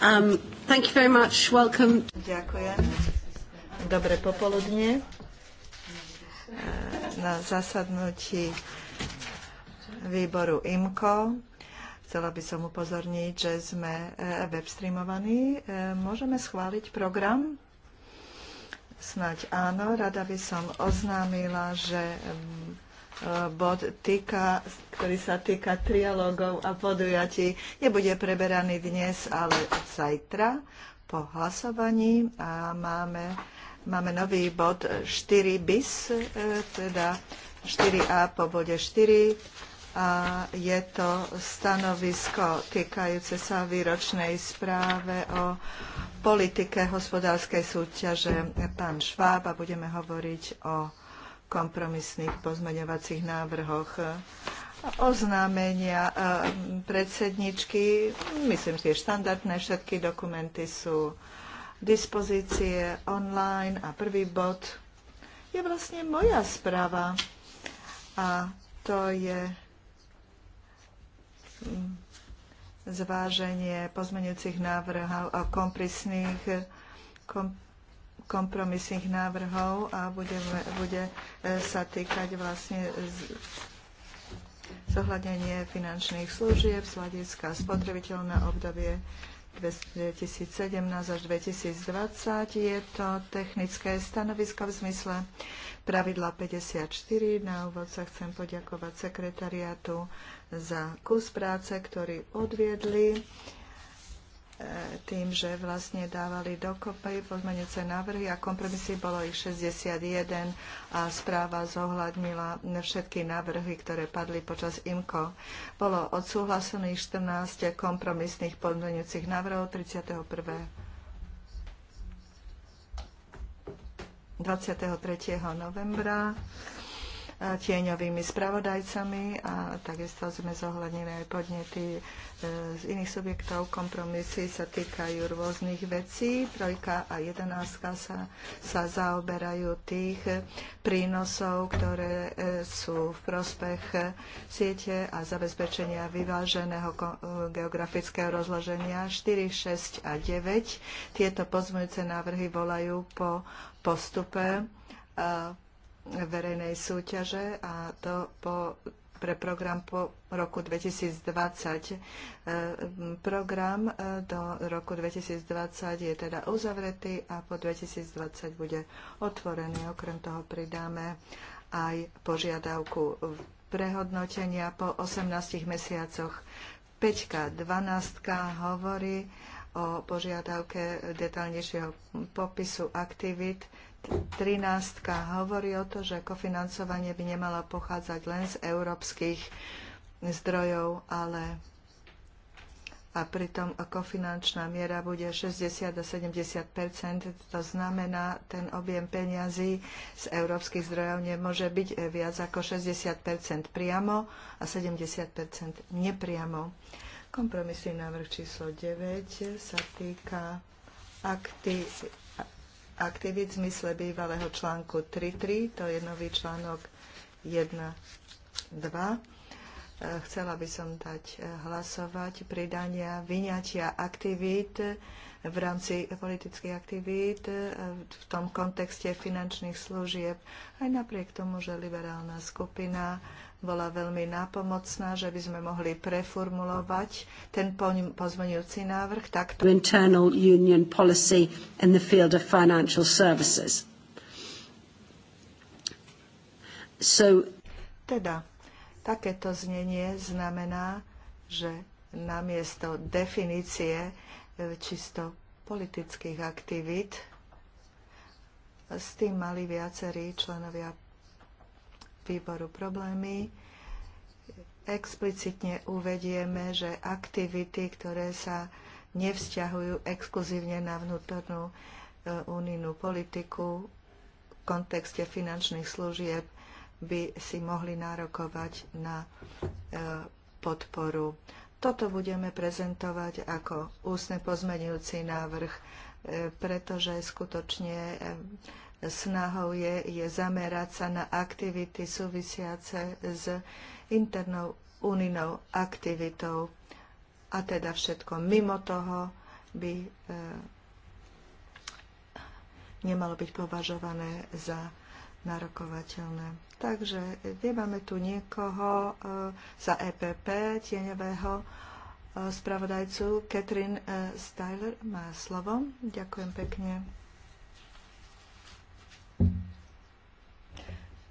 Um, thank you very much. Welcome. Ďakujem. Dobré popoludne uh, na zasadnutí výboru IMCO. Chcela by som upozorniť, že sme uh, webstreamovaní. Uh, môžeme schváliť program? Snaď áno. Rada by som oznámila, že um, bod, týka, ktorý sa týka trialogov a podujatí, nebude preberaný dnes, ale zajtra po hlasovaní a máme, máme nový bod 4 bis, e, teda 4a po bode 4 a je to stanovisko týkajúce sa výročnej správe o politike hospodárskej súťaže pán Šváb a budeme hovoriť o kompromisných pozmeňovacích návrhoch. Oznámenia eh, predsedničky, myslím si, je štandardné, všetky dokumenty sú dispozície online a prvý bod je vlastne moja správa a to je mm, zváženie pozmeňujúcich návrhov a kompromisných, kompromisných návrhov a bude, bude e, sa týkať vlastne zohľadenie finančných služieb z hľadiska spotrebiteľné obdobie 2017 až 2020. Je to technické stanovisko v zmysle pravidla 54. Na úvod sa chcem poďakovať sekretariátu za kus práce, ktorý odviedli tým, že vlastne dávali dokopy pozmeňujúce návrhy a kompromisy bolo ich 61 a správa zohľadnila všetky návrhy, ktoré padli počas IMCO. Bolo odsúhlasených 14 kompromisných pozmeňujúcich návrhov 31. 23. novembra tieňovými spravodajcami a takisto sme zohľadnili aj podnety e, z iných subjektov. Kompromisy sa týkajú rôznych vecí. Trojka a jedenáctka sa, sa zaoberajú tých prínosov, ktoré e, sú v prospech siete a zabezpečenia vyváženého e, geografického rozloženia 4, 6 a 9. Tieto pozmujúce návrhy volajú po postupe verejnej súťaže a to po, pre program po roku 2020. E, program e, do roku 2020 je teda uzavretý a po 2020 bude otvorený. Okrem toho pridáme aj požiadavku prehodnotenia po 18 mesiacoch. 5.12 12. hovorí o požiadavke detaľnejšieho popisu aktivít 13 hovorí o to, že kofinancovanie by nemalo pochádzať len z európskych zdrojov, ale a pritom kofinančná miera bude 60 do 70 To znamená, ten objem peňazí z európskych zdrojov nemôže byť viac ako 60 priamo a 70 nepriamo. Kompromisný návrh číslo 9 sa týka aktivity aktivít v zmysle bývalého článku 3.3, to je nový článok 1.2. E, chcela by som dať e, hlasovať pridania vyňatia aktivít v rámci politických aktivít e, v tom kontexte finančných služieb. Aj napriek tomu, že liberálna skupina bola veľmi nápomocná, že by sme mohli preformulovať ten pozmeňujúci návrh takto. Internal union policy in the field of financial services. So... Teda, takéto znenie znamená, že namiesto definície čisto politických aktivít. S tým mali viacerí členovia výboru problémy. Explicitne uvedieme, že aktivity, ktoré sa nevzťahujú exkluzívne na vnútornú e, unijnú politiku v kontexte finančných služieb, by si mohli nárokovať na e, podporu. Toto budeme prezentovať ako ústne pozmenujúci návrh, e, pretože skutočne e, snahou je, je zamerať sa na aktivity súvisiace s internou úninou aktivitou a teda všetko mimo toho by e, nemalo byť považované za narokovateľné. Takže nemáme tu niekoho e, za EPP, tieňového e, spravodajcu. Katrin e, Styler má slovo. Ďakujem pekne.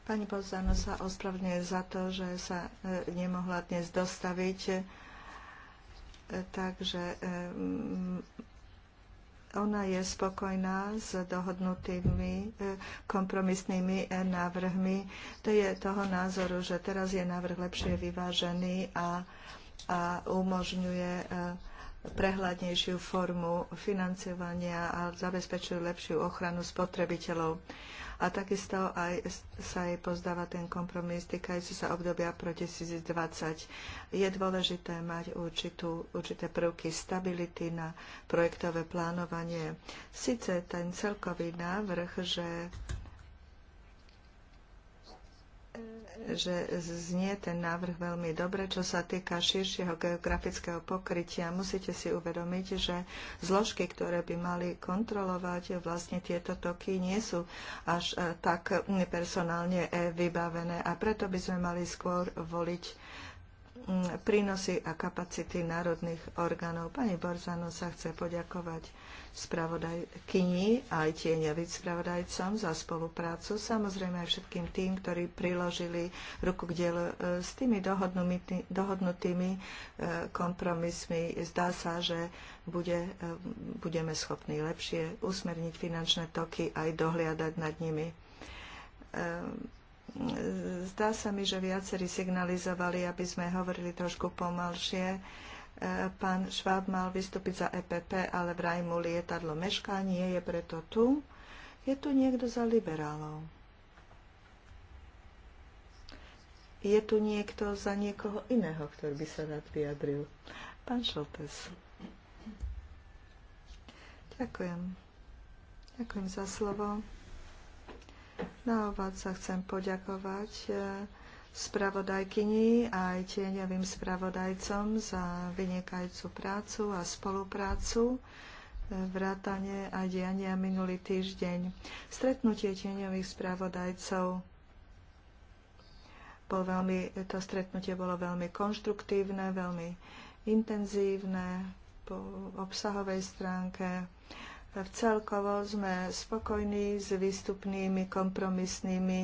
Pani Pozano sa ospravedlňuje za to, že sa nemohla dnes dostaviť, takže ona je spokojná s dohodnutými e, kompromisnými e, návrhmi. To je toho názoru, že teraz je návrh lepšie vyvážený a, a umožňuje e, prehľadnejšiu formu financovania a zabezpečujú lepšiu ochranu spotrebiteľov a takisto aj sa jej pozdáva ten kompromis týkajúci sa obdobia pro 2020. Je dôležité mať určitú, určité prvky stability na projektové plánovanie. Sice ten celkový návrh, že že znie ten návrh veľmi dobre, čo sa týka širšieho geografického pokrytia. Musíte si uvedomiť, že zložky, ktoré by mali kontrolovať vlastne tieto toky, nie sú až eh, tak personálne eh, vybavené a preto by sme mali skôr voliť mm, prínosy a kapacity národných orgánov. Pani Borzano sa chce poďakovať spravodajkyni aj tieňovým spravodajcom za spoluprácu, samozrejme aj všetkým tým, ktorí priložili ruku k dielu e, s tými dohodnutými e, kompromismi. Zdá sa, že bude, e, budeme schopní lepšie usmerniť finančné toky aj dohliadať nad nimi zdá sa mi, že viacerí signalizovali, aby sme hovorili trošku pomalšie. Pán Šváb mal vystúpiť za EPP, ale vraj mu lietadlo mešká, nie je preto tu. Je tu niekto za liberálov. Je tu niekto za niekoho iného, ktorý by sa rád vyjadril. Pán Šoltes. Ďakujem. Ďakujem za slovo. Na úvod sa chcem poďakovať eh, spravodajkyni a aj tieňovým spravodajcom za vynikajúcu prácu a spoluprácu e, vrátane a diania minulý týždeň. Stretnutie tieňových spravodajcov bol veľmi, to stretnutie bolo veľmi konštruktívne, veľmi intenzívne po obsahovej stránke. Celkovo sme spokojní s výstupnými kompromisnými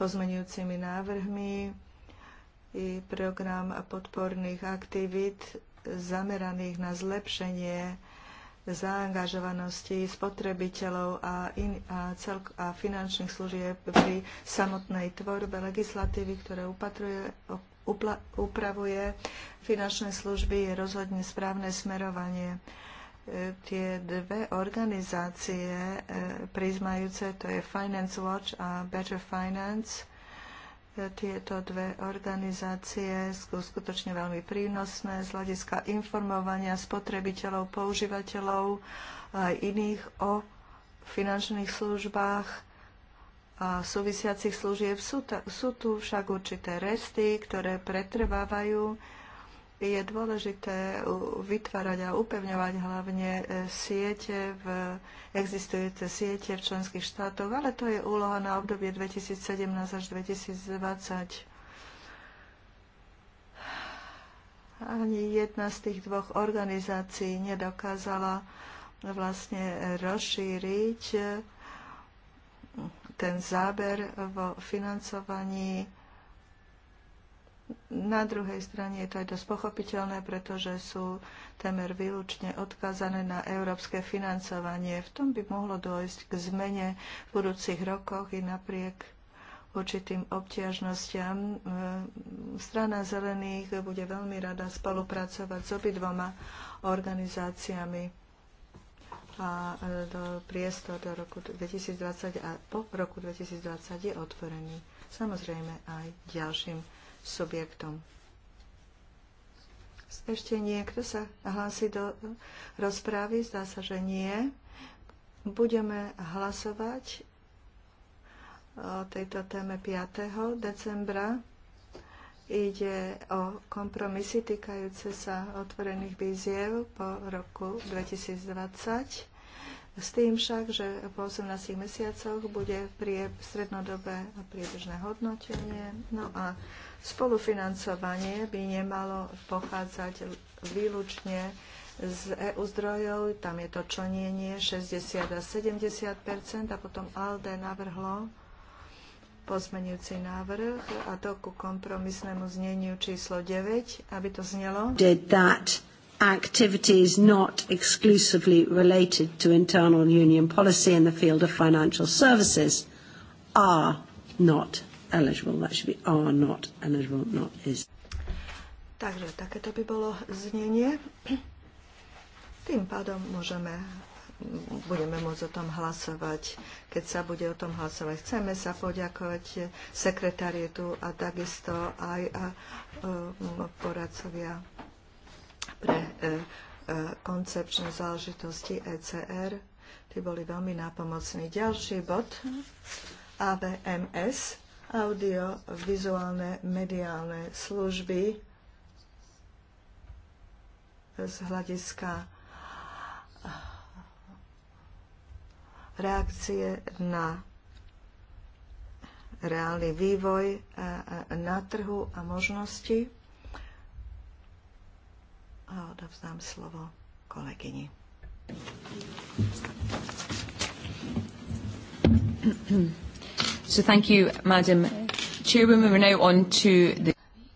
pozmenujúcimi návrhmi i program podporných aktivít zameraných na zlepšenie zaangažovanosti spotrebiteľov a, in, a, celk, a finančných služieb pri samotnej tvorbe legislatívy, ktoré upatruje, upla, upravuje finančné služby, je rozhodne správne smerovanie tie dve organizácie e, priznajúce, to je Finance Watch a Better Finance, e, tieto dve organizácie sú skutočne veľmi prínosné z hľadiska informovania spotrebiteľov, používateľov a iných o finančných službách a súvisiacich služieb. Sú, ta, sú tu však určité resty, ktoré pretrvávajú je dôležité vytvárať a upevňovať hlavne e, siete v, existujúce siete v členských štátoch, ale to je úloha na obdobie 2017 až 2020. Ani jedna z tých dvoch organizácií nedokázala vlastne rozšíriť ten záber vo financovaní na druhej strane je to aj dosť pochopiteľné, pretože sú temer výlučne odkázané na európske financovanie. V tom by mohlo dôjsť k zmene v budúcich rokoch i napriek určitým obťažnostiam. E, strana zelených bude veľmi rada spolupracovať s obidvoma organizáciami a e, do priestor do roku 2020 a po roku 2020 je otvorený samozrejme aj ďalším subjektom. Ešte niekto sa hlási do rozprávy? Zdá sa, že nie. Budeme hlasovať o tejto téme 5. decembra. Ide o kompromisy týkajúce sa otvorených víziev po roku 2020. S tým však, že po 18 mesiacoch bude prie strednodobé a priebežné hodnotenie. No a Spolufinancovanie by nemalo pochádzať výlučne z EU zdrojov, tam je to členenie 60 a 70 a potom ALDE navrhlo pozmenujúci návrh a to ku kompromisnému zneniu číslo 9, aby to znelo. Did that activities not exclusively related to internal union policy in the field of financial services are not eligible. That should be are not eligible, not is. Takže takéto by bolo znenie. Tým pádom môžeme budeme môcť o tom hlasovať, keď sa bude o tom hlasovať. Chceme sa poďakovať sekretarietu a takisto aj a, a, e, poradcovia pre a, e, e, koncepčné záležitosti ECR. Tí boli veľmi nápomocní. Ďalší bod AVMS audiovizuálne mediálne služby z hľadiska eh, reakcie na reálny vývoj eh, eh, na trhu a možnosti. A odovzdám slovo kolegyni. Mm-hmm. So thank you, Madam Chairwoman. We're now on to the...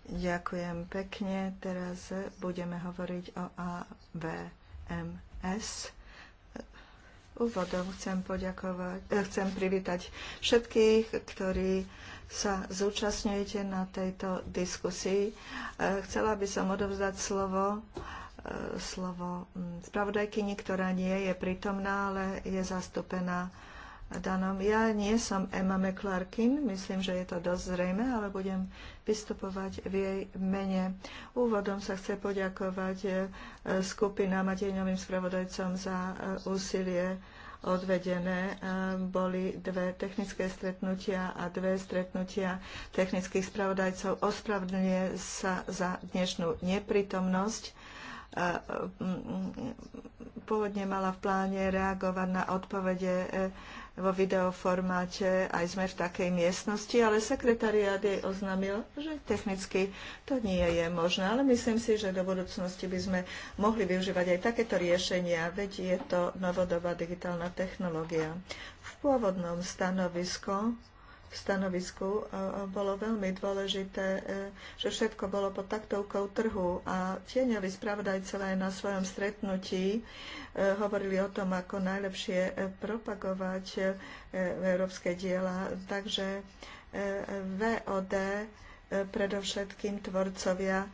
Ďakujem pekne. Teraz budeme hovoriť o AVMS. Úvodom chcem poďakovať, eh, chcem privítať všetkých, ktorí sa zúčastňujete na tejto diskusii. Eh, chcela by som odovzdať slovo eh, slovo hm, spravodajkyni, ktorá nie je prítomná, ale je zastúpená danom. Ja nie som Emma McClarkin, myslím, že je to dosť zrejme, ale budem vystupovať v jej mene. Úvodom sa chce poďakovať e, skupinám a tieňovým spravodajcom za e, úsilie odvedené. E, boli dve technické stretnutia a dve stretnutia technických spravodajcov. Ospravdňuje sa za dnešnú neprítomnosť. Pôvodne mala v pláne reagovať na odpovede vo videoformáte, aj sme v takej miestnosti, ale sekretariát jej oznámil, že technicky to nie je možné. Ale myslím si, že do budúcnosti by sme mohli využívať aj takéto riešenia, veď je to novodobá digitálna technológia. V pôvodnom stanovisku v stanovisku bolo veľmi dôležité, e, že všetko bolo pod taktovkou trhu a tieňoví spravodajcovia aj na svojom stretnutí e, hovorili o tom, ako najlepšie e, propagovať európske diela. Takže VOD predovšetkým tvorcovia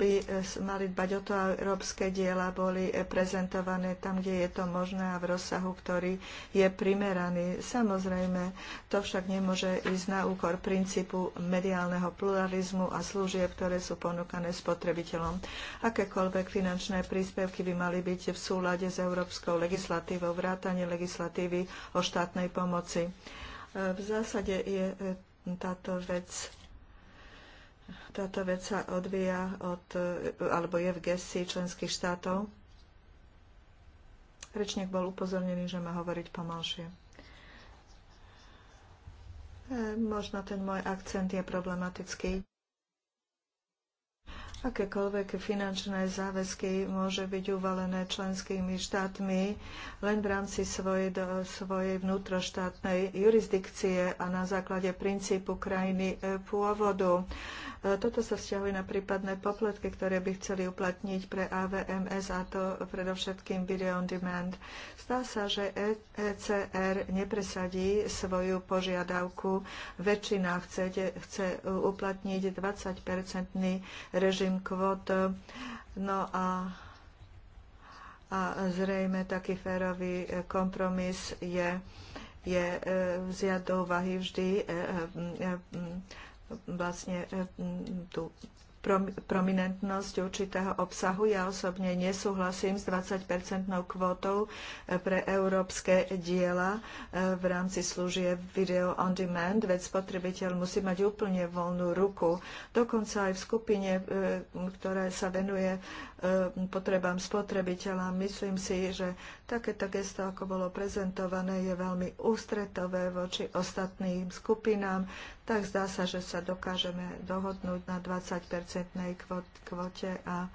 by e, mali dbať o to, aby európske diela boli e, prezentované tam, kde je to možné a v rozsahu, ktorý je primeraný. Samozrejme, to však nemôže ísť na úkor princípu mediálneho pluralizmu a služieb, ktoré sú ponúkané spotrebiteľom. Akékoľvek finančné príspevky by mali byť v súlade s európskou legislatívou, vrátanie legislatívy o štátnej pomoci. E, v zásade je táto vec táto vec sa odvíja od, alebo je v gestii členských štátov. Rečník bol upozornený, že má hovoriť pomalšie. E, možno ten môj akcent je problematický. Akékoľvek finančné záväzky môže byť uvalené členskými štátmi len v rámci svojej, svojej vnútroštátnej jurisdikcie a na základe princípu krajiny e, pôvodu. E, toto sa vzťahuje na prípadné poplatky, ktoré by chceli uplatniť pre AVMS a to predovšetkým Video on Demand. Stá sa, že ECR e nepresadí svoju požiadavku. Väčšina chce, chce uplatniť 20-percentný režim kvot. No a, a zrejme taký férový kompromis je, je e, vziať do úvahy vždy e, e, vlastne tú prominentnosť určitého obsahu. Ja osobne nesúhlasím s 20-percentnou kvotou eh, pre európske diela eh, v rámci služie Video on Demand, veď spotrebiteľ musí mať úplne voľnú ruku. Dokonca aj v skupine, eh, ktorá sa venuje potrebám spotrebiteľa, myslím si, že takéto gesto, ako bolo prezentované, je veľmi ústretové voči ostatným skupinám tak zdá sa, že sa dokážeme dohodnúť na 20-percentnej kvote a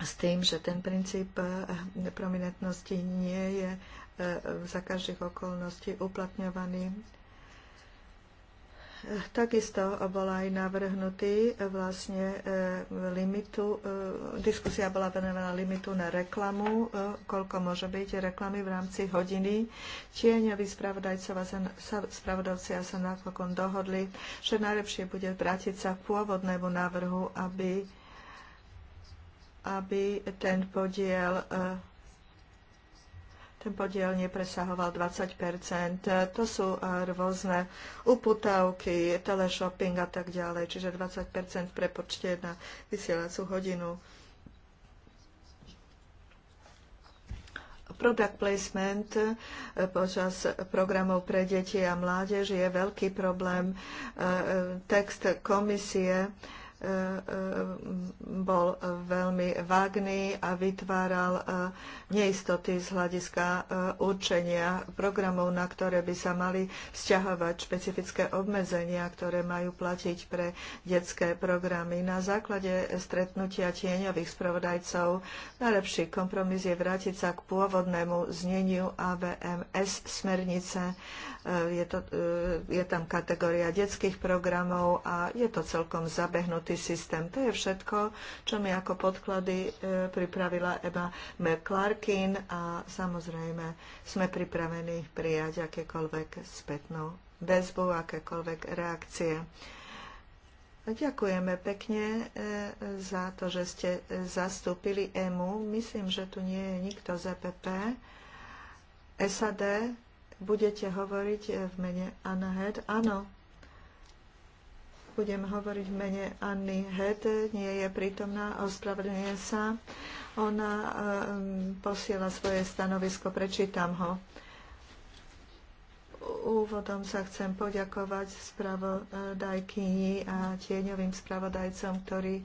s tým, že ten princíp neprominentnosti eh, nie je eh, za každých okolností uplatňovaný Takisto bol aj navrhnutý e, vlastne e, limitu, e, diskusia bola venovaná limitu na reklamu, koľko môže byť reklamy v rámci hodiny. Tieňoví spravodajcovia sa, spravodajcia sa napokon dohodli, že najlepšie bude vrátiť sa k pôvodnému návrhu, aby, aby ten podiel ten podiel nepresahoval 20 To sú e, rôzne uputavky, teleshopping a tak ďalej, čiže 20 v prepočte na vysielacú hodinu. Product placement e, počas programov pre deti a mládež je veľký problém. E, text komisie E, e, bol veľmi vágný a vytváral e, neistoty z hľadiska určenia programov, na ktoré by sa mali vzťahovať špecifické obmedzenia, ktoré majú platiť pre detské programy. Na základe stretnutia tieňových spravodajcov najlepší kompromis je vrátiť sa k pôvodnému zneniu AVMS smernice je, to, je tam kategória detských programov a je to celkom zabehnutý Safety System. To je všetko, čo mi ako podklady e, pripravila Eva McClarkin a samozrejme sme pripravení prijať akékoľvek spätnú väzbu, akékoľvek reakcie. Ďakujeme pekne e, za to, že ste zastúpili EMU. Myslím, že tu nie je nikto z EPP. SAD, budete hovoriť v mene Anahed? Áno, budem hovoriť v mene Anny Het, nie je prítomná, ospravedlňuje sa. Ona e, mm, posiela svoje stanovisko, prečítam ho úvodom sa chcem poďakovať spravodajkyni a tieňovým spravodajcom, ktorí e, e,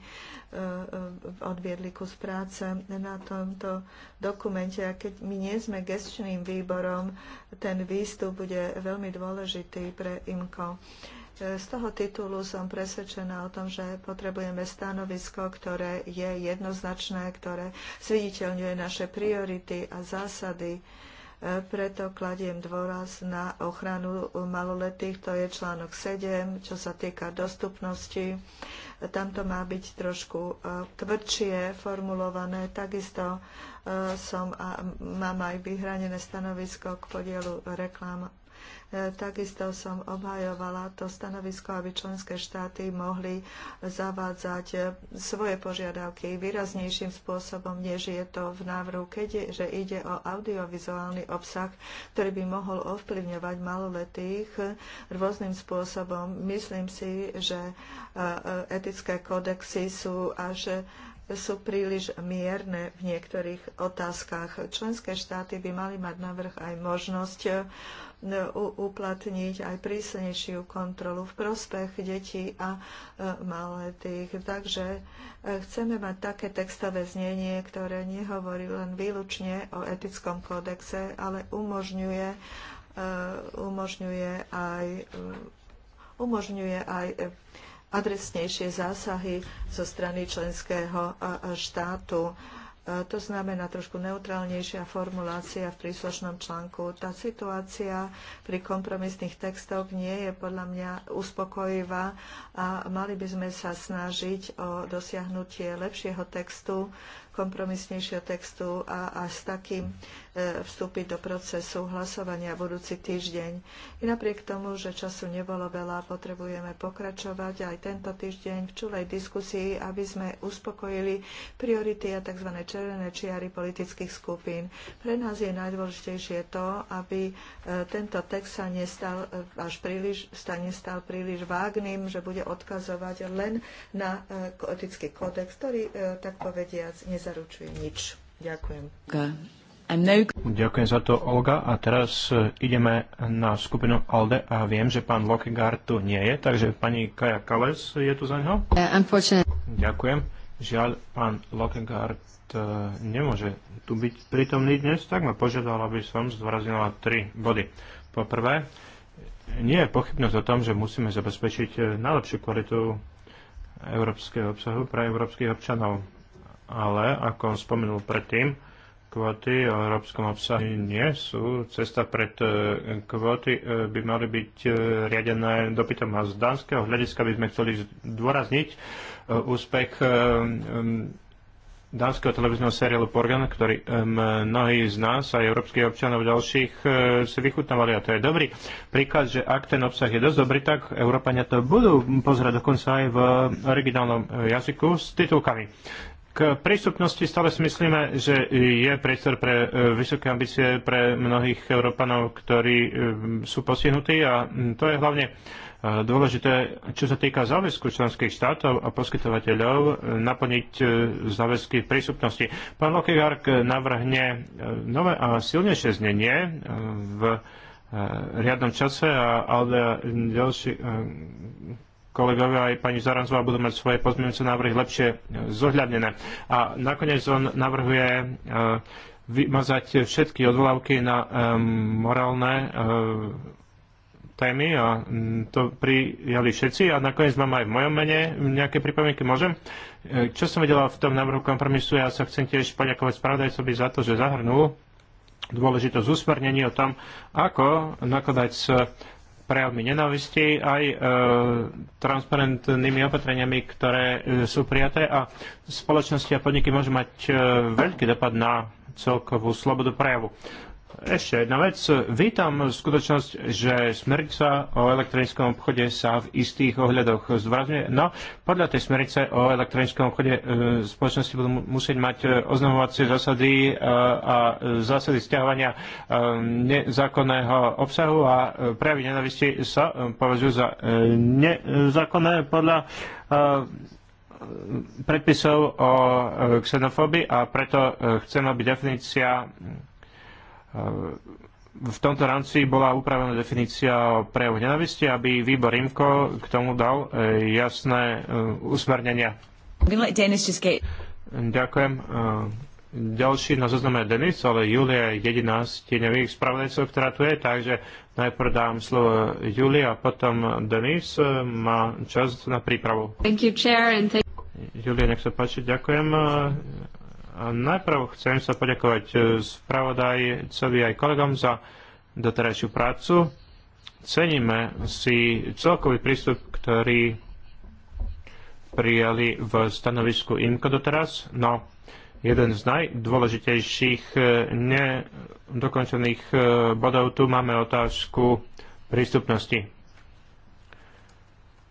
odviedli kus práce na tomto dokumente. A keď my nie sme gestčným výborom, ten výstup bude veľmi dôležitý pre IMKO. E, z toho titulu som presvedčená o tom, že potrebujeme stanovisko, ktoré je jednoznačné, ktoré zviditeľňuje naše priority a zásady. E, preto kladiem dôraz na ochranu maloletých, to je článok 7, čo sa týka dostupnosti. E, Tam to má byť trošku tvrdšie formulované. Takisto som a mám aj vyhranené stanovisko k podielu reklám E, takisto som obhajovala to stanovisko, aby členské štáty mohli zavádzať e, svoje požiadavky výraznejším spôsobom, než je to v návrhu, keďže ide o audiovizuálny obsah, ktorý by mohol ovplyvňovať maloletých rôznym spôsobom. Myslím si, že e, etické kodexy sú až sú príliš mierne v niektorých otázkach. Členské štáty by mali mať navrh aj možnosť E, uplatniť aj prísnejšiu kontrolu v prospech detí a e, maletých. Takže e, chceme mať také textové znenie, ktoré nehovorí len výlučne o etickom kódexe, ale umožňuje, umožňuje aj umožňuje aj adresnejšie zásahy zo strany členského štátu to znamená trošku neutrálnejšia formulácia v príslušnom článku. Tá situácia pri kompromisných textoch nie je podľa mňa uspokojivá a mali by sme sa snažiť o dosiahnutie lepšieho textu kompromisnejšieho textu a, a s takým e, vstúpiť do procesu hlasovania budúci týždeň. I napriek tomu, že času nebolo veľa, potrebujeme pokračovať aj tento týždeň v čulej diskusii, aby sme uspokojili priority a tzv. červené čiary politických skupín. Pre nás je najdôležitejšie to, aby e, tento text sa nestal e, až príliš, sa nestal príliš vágnym, že bude odkazovať len na etický kódex, ktorý tak povediac nezaujíma nezaručuje nič. Ďakujem. Ďakujem za to, Olga. A teraz eh, ideme na skupinu ALDE a viem, že pán Lokegaard tu nie je, takže pani Kaja Kales je tu za ňo. Uh, Ďakujem. Žiaľ, pán Lokegaard eh, nemôže tu byť prítomný dnes, tak ma požiadal, aby som zdôraznila tri body. Po prvé, nie je pochybnosť o tom, že musíme zabezpečiť eh, najlepšiu kvalitu európskeho obsahu pre európskych občanov ale ako spomenul predtým, kvóty o európskom obsahu nie sú. Cesta pred e, kvóty e, by mali byť e, riadené dopytom a z dánskeho hľadiska by sme chceli zdôrazniť úspech dánskeho televízneho seriálu Porgan, ktorý mnohí z nás aj európskych občanov ďalších si vychutnávali a to je dobrý príklad, že ak ten obsah je dosť dobrý, tak Európania to budú pozerať dokonca aj v originálnom jazyku s titulkami. K prístupnosti stále si myslíme, že je priestor pre e, vysoké ambície pre mnohých Európanov, ktorí e, sú postihnutí a to je hlavne e, dôležité, čo sa týka záväzku členských štátov a poskytovateľov, naplniť záväzky prístupnosti. Pán Lokegark navrhne nové a silnejšie znenie v riadnom čase a ale ďalší kolegovia aj pani Zaranzová budú mať svoje pozmeňujúce návrhy lepšie zohľadnené. A nakoniec on navrhuje eh, vymazať všetky odvolávky na eh, morálne eh, témy a hm, to prijali všetci a nakoniec mám aj v mojom mene nejaké pripomienky, môžem? Čo som vedela v tom návrhu kompromisu, ja sa chcem tiež poďakovať spravodajcovi za to, že zahrnul dôležitosť usmernení o tom, ako nakladať s prejavmi nenávisti, aj e, transparentnými opatreniami, ktoré e, sú prijaté a spoločnosti a podniky môžu mať e, veľký dopad na celkovú slobodu prejavu. Ešte jedna vec. Vítam skutočnosť, že smernica o elektronickom obchode sa v istých ohľadoch zdôrazňuje. No, podľa tej smernice o elektronickom obchode e, spoločnosti budú musieť mať e, oznamovacie zásady e, a zásady stiahovania e, nezákonného obsahu a e, prejavy nenavisti sa e, považujú za e, nezákonné podľa e, predpisov o xenofóbii a preto chcem, aby definícia Ehm, v tomto rámci bola upravená definícia prejavu nenavisti, aby výbor IMKO k tomu dal e, jasné e, usmernenia. Ďakujem. Ehm, ďalší na zozname je Denis, ale Julia je jediná z tieňových spravodajcov, ktorá tu je, takže najprv dám slovo Julia a potom Denis e, má čas na prípravu. You, Chair, Julia, nech sa páči, ďakujem najprv chcem sa poďakovať e, spravodajcovi aj kolegom za doterajšiu prácu. Ceníme si celkový prístup, ktorý prijali v stanovisku IMCO doteraz, no jeden z najdôležitejších e, nedokončených e, bodov tu máme otázku prístupnosti.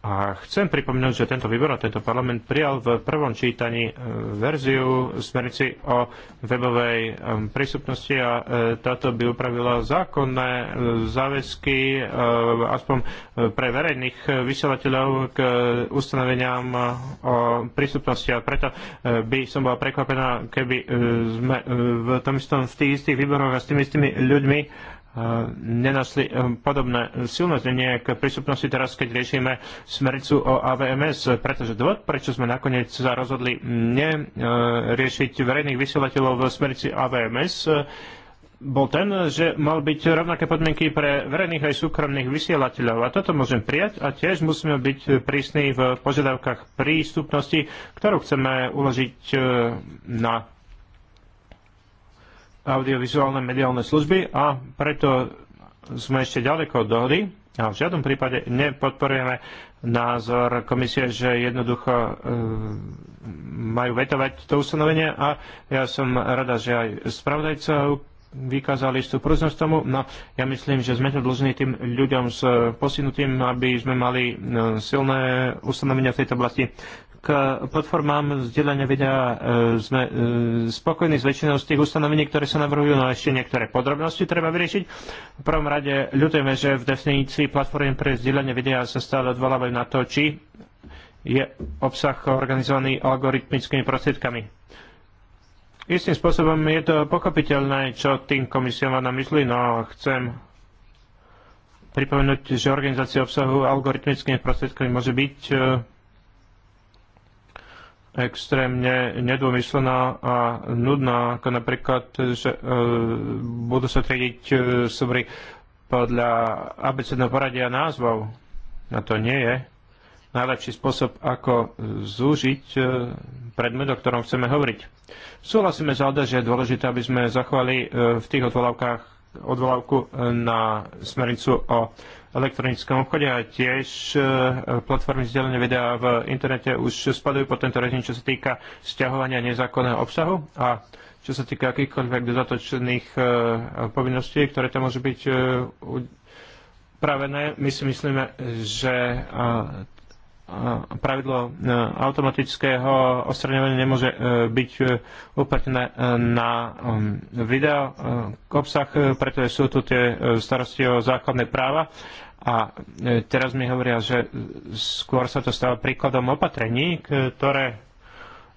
A chcem pripomínať, že tento výbor a tento parlament prijal v prvom čítaní e, verziu smernici o webovej e, prístupnosti a e, táto by upravila zákonné záväzky aspoň pre verejných vysielateľov k ustanoveniam o prístupnosti a preto by som bola prekvapená, keby sme v tom istom v tých istých výboroch a s tými istými ľuďmi nenasli e, podobné e, silné znenie k prístupnosti teraz, keď riešime smericu o AVMS, pretože dôvod, prečo sme nakoniec sa rozhodli neriešiť e, verejných vysielateľov v smerici AVMS, bol ten, že mal byť rovnaké podmienky pre verejných aj súkromných vysielateľov. A toto môžem prijať a tiež musíme byť prísni v požiadavkách prístupnosti, ktorú chceme uložiť na audiovizuálne mediálne služby a preto sme ešte ďaleko od dohody a v žiadom prípade nepodporujeme názor komisie, že jednoducho e, majú vetovať to ustanovenie a ja som rada, že aj spravodajca vykázali istú prúznosť tomu. No, ja myslím, že sme to dlžní tým ľuďom s posunutým, aby sme mali e, silné ustanovenia v tejto oblasti k platformám zdieľania videa e, sme e, spokojní s väčšinou z tých ustanovení, ktoré sa navrhujú, no ešte niektoré podrobnosti treba vyriešiť. V prvom rade ľutujeme, že v definícii platformy pre zdieľanie videa sa stále odvolávajú na to, či je obsah organizovaný algoritmickými prostriedkami. Istým spôsobom je to pochopiteľné, čo tým komisiom na mysli, no chcem pripomenúť, že organizácia obsahu algoritmickými prostriedkami môže byť e, extrémne nedômyslená a nudná, ako napríklad, že e, budú sa triediť e, súbry podľa abecedného poradia názvov. A to nie je najlepší spôsob, ako zúžiť e, predmet, o ktorom chceme hovoriť. Súhlasíme s Alda, že je dôležité, aby sme zachovali e, v tých odvolávkach odvolávku e, na smernicu o elektronickom obchode a tiež e, platformy vzdelania videa v internete už spadajú pod tento režim, čo sa týka stiahovania nezákonného obsahu a čo sa týka akýchkoľvek dodatočných e, povinností, ktoré tam môžu byť e, upravené. My si myslíme, že pravidlo automatického ostraňovania nemôže byť uplatnené na video obsah, pretože sú tu tie starosti o základné práva a e, teraz mi hovoria, že skôr sa to stáva príkladom opatrení, ktoré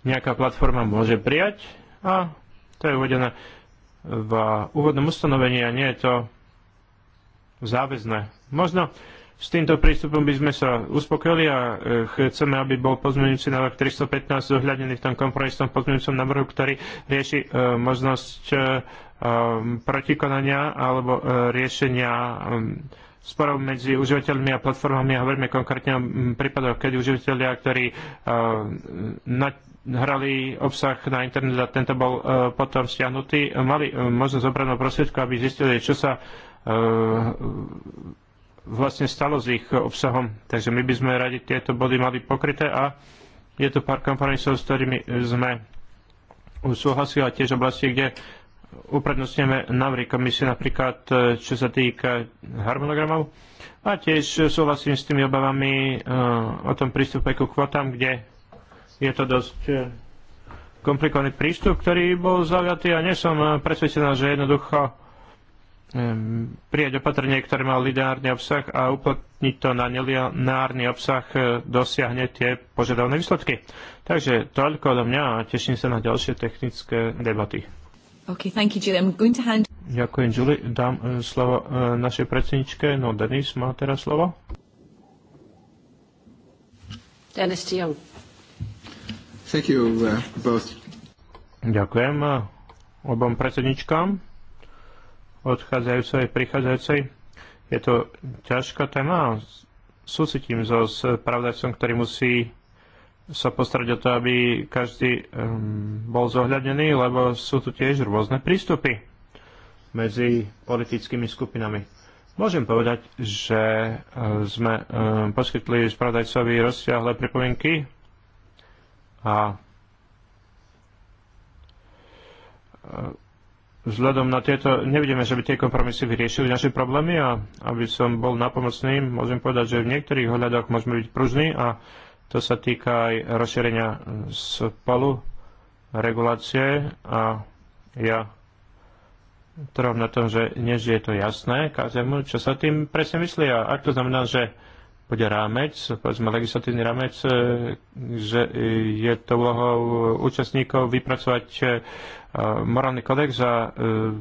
nejaká platforma môže prijať a to je uvedené v úvodnom ustanovení a nie je to záväzné. Možno s týmto prístupom by sme sa uspokojili a e, chceme, aby bol pozmeňujúci návrh 315 zohľadený v tom kompromisnom pozmeňujúcom návrhu, ktorý rieši e, možnosť protikonania alebo riešenia sporov medzi užívateľmi a platformami a hovoríme konkrétne o prípadoch, keď užívateľia, ktorí e, hrali obsah na internet a tento bol e, potom stiahnutý, mali e, možnosť obranú prosvedku, aby zistili, čo sa vlastne stalo s ich obsahom. Takže my by sme radi tieto body mali pokryté a je tu pár kompromisov, s ktorými sme súhlasili a tiež oblasti, kde uprednostňujeme návrhy komisie napríklad, e, čo sa týka harmonogramov. A tiež súhlasím s tými obavami e, o tom prístupe ku kvotám, kde je to dosť e, komplikovaný prístup, ktorý bol zaujatý a nie som presvedčená, že jednoducho prijať opatrenie, ktoré má lineárny obsah a uplatniť to na nelineárny obsah dosiahne tie požiadavné výsledky. Takže toľko do mňa a teším sa na ďalšie technické debaty. Okay, thank you, Julie. I'm going to hand... Ďakujem, Julie. Dám uh, slovo uh, našej predsedničke. No, Denis má teraz slovo. Denis Young. Thank you, uh, both. Ďakujem uh, obom predsedničkám odchádzajúcej, prichádzajúcej. Je to ťažká téma. Súcitím so spravodajcom, ktorý musí sa postarať o to, aby každý um, bol zohľadnený, lebo sú tu tiež rôzne prístupy medzi politickými skupinami. Môžem povedať, že e, sme um, poskytli spravodajcovi rozsiahle pripomienky a e, vzhľadom na tieto, nevidíme, že by tie kompromisy vyriešili naše problémy a aby som bol napomocný, môžem povedať, že v niektorých hľadoch môžeme byť pružní a to sa týka aj rozšírenia spolu regulácie a ja trvám na tom, že než je to jasné každému, čo sa tým presne myslí. A ak to znamená, že bude rámec, povedzme legislatívny rámec, e, že je to úlohou účastníkov vypracovať e, morálny kodex a e,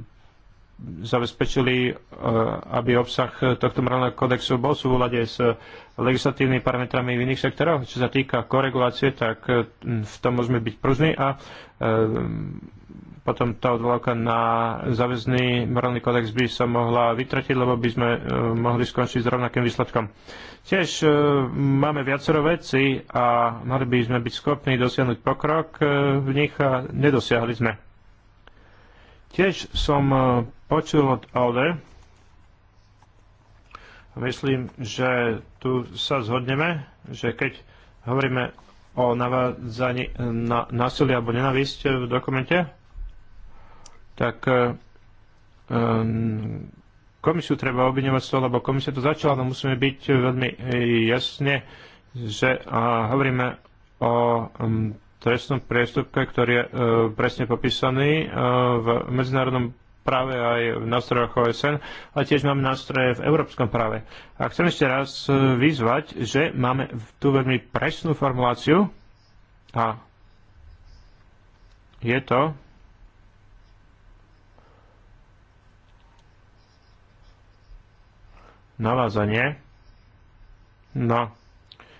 zabezpečili, e, aby obsah tohto morálneho kodexu bol v súlade s legislatívnymi parametrami v iných sektoroch. Čo sa týka koregulácie, tak e, v tom môžeme byť pružní a e, potom tá odvolávka na záväzný morálny kodex by sa mohla vytratiť, lebo by sme mohli skončiť s rovnakým výsledkom. Tiež máme viacero veci a mali by sme byť schopní dosiahnuť pokrok v nich a nedosiahli sme. Tiež som e, počul od ODE, myslím, že tu sa zhodneme, že keď hovoríme o navádzaní na násilie alebo nenávisť v dokumente, tak e, e, komisiu treba obviňovať z toho, lebo komisia to začala, no musíme byť veľmi jasne, že a, hovoríme o um, trestnom priestupke, ktorý je e, presne popísaný e, v medzinárodnom práve aj v nástrojoch OSN, ale tiež máme nástroje v európskom práve. A chcem ešte raz e, vyzvať, že máme tu veľmi presnú formuláciu a je to navázanie na no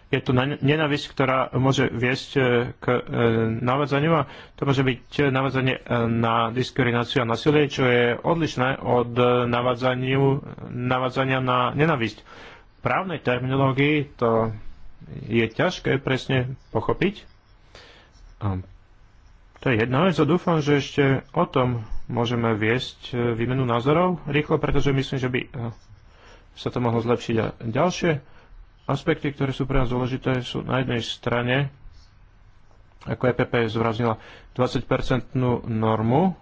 je tu nenávisť, ktorá môže viesť e, k e, navádzaniu a to môže byť e, navádzanie na diskrimináciu a nasilie, čo je odlišné od navádzania na nenávisť. V právnej terminológii to je ťažké presne pochopiť. to je jedna vec a dúfam, že ešte o tom môžeme viesť výmenu názorov rýchlo, pretože myslím, že by sa to mohlo zlepšiť a ďalšie aspekty, ktoré sú pre nás dôležité, sú na jednej strane, ako EPP zvraznila, 20-percentnú normu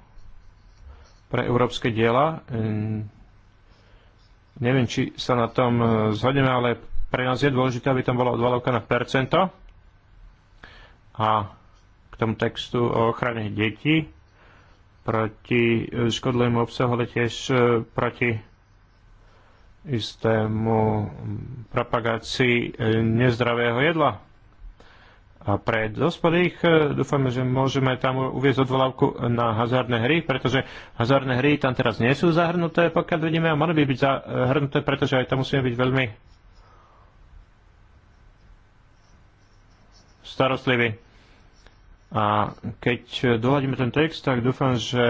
pre európske diela. Ehm, neviem, či sa na tom e, zhodneme, ale pre nás je dôležité, aby tam bola odvalovka na percento. A k tomu textu o ochrane detí proti e, škodlivému obsahu, ale tiež e, proti istému propagácii e, nezdravého jedla. A pre dospelých e, dúfame, že môžeme tam uviezť odvolávku na hazardné hry, pretože hazardné hry tam teraz nie sú zahrnuté, pokiaľ vidíme, a mali by byť zahrnuté, pretože aj tam musíme byť veľmi starostliví. A keď doľadíme ten text, tak dúfam, že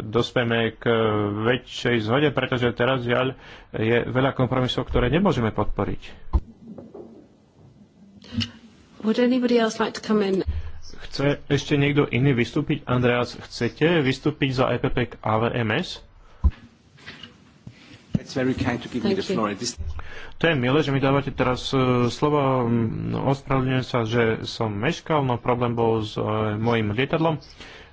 dospeme k väčšej zhode, pretože teraz žiaľ je veľa kompromisov, ktoré nemôžeme podporiť. Would anybody else like to come in? Chce ešte niekto iný vystúpiť? Andreas, chcete vystúpiť za EPP k AVMS? It's very kind to give Thank me the floor. This... To je milé, že mi dávate teraz e, slovo. No, ospravedlňujem sa, že som meškal, no problém bol s e, mojim lietadlom.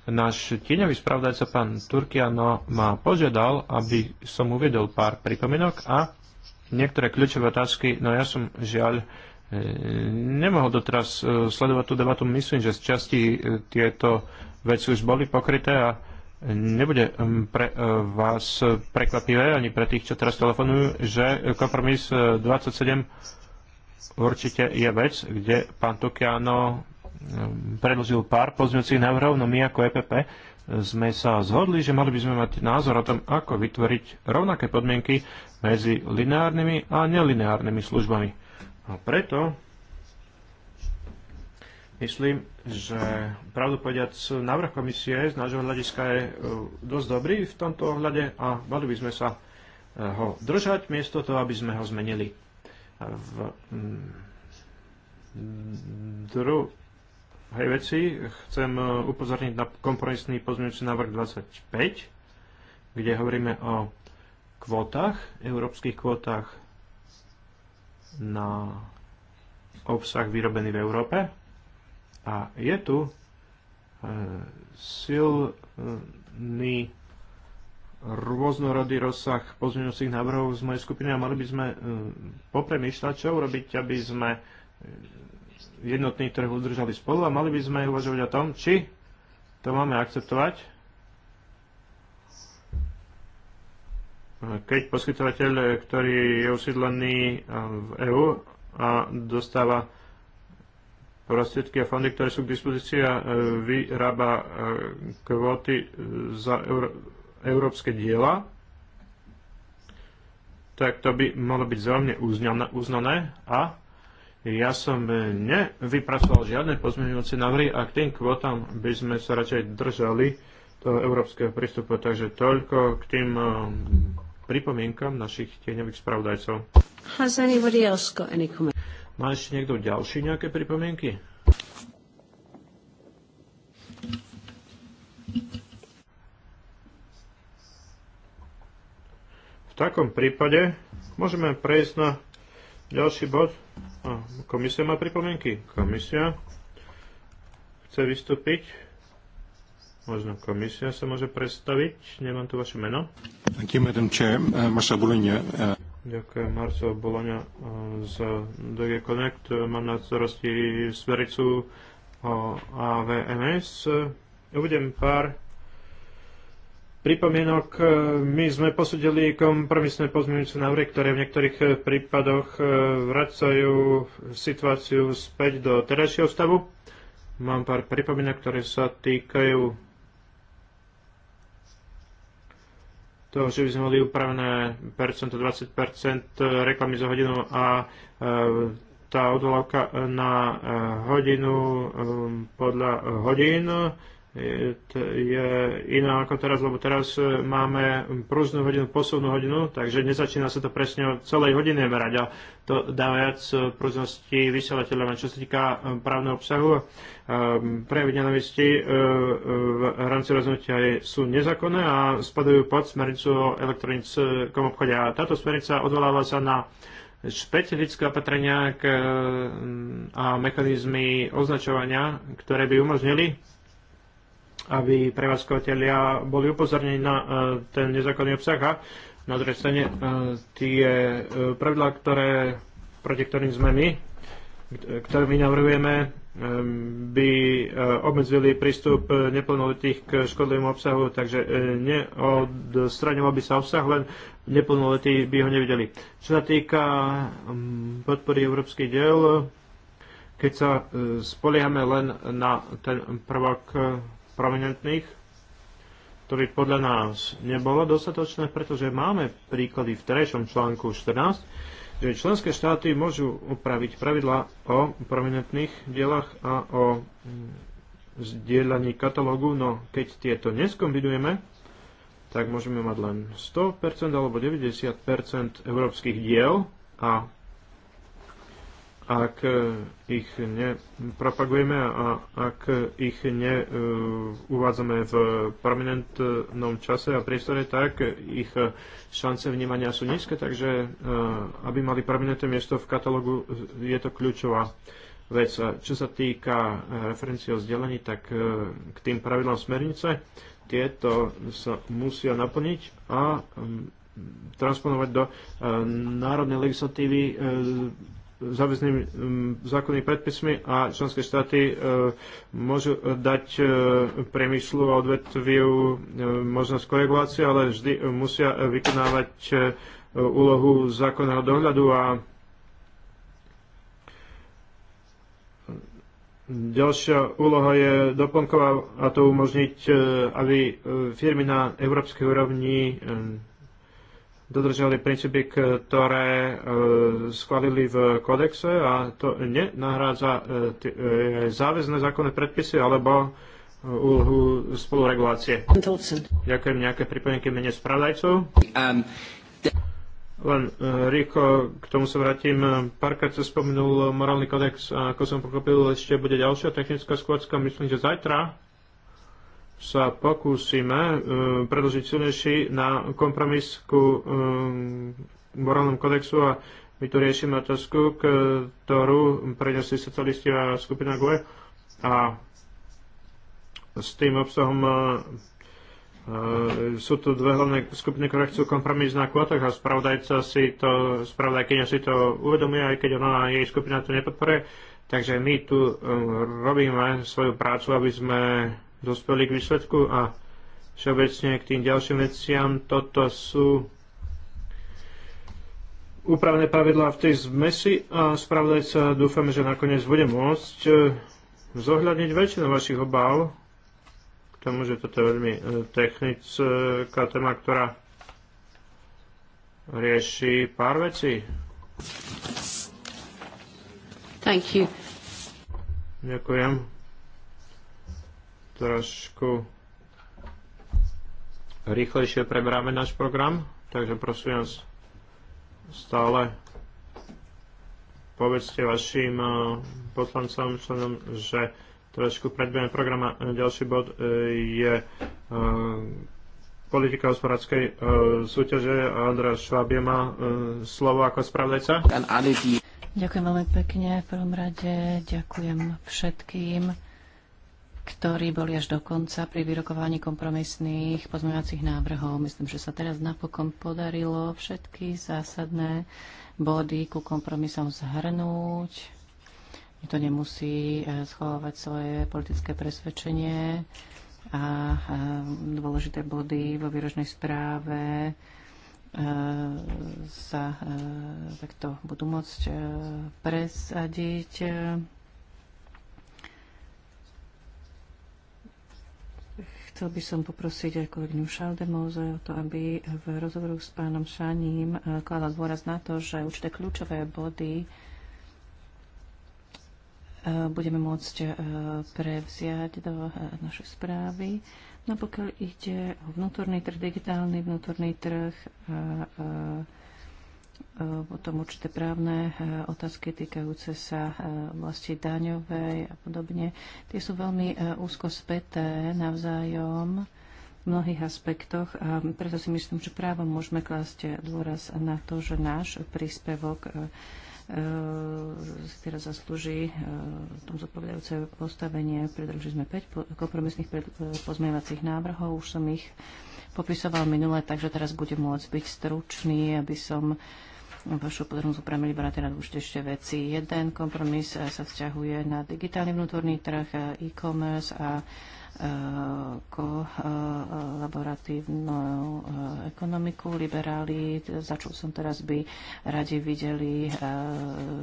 Náš tieňový spravodajca, pán Turkiano, ma požiadal, aby som uvedol pár pripomienok a niektoré kľúčové otázky, no ja som žiaľ e, nemohol doteraz sledovať tú debatu. Myslím, že z časti tieto veci už boli pokryté a nebude um, pre uh, vás prekvapivé, ani pre tých, čo teraz telefonujú, že kompromis 27 uh, určite je vec, kde pán Tokiano um, predložil pár pozmeňujúcich návrhov, no my ako EPP sme sa zhodli, že mali by sme mať názor o tom, ako vytvoriť rovnaké podmienky medzi lineárnymi a nelineárnymi službami. A preto Myslím, že pravdu povediac, návrh komisie z nášho hľadiska je e, dosť dobrý v tomto ohľade a mali by sme sa e, ho držať, miesto toho, aby sme ho zmenili. V mm, druhej veci chcem e, upozorniť na kompromisný pozmeňujúci návrh 25, kde hovoríme o kvótach, európskych kvótach na obsah vyrobený v Európe a je tu e, silný rôznorodý rozsah pozmeňujúcich návrhov z mojej skupiny a mali by sme e, popremýšľať, čo urobiť, aby sme jednotný trh udržali spolu a mali by sme uvažovať o tom, či to máme akceptovať, keď poskytovateľ, ktorý je usídlený e, v EÚ a dostáva prostriedky a fondy, ktoré sú k dispozícii a e, vyrába e, kvóty e, za európske diela, tak to by malo byť zrovne uznané a ja som nevypracoval žiadne pozmeňujúce návrhy a k tým kvotám by sme sa radšej držali toho európskeho prístupu. Takže toľko k tým pripomienkam našich tieňových spravodajcov. Has anybody else got any comments? Má ešte niekto ďalší nejaké pripomienky? V takom prípade môžeme prejsť na ďalší bod. komisia má pripomienky. Komisia chce vystúpiť. Možno komisia sa môže predstaviť. Nemám tu vaše meno. Thank you, Madam Chair. Uh, Maša Uh... Ďakujem, Marcel Boloňa e, z DG Connect. Mám na starosti smericu o AVMS. Uvidím pár pripomienok. My sme posudili kompromisné pozmeňujúce návrhy, ktoré v niektorých prípadoch e, vracajú situáciu späť do terajšieho stavu. Mám pár pripomienok, ktoré sa týkajú toho, že by sme mali upravené percento 20% reklamy za hodinu a e, tá odvolávka na e, hodinu e, podľa hodín je iná ako teraz, lebo teraz e, máme prúznu hodinu, posuvnú hodinu, takže nezačína sa to presne o celej hodine merať a to dá viac e, prúznosti vysielateľom. Čo sa týka e, právneho obsahu, prejavy nenavisti v rámci rozhodnutia sú nezákonné a spadajú pod smernicu o elektronickom obchode. A táto smernica odvoláva sa na špecifické opatrenia a mechanizmy označovania, ktoré by umožnili aby prevádzkovateľia boli upozornení na e, ten nezákonný obsah a na druhej strane e, tie e, pravidlá, ktoré, proti ktorým sme my, ktoré my navrhujeme, by obmedzili prístup neplnoletých k škodlivému obsahu, takže neodstraňoval by sa obsah, len neplnoletí by ho nevideli. Čo sa týka podpory európskych diel, keď sa spoliehame len na ten prvok prominentných, ktorých podľa nás nebolo dostatočné, pretože máme príklady v terejšom článku 14, že členské štáty môžu upraviť pravidla o prominentných dielach a o mm, zdieľaní katalógu, no keď tieto neskombinujeme, tak môžeme mať len 100% alebo 90% európskych diel a ak eh, ich nepropagujeme a ak eh, ich neuvádzame eh, v prominentnom čase a priestore, tak ich šance vnímania sú nízke, takže aby mali prominentné miesto v katalógu, je to kľúčová vec. Čo sa týka referencie o vzdelení, tak k tým pravidlám smernice, tieto sa musia naplniť a mm, transponovať do národnej legislatívy záväznými mm, zákonnými predpismi a členské štáty e, môžu dať e, priemyslu a odvetviu e, možnosť koregulácie, ale vždy musia vykonávať úlohu zákonného dohľadu a Ďalšia úloha je doplnková a to umožniť, aby firmy na európskej úrovni dodržali princípy, ktoré e, schválili v kodexe a to nenahrádza e, e, záväzné zákonné predpisy alebo úlohu spoluregulácie. Ďakujem nejaké pripomienky mene spravodajcov. Um, Len rýchlo k tomu sa vrátim. Parker sa spomenul morálny kodex a ako som pochopil, ešte bude ďalšia technická skôdzka, myslím, že zajtra sa pokúsime e, predložiť silnejší na kompromis ku e, morálnom kodexu a my tu riešime otázku, ktorú prenesli socialisti a skupina GUE a s tým obsahom e, sú tu dve hlavné skupiny, ktoré chcú kompromis na kvotách a spravodajca si to, spravodajkyňa si to uvedomuje, aj keď ona a jej skupina to nepodporuje. Takže my tu robíme svoju prácu, aby sme dospeli k výsledku a všeobecne k tým ďalším veciam. Toto sú úpravné pravidlá v tej zmesi a spravodajca dúfame, že nakoniec bude môcť e, zohľadniť väčšinu vašich obáv k tomu, že toto je veľmi e, technická téma, ktorá rieši pár vecí. Thank you. Ďakujem trošku rýchlejšie preberáme náš program, takže prosím vás stále povedzte vašim eh, poslancom, členom, že trošku predbieme program a ďalší bod eh, je eh, politika hospodárskej súťaže Andra má slovo ako spravdajca. Ďakujem veľmi pekne. V prvom rade ďakujem všetkým ktorí boli až do konca pri vyrokovaní kompromisných pozmeňovacích návrhov. Myslím, že sa teraz napokon podarilo všetky zásadné body ku kompromisom zhrnúť. Nikto nemusí eh, schovávať svoje politické presvedčenie a eh, dôležité body vo výročnej správe eh, sa takto budú môcť presadiť Chcel by som poprosiť aj kolegyňu Šaldemóze o to, aby v rozhovoru s pánom Šaním eh, kladla dôraz na to, že určité kľúčové body eh, budeme môcť eh, prevziať do našej správy. No pokiaľ ide o vnútorný trh, digitálny vnútorný trh, a, a, Eh, potom určité právne eh, otázky týkajúce sa vlasti eh, daňovej a podobne. Tie sú veľmi úzko späté navzájom v mnohých aspektoch a preto si myslím, že právo môžeme klásť dôraz na to, že náš príspevok si teraz zaslúži tom zodpovedajúce postavenie. Predložili sme 5 kompromisných pozmeňovacích návrhov, už som ich popisoval minule, takže teraz budem môcť byť stručný, aby som uh, vašu pozornosť upravili iba na ešte veci. Jeden kompromis e, sa vzťahuje na digitálny vnútorný trh, e, e-commerce a e, kolaboratívnu ekonomiku. Liberáli, začul som teraz, by radi videli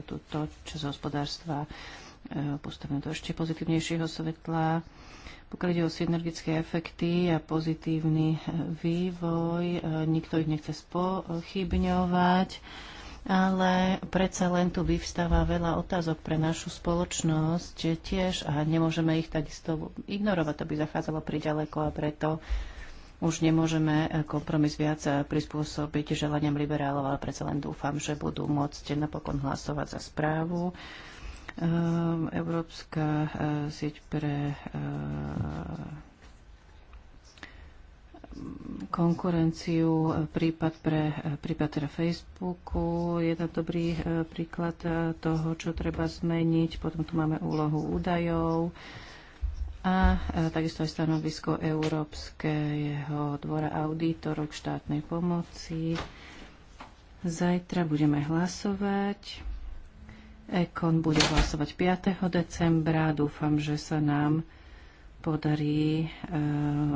túto časť hospodárstva postavené do ešte pozitívnejšieho svetla. Pokiaľ ide o synergické efekty a pozitívny vývoj, nikto ich nechce spochybňovať ale predsa len tu vyvstáva veľa otázok pre našu spoločnosť tiež a nemôžeme ich takisto ignorovať, to by zachádzalo priďaleko a preto už nemôžeme kompromis viac prispôsobiť želaniam liberálov, ale predsa len dúfam, že budú môcť napokon hlasovať za správu. Ehm, Európska eh, sieť pre eh, konkurenciu, e, prípad, pre, e, prípad teda Facebooku je to dobrý e, príklad toho, čo treba zmeniť. Potom tu máme úlohu údajov a takisto aj stanovisko Európskeho dvora auditorov k štátnej pomoci. Zajtra budeme hlasovať. Ekon bude hlasovať 5. decembra. Dúfam, že sa nám podarí eh,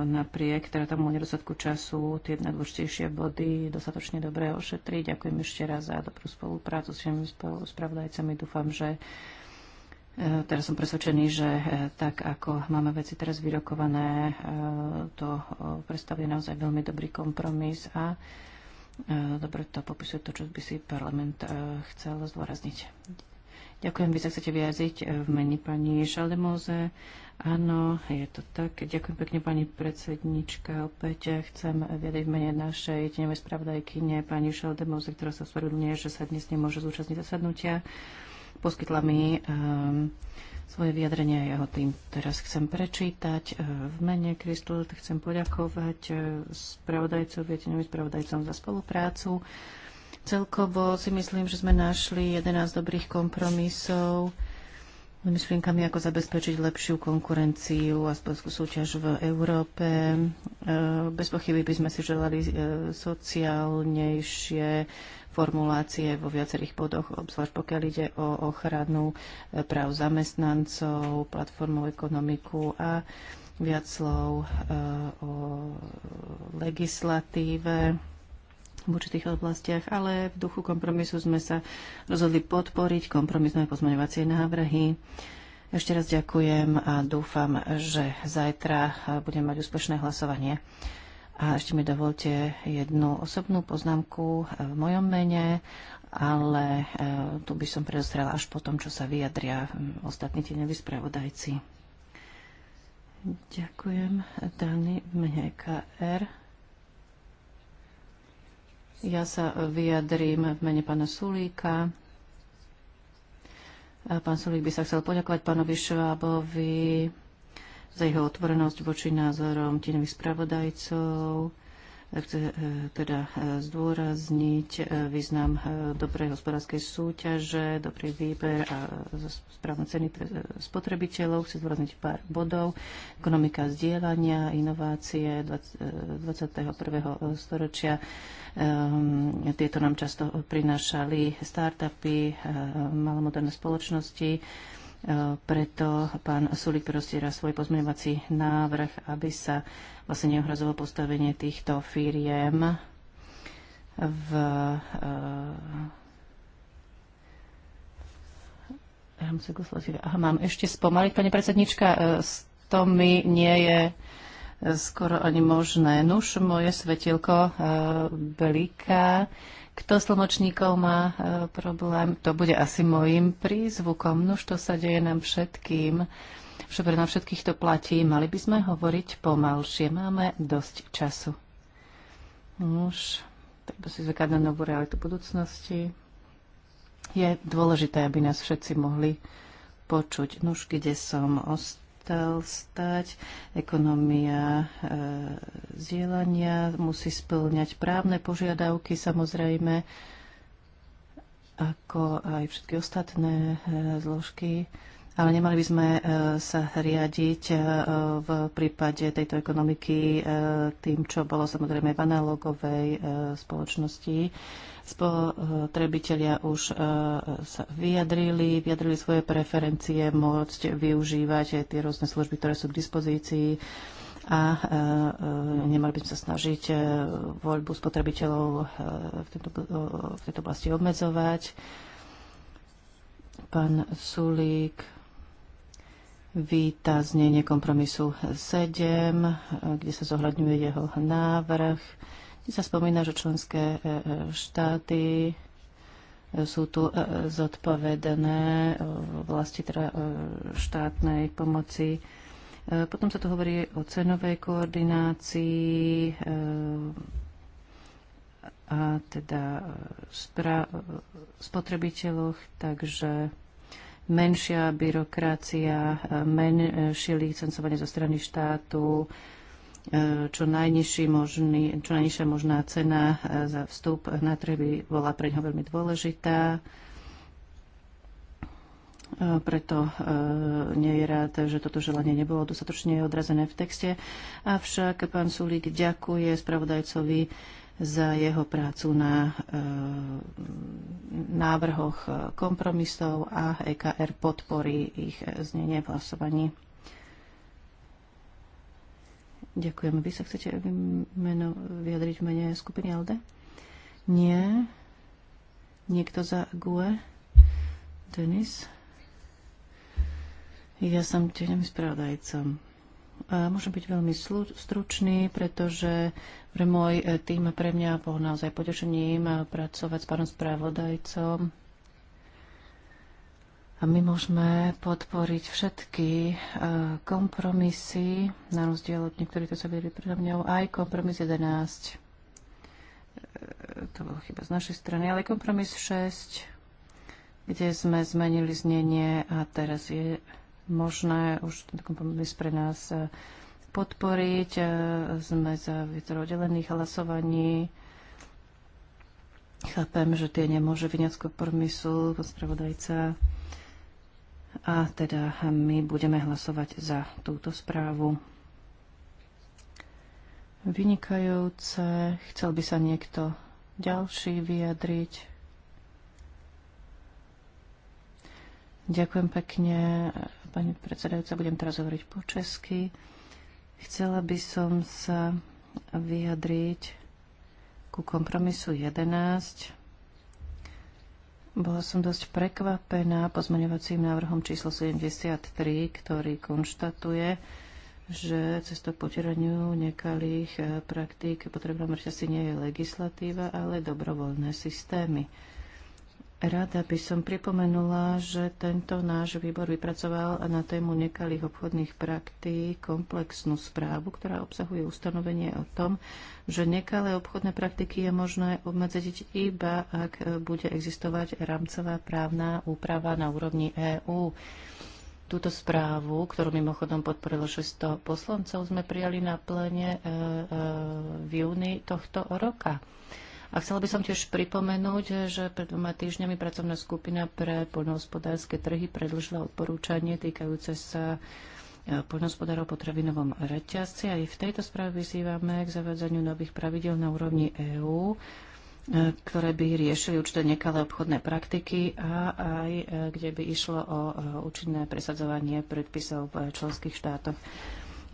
napriek teda tomu nedostatku času tie najdôležitejšie body dostatočne dobre ošetriť. Ďakujem ešte raz za dobrú spoluprácu s všemi spravodajcami. Dúfam, že eh, teraz som presvedčený, že eh, tak ako máme veci teraz vyrokované, to predstavuje naozaj veľmi dobrý kompromis a dobre to popisuje to, čo by si parlament chcel zdôrazniť. Ďakujem, vy sa chcete vyjaziť e, v mene pani Šaldemoze. Áno, je to tak. Ďakujem pekne, pani predsednička. Opäť e, chcem vyjadriť v mene našej tenevej spravodajkyne pani Šaldemoze, ktorá sa ospravedlňuje, že sa dnes nemôže zúčastniť zasadnutia. Poskytla mi um, svoje vyjadrenie a ja ho tým teraz chcem prečítať. E, v mene Kristol chcem poďakovať spravodajcovi a spravodajcom za spoluprácu. Celkovo si myslím, že sme našli 11 dobrých kompromisov myšlienkami, ako zabezpečiť lepšiu konkurenciu a spolskú súťaž v Európe. E, bez pochyby by sme si želali e, sociálnejšie formulácie vo viacerých bodoch, obzvlášť pokiaľ ide o ochranu e, práv zamestnancov, platformu ekonomiku a viac slov o legislatíve v určitých oblastiach, ale v duchu kompromisu sme sa rozhodli podporiť kompromisné pozmeňovacie návrhy. Ešte raz ďakujem a dúfam, že zajtra budem mať úspešné hlasovanie. A ešte mi dovolte jednu osobnú poznámku v mojom mene, ale e, tu by som predostrela až po tom, čo sa vyjadria ostatní tieňoví spravodajci. Ďakujem, Dani, v mene KR. Ja sa vyjadrím v mene pána Sulíka. Pán Sulík by sa chcel poďakovať pánovi Švábovi za jeho otvorenosť voči názorom tieňových spravodajcov chce e, teda e, zdôrazniť e, význam dobrej hospodárskej súťaže, dobrý výber a správne ceny pre spotrebiteľov. Chce zdôrazniť pár bodov. Ekonomika zdieľania, inovácie 21. storočia. Ehm, tieto nám často prinášali startupy, malomoderné spoločnosti preto pán Sulik prostiera svoj pozmeňovací návrh, aby sa vlastne neohrazovalo postavenie týchto firiem v eh, Aha, mám ešte spomaliť, pani predsednička, eh, to mi nie je skoro ani možné. Nuž, moje svetielko eh, bliká. Kto s tlmočníkov má eh, problém, to bude asi môjim prízvukom. Nuž, to sa deje nám všetkým. Všetko na všetkých to platí. Mali by sme hovoriť pomalšie. Máme dosť času. Nuž, treba si zvykať na novú realitu budúcnosti. Je dôležité, aby nás všetci mohli počuť. Nuž, kde som? Ost- kapitál stať. Ekonomia e, zdieľania musí splňať právne požiadavky samozrejme, ako aj všetky ostatné e, zložky ale nemali by sme e, sa riadiť e, v prípade tejto ekonomiky e, tým, čo bolo samozrejme v analogovej spoločnosti. Spotrebitelia už sa vyjadrili, vyjadrili svoje preferencie, môcť využívať tie rôzne služby, ktoré sú k dispozícii a nemali by sme sa snažiť voľbu spotrebiteľov v tejto, v tejto oblasti obmedzovať. Pán Sulík víta znenie kompromisu 7, kde sa zohľadňuje jeho návrh, kde sa spomína, že členské e, e, štáty e, sú tu zodpovedané vlasti teda štátnej pomoci. Potom sa tu hovorí o cenovej koordinácii a teda spra- spotrebiteľoch, takže menšia byrokracia, menšie licencovanie zo strany štátu, e, čo, najnižší možný, čo najnižšia možná cena e, za vstup na trh by bola pre ňoho veľmi dôležitá. E, preto nie je rád, že toto želanie nebolo dostatočne odrazené v texte. Avšak pán Sulík ďakuje spravodajcovi za jeho prácu na e, návrhoch kompromisov a EKR podporí ich znenie v hlasovaní. Ďakujem. Vy sa chcete meno, vyjadriť v mene skupiny LD? Nie. Niekto za GUE? Denis? Ja som tieňom spravodajcom. E, môžem byť veľmi stručný, pretože pre môj e, tým a pre mňa bol naozaj potešením e, pracovať s pánom správodajcom. A my môžeme podporiť všetky e, kompromisy, na rozdiel od niektorých, to sa vedeli predo mňou, aj kompromis 11. To bolo chyba z našej strany, ale kompromis 6, kde sme zmenili znenie a teraz je možné už ten kompromis pre nás podporiť. E, sme za viacero oddelených hlasovaní. Chápem, že tie nemôže vyňať z kompromisu spravodajca. A teda my budeme hlasovať za túto správu. Vynikajúce. Chcel by sa niekto ďalší vyjadriť? Ďakujem pekne. Pani predsedajúca, budem teraz hovoriť po česky. Chcela by som sa vyjadriť ku kompromisu 11. Bola som dosť prekvapená pozmeňovacím návrhom číslo 73, ktorý konštatuje, že k potieraniu nekalých praktík potrebná mŕťa si nie je legislatíva, ale dobrovoľné systémy. Rada by som pripomenula, že tento náš výbor vypracoval na tému nekalých obchodných praktík komplexnú správu, ktorá obsahuje ustanovenie o tom, že nekalé obchodné praktiky je možné obmedziť iba, ak bude existovať rámcová právna úprava na úrovni EÚ. Túto správu, ktorú mimochodom podporilo 600 poslancov, sme prijali na plene e, e, v júni tohto roka. A chcela by som tiež pripomenúť, že pred dvoma týždňami pracovná skupina pre poľnohospodárske trhy predlžila odporúčanie týkajúce sa e, poľnohospodárov potravinovom reťazci. Aj v tejto správe vyzývame k zavádzaniu nových pravidel na úrovni EÚ, e, ktoré by riešili určité nekalé obchodné praktiky a aj e, kde by išlo o účinné presadzovanie predpisov v členských štátoch.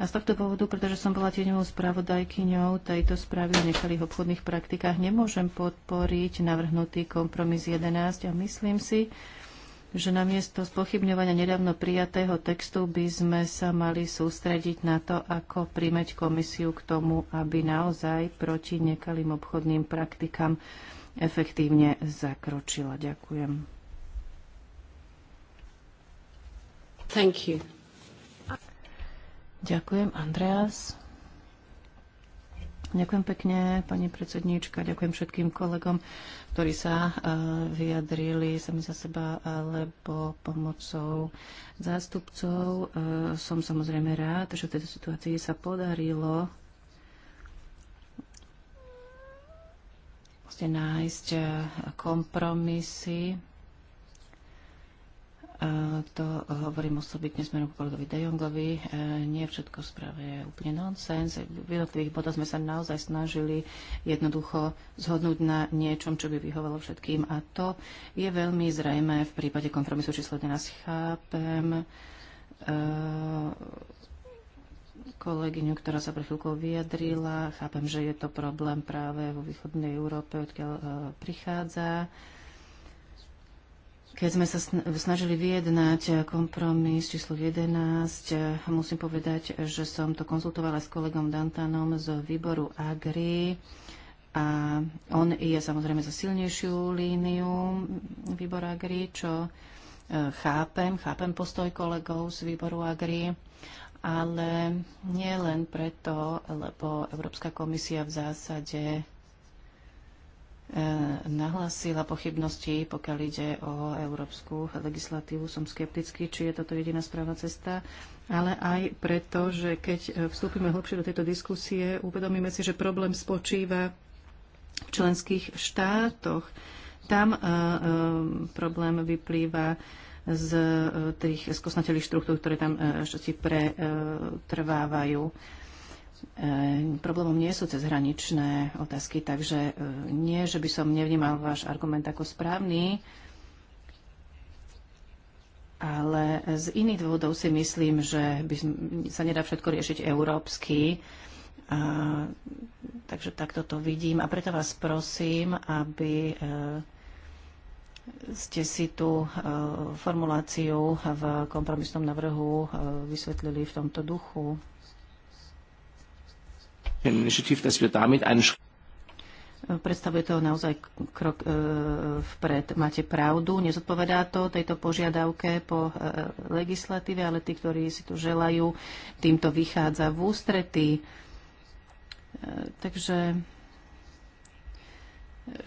A z tohto pôvodu, pretože som bola tieňovou spravodajkyňou tejto správy o nekalých obchodných praktikách, nemôžem podporiť navrhnutý kompromis 11 a myslím si, že namiesto spochybňovania nedávno prijatého textu by sme sa mali sústrediť na to, ako príjmeť komisiu k tomu, aby naozaj proti nekalým obchodným praktikám efektívne zakročila. Ďakujem. Thank you. Ďakujem, Andreas. Ďakujem pekne, pani predsedníčka, ďakujem všetkým kolegom, ktorí sa e, vyjadrili sami za seba alebo pomocou zástupcov. E, som samozrejme rád, že v tejto situácii sa podarilo vlastne nájsť e, kompromisy to hovorím osobitne smerom k kolegovi De Jongovi. E, nie všetko v správe je úplne nonsens. V jednotlivých bodoch sme sa naozaj snažili jednoducho zhodnúť na niečom, čo by vyhovalo všetkým. A to je veľmi zrejme v prípade kompromisu číslo 11. Chápem e, kolegyňu, ktorá sa pre chvíľku vyjadrila. Chápem, že je to problém práve vo východnej Európe, odkiaľ e, prichádza. Keď sme sa snažili vyjednať eh, kompromis číslo 11, eh, musím povedať, že som to konzultovala s kolegom Dantanom z výboru Agri a on je samozrejme za silnejšiu líniu výboru Agri, čo eh, chápem, chápem postoj kolegov z výboru Agri, ale nie len preto, lebo Európska komisia v zásade E, nahlásila pochybnosti, pokiaľ ide o európsku legislatívu. Som skeptický, či je toto jediná správna cesta, ale aj preto, že keď vstúpime hlbšie do tejto diskusie, uvedomíme si, že problém spočíva v členských štátoch. Tam uh, um, problém vyplýva z uh, tých skosnatelých štruktúr, ktoré tam ešte pretrvávajú. E, problémom nie sú cezhraničné otázky, takže e, nie, že by som nevnímal váš argument ako správny, ale z iných dôvodov si myslím, že by sa nedá všetko riešiť európsky. A, takže takto to vidím a preto vás prosím, aby e, ste si tú formuláciu v kompromisnom navrhu vysvetlili v tomto duchu. Predstavuje to naozaj krok e, vpred. Máte pravdu, nezodpovedá to tejto požiadavke po e, legislatíve, ale tí, ktorí si to želajú, týmto vychádza v ústretí. E, takže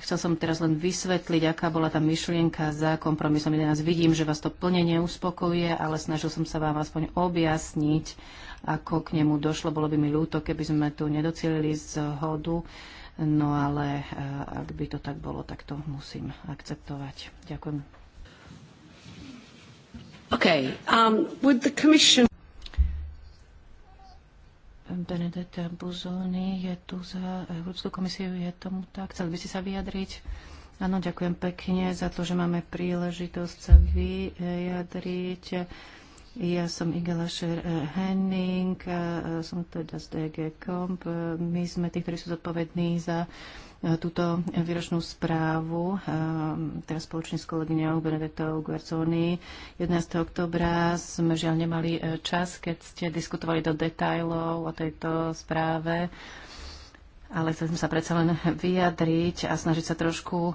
Chcel som teraz len vysvetliť, aká bola tá myšlienka za kompromisom 11. Vidím, že vás to plne neuspokojuje, ale snažil som sa vám aspoň objasniť, ako k nemu došlo. Bolo by mi ľúto, keby sme tu nedocielili zhodu, no ale eh, ak by to tak bolo, tak to musím akceptovať. Ďakujem. Okay, um, would the commission... Benedetta Buzoni je tu za Európsku komisiu, je tomu tak? Chceli by ste sa vyjadriť? Áno, ďakujem pekne za to, že máme príležitosť sa vyjadriť. Ja som Igela eh, Henning, eh, som teda z DG Comp. Eh, my sme tí, ktorí sú zodpovední za túto výročnú správu, ehm, teraz spoločne s kolegyňou Benedetou Guerzoni. 11. oktobra sme žiaľ nemali e, čas, keď ste diskutovali do detajlov o tejto správe, ale chceli sme sa predsa len vyjadriť a snažiť sa trošku e,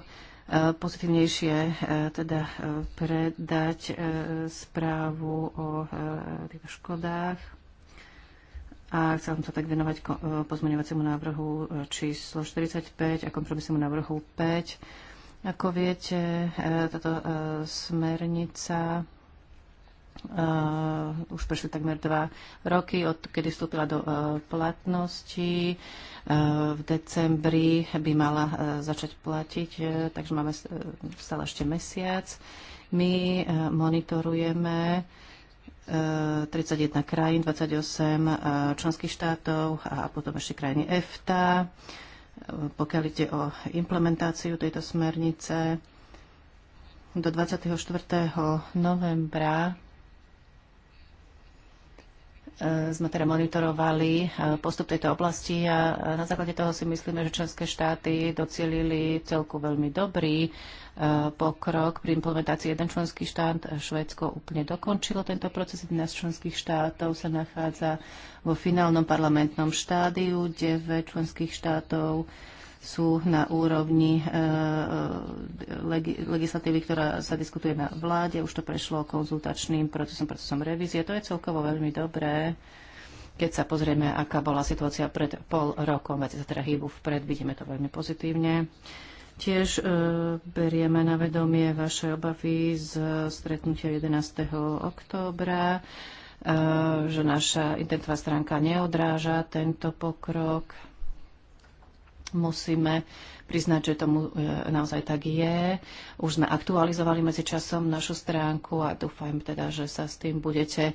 pozitívnejšie e, teda predať správu o týchto škodách a chcel som sa tak venovať e, pozmeňovaciemu návrhu e, číslo 45 a kompromisnému návrhu 5. Ako viete, e, táto smernica Uh, už prešli takmer dva roky, od kedy vstúpila do uh, platnosti. Uh, v decembri by mala uh, začať platiť, uh, takže máme stále ešte mesiac. My uh, monitorujeme uh, 31 eh, krajín, 28 eh, členských štátov a potom ešte krajiny EFTA. Eh, pokiaľ ide o implementáciu tejto smernice, do 24. novembra E, sme teda monitorovali e, postup tejto oblasti a na základe toho si myslíme, že členské štáty docielili celku veľmi dobrý e, pokrok pri implementácii. Jeden členský štát, Švédsko, úplne dokončilo tento proces. 11 členských štátov sa nachádza vo finálnom parlamentnom štádiu, 9 členských štátov sú na úrovni e, e, legislatívy, ktorá sa diskutuje na vláde. Už to prešlo konzultačným procesom, procesom revízie. To je celkovo veľmi dobré keď sa pozrieme, aká bola situácia pred pol rokom, veci sa teda hýbu vpred, vidíme to veľmi pozitívne. Tiež e, berieme na vedomie vaše obavy z stretnutia 11. októbra, e, že naša internetová stránka neodráža tento pokrok. Musíme priznať, že tomu e, naozaj tak je. Už sme aktualizovali medzi časom našu stránku a dúfam teda, že sa s tým budete e,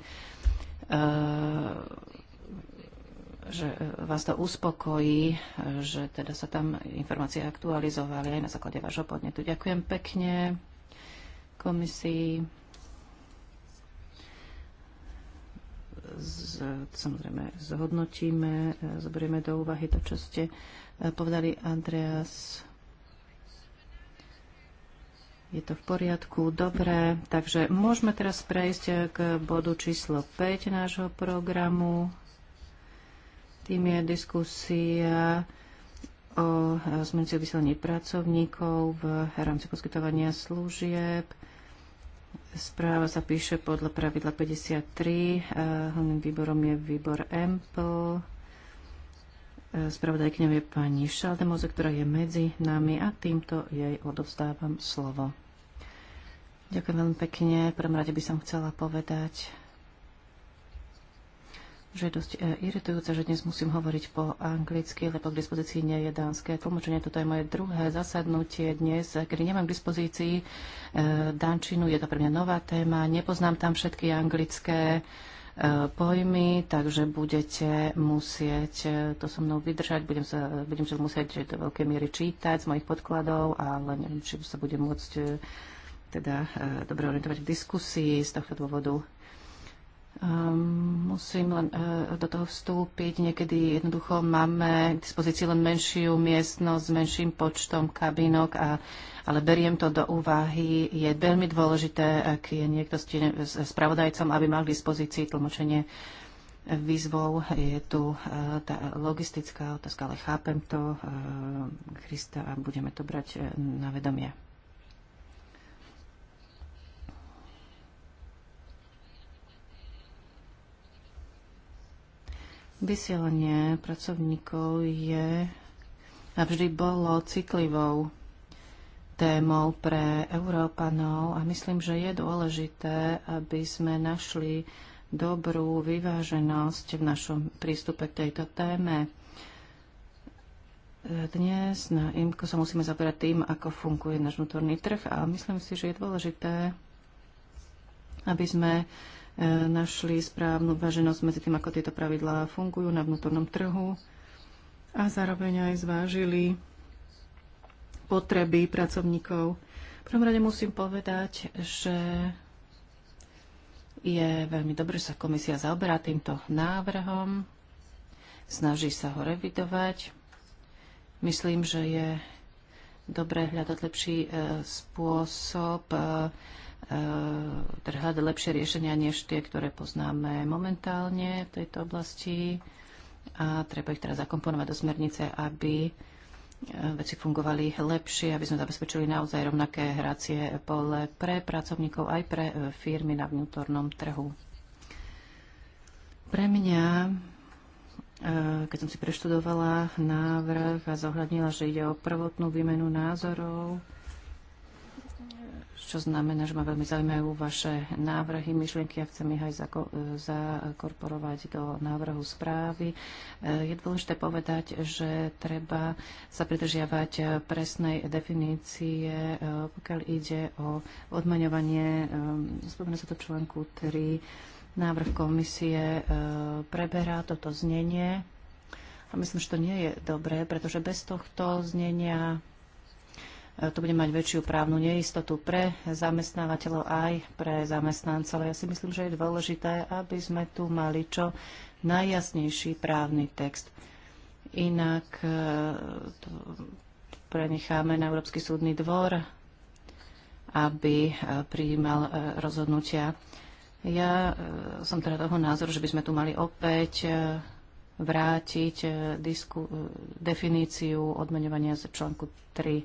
že e, vás to uspokojí, že teda sa tam informácie aktualizovali aj na základe vášho podnetu. Ďakujem pekne komisii. Z, samozrejme zhodnotíme, zoberieme do úvahy to, čo ste E, povedali Andreas. Je to v poriadku, dobre. Takže môžeme teraz prejsť e, k bodu číslo 5 nášho programu. Tým je diskusia o e, zmenci vysielaní pracovníkov v rámci poskytovania služieb. Správa sa píše podľa pravidla 53. Hlavným výborom je výbor EMPL. Spravodajkňou je pani Šaldemoze, ktorá je medzi nami a týmto jej odovzdávam slovo. Ďakujem veľmi pekne. Prvom rade by som chcela povedať, že je dosť eh, iritujúce, že dnes musím hovoriť po anglicky, lebo k dispozícii nie je dánske tlmočenie. Toto je moje druhé zasadnutie dnes, kedy nemám k dispozícii eh, dančinu. Je to pre mňa nová téma. Nepoznám tam všetky anglické pojmy, takže budete musieť e, to so mnou vydržať, budem sa, budem sa musieť do veľkej miery čítať z mojich podkladov, ale neviem, či sa budem môcť e, teda e, dobre orientovať v diskusii z tohto dôvodu Ehm, musím len uh, do toho vstúpiť. Niekedy jednoducho máme k dispozícii len menšiu miestnosť s menším počtom kabinok, a, ale beriem to do úvahy. Je veľmi dôležité, ak je niekto s spravodajcom, aby mal k dispozícii tlmočenie výzvou. Je tu uh, tá logistická otázka, ale chápem to, uh, Krista, a budeme to brať e, na vedomie. Vysielanie pracovníkov je a vždy bolo citlivou témou pre Európanov a myslím, že je dôležité, aby sme našli dobrú vyváženosť v našom prístupe k tejto téme. Dnes na IMKO sa musíme zaberať tým, ako funguje náš vnútorný trh a myslím si, že je dôležité, aby sme E, našli správnu váženosť medzi tým, ako tieto pravidlá fungujú na vnútornom trhu a zároveň aj zvážili potreby pracovníkov. V prvom rade musím povedať, že je veľmi dobré, že sa komisia zaoberá týmto návrhom, snaží sa ho revidovať. Myslím, že je dobré hľadať lepší e, spôsob e, teda hľadať lepšie riešenia než tie, ktoré poznáme momentálne v tejto oblasti a treba ich teraz zakomponovať do smernice, aby e, veci fungovali lepšie, aby sme zabezpečili naozaj rovnaké hracie pole pre pracovníkov aj pre e, firmy na vnútornom trhu. Pre mňa, e, keď som si preštudovala návrh a zohľadnila, že ide o prvotnú výmenu názorov, čo znamená, že ma veľmi zaujímajú vaše návrhy, myšlienky a ja chcem ich aj e, zakorporovať do návrhu správy. E, je dôležité povedať, že treba sa pridržiavať presnej definície, e, pokiaľ ide o odmaňovanie, spomenú sa to článku 3, návrh komisie preberá toto znenie a myslím, že to nie je dobré, pretože bez tohto znenia E, to bude mať väčšiu právnu neistotu pre zamestnávateľov aj pre zamestnancov. Ja si myslím, že je dôležité, aby sme tu mali čo najjasnejší právny text. Inak e, to prenecháme na Európsky súdny dvor, aby e, prijímal rozhodnutia. Ja som teda toho názoru, že by sme tu mali opäť vrátiť disku, definíciu odmenovania z článku 3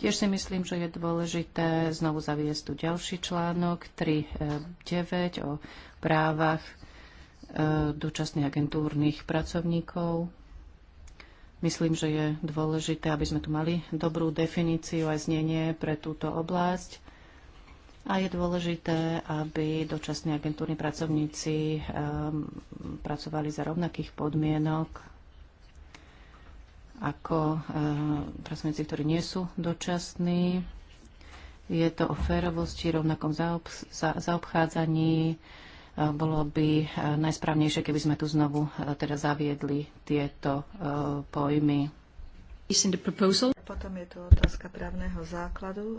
Tiež si myslím, že je dôležité znovu zaviesť tu ďalší článok 3.9 e, o právach e, dočasných agentúrnych pracovníkov. Myslím, že je dôležité, aby sme tu mali dobrú definíciu a znenie pre túto oblasť. A je dôležité, aby dočasní agentúrni pracovníci um, pracovali za rovnakých podmienok ako eh, pracovníci, ktorí nie sú dočasní. Je to o férovosti, rovnakom zaob za zaobchádzaní. Eh, bolo by eh, najsprávnejšie, keby sme tu znovu teda zaviedli tieto pojmy. Potom je tu otázka právneho základu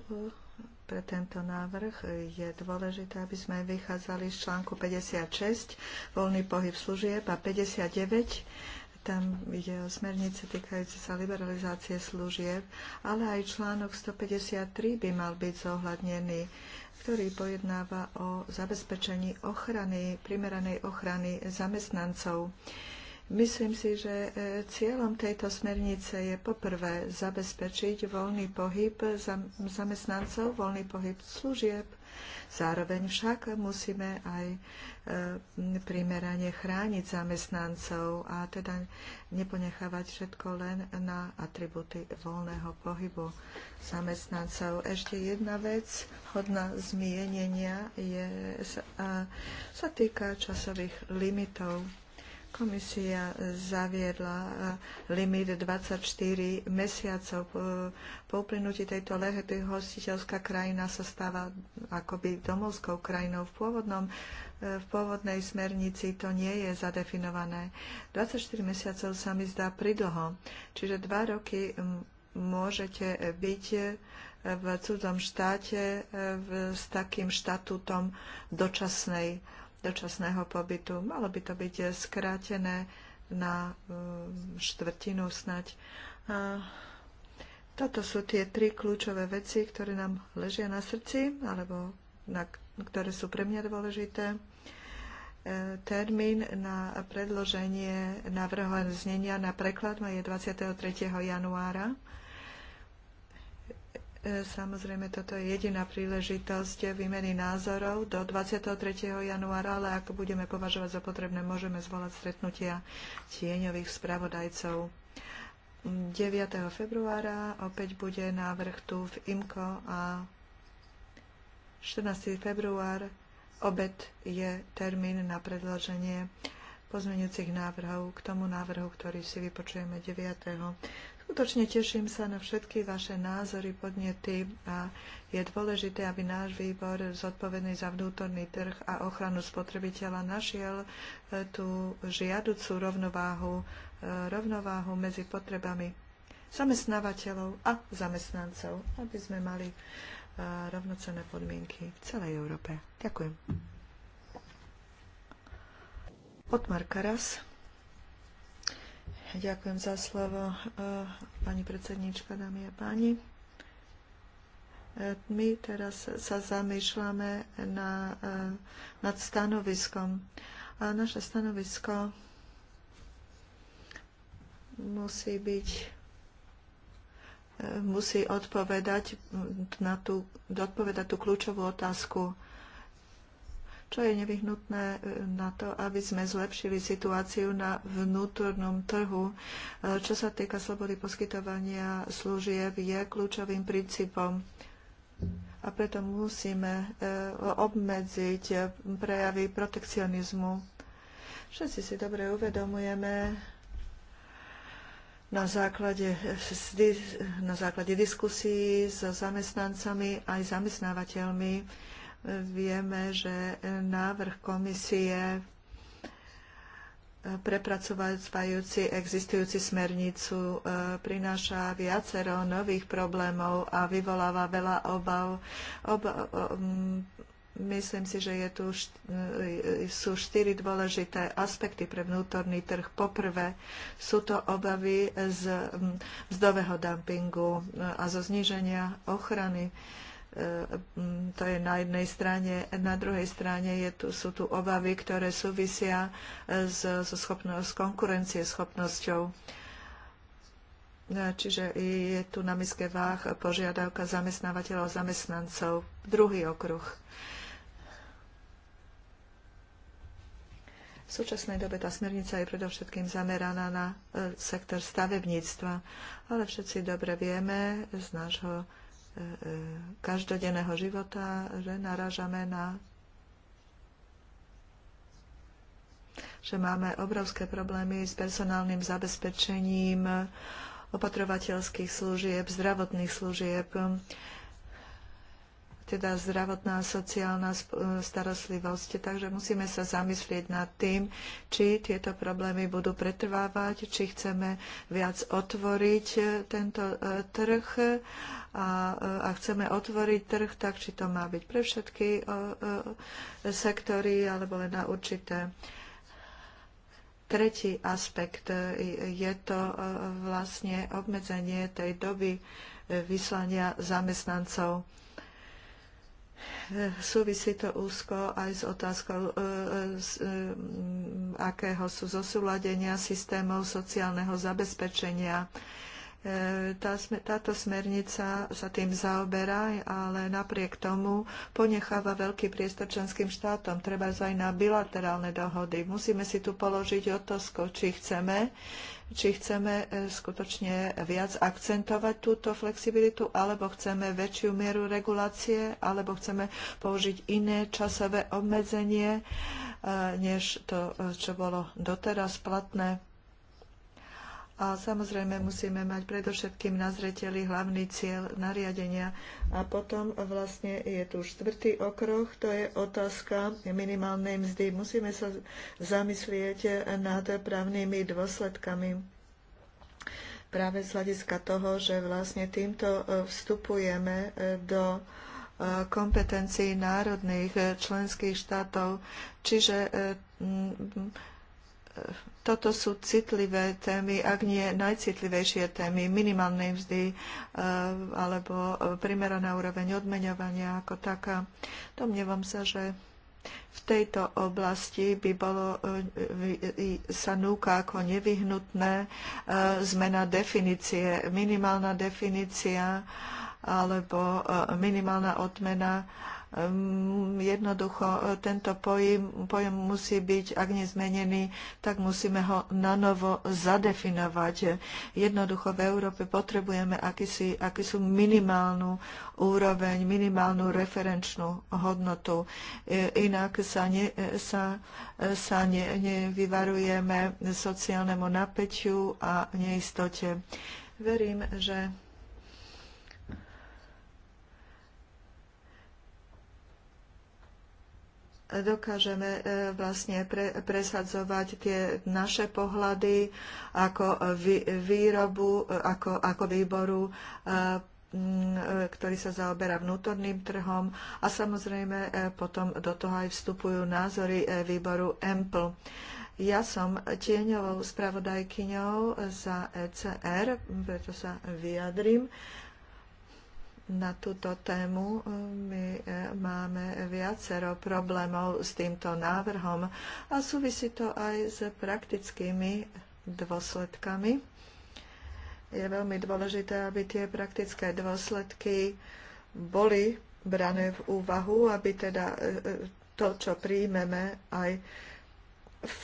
pre tento návrh. Je dôležité, aby sme vychádzali z článku 56, voľný pohyb služieb a 59 tam ide o smernice týkajúce sa liberalizácie služieb, ale aj článok 153 by mal byť zohľadnený, ktorý pojednáva o zabezpečení ochrany, primeranej ochrany zamestnancov. Myslím si, že e, cieľom tejto smernice je poprvé zabezpečiť voľný pohyb zamestnancov, voľný pohyb služieb Zároveň však musíme aj e, primerane chrániť zamestnancov a teda neponechávať všetko len na atributy voľného pohybu zamestnancov. Ešte jedna vec hodná zmienenia je, sa, sa týka časových limitov komisia zaviedla eh, limit 24 mesiacov. Po uplynutí tejto lehety hostiteľská krajina sa stáva akoby domovskou krajinou. V, pôvodnom, eh, v pôvodnej smernici to nie je zadefinované. 24 mesiacov sa mi zdá pridlho, čiže dva roky môžete byť eh, v cudzom štáte s takým štatútom dočasnej dočasného pobytu. Malo by to byť skrátené na um, štvrtinu snať. A toto sú tie tri kľúčové veci, ktoré nám ležia na srdci, alebo na, ktoré sú pre mňa dôležité. E, termín na predloženie navrhovaného znenia na preklad je 23. januára E, samozrejme, toto je jediná príležitosť výmeny názorov do 23. januára, ale ak budeme považovať za potrebné, môžeme zvolať stretnutia tieňových spravodajcov. 9. februára opäť bude návrh tu v IMKO a 14. február obed je termín na predloženie pozmeňujúcich návrhov k tomu návrhu, ktorý si vypočujeme 9. Skutočne teším sa na všetky vaše názory, podnety a je dôležité, aby náš výbor zodpovedný za vnútorný trh a ochranu spotrebiteľa našiel e, tú žiaducu rovnováhu, e, rovnováhu medzi potrebami zamestnávateľov a zamestnancov, aby sme mali e, rovnocenné podmienky v celej Európe. Ďakujem. Otmar Karas. Ďakujem za slovo, eh, pani predsednička, dámy a páni. Eh, my teraz sa zamýšľame na, eh, nad stanoviskom. A naše stanovisko musí byť musí odpovedať na tú, odpovedať tú kľúčovú otázku, čo je nevyhnutné e, na to, aby sme zlepšili situáciu na vnútornom trhu. E, čo sa týka slobody poskytovania služieb, je kľúčovým princípom a preto musíme e, obmedziť prejavy protekcionizmu. Všetci si dobre uvedomujeme, na základe, na základe diskusí so zamestnancami aj zamestnávateľmi, Vieme, že návrh komisie prepracovajúci existujúci smernicu e, prináša viacero nových problémov a vyvoláva veľa obav. Oba, myslím si, že je tu, e, sú štyri dôležité aspekty pre vnútorný trh. Poprvé sú to obavy z mzdového dumpingu e, a zo zníženia ochrany to je na jednej strane, na druhej strane je tu, sú tu obavy, ktoré súvisia eh, s, s, schopnosť, s schopnosťou. Eh, čiže je tu na miske váh požiadavka zamestnávateľov zamestnancov. Druhý okruh. V súčasnej dobe tá smernica je predovšetkým zameraná na eh, sektor stavebníctva, ale všetci dobre vieme z nášho každodenného života, že naražame na že máme obrovské problémy s personálnym zabezpečením opatrovateľských služieb, zdravotných služieb teda zdravotná a sociálna e, starostlivosť. Takže musíme sa zamyslieť nad tým, či tieto problémy budú pretrvávať, či chceme viac otvoriť e, tento e, trh a, a chceme otvoriť trh, tak či to má byť pre všetky sektory alebo len na určité. Tretí aspekt je to vlastne obmedzenie tej doby vyslania zamestnancov Súvisí to úzko aj s otázkou, z, e, e, e, akého sú zosúladenia systémov sociálneho zabezpečenia E, tá, táto smernica sa tým zaoberá, ale napriek tomu ponecháva veľký priestor členským štátom, treba aj na bilaterálne dohody. Musíme si tu položiť otázku, či chceme, či chceme e, skutočne viac akcentovať túto flexibilitu, alebo chceme väčšiu mieru regulácie, alebo chceme použiť iné časové obmedzenie, e, než to, čo bolo doteraz platné a samozrejme musíme mať predovšetkým na zreteli hlavný cieľ nariadenia. A potom vlastne je tu štvrtý okruh, to je otázka minimálnej mzdy. Musíme sa zamyslieť nad právnymi dôsledkami práve z hľadiska toho, že vlastne týmto e, vstupujeme e, do e, kompetencií národných členských štátov. Čiže toto sú citlivé témy, ak nie najcitlivejšie témy, minimálnej vzdy e, alebo primeraná úroveň odmeňovania ako taká. Domnievam sa, že v tejto oblasti by bolo, e, e, sa núka ako nevyhnutné zmena definície, minimálna definícia alebo minimálna odmena Ehm, jednoducho e, tento pojem, pojem musí byť, ak nezmenený, tak musíme ho nanovo zadefinovať. Jednoducho v Európe potrebujeme akýsi, akýsi minimálnu úroveň, minimálnu referenčnú hodnotu. E, inak sa, ne, e, sa, sa ne, nevyvarujeme sociálnemu napätiu a neistote. Verím, že dokážeme e, vlastne pre, presadzovať tie naše pohľady ako vý, výrobu, e, ako, ako výboru, e, ktorý sa zaoberá vnútorným trhom a samozrejme potom do toho aj vstupujú názory výboru EMPL. Ja som tieňovou spravodajkyňou za ECR, preto sa vyjadrím na túto tému. My e, máme viacero problémov s týmto návrhom a súvisí to aj s praktickými dôsledkami. Je veľmi dôležité, aby tie praktické dôsledky boli brané v úvahu, aby teda e, e, to, čo príjmeme, aj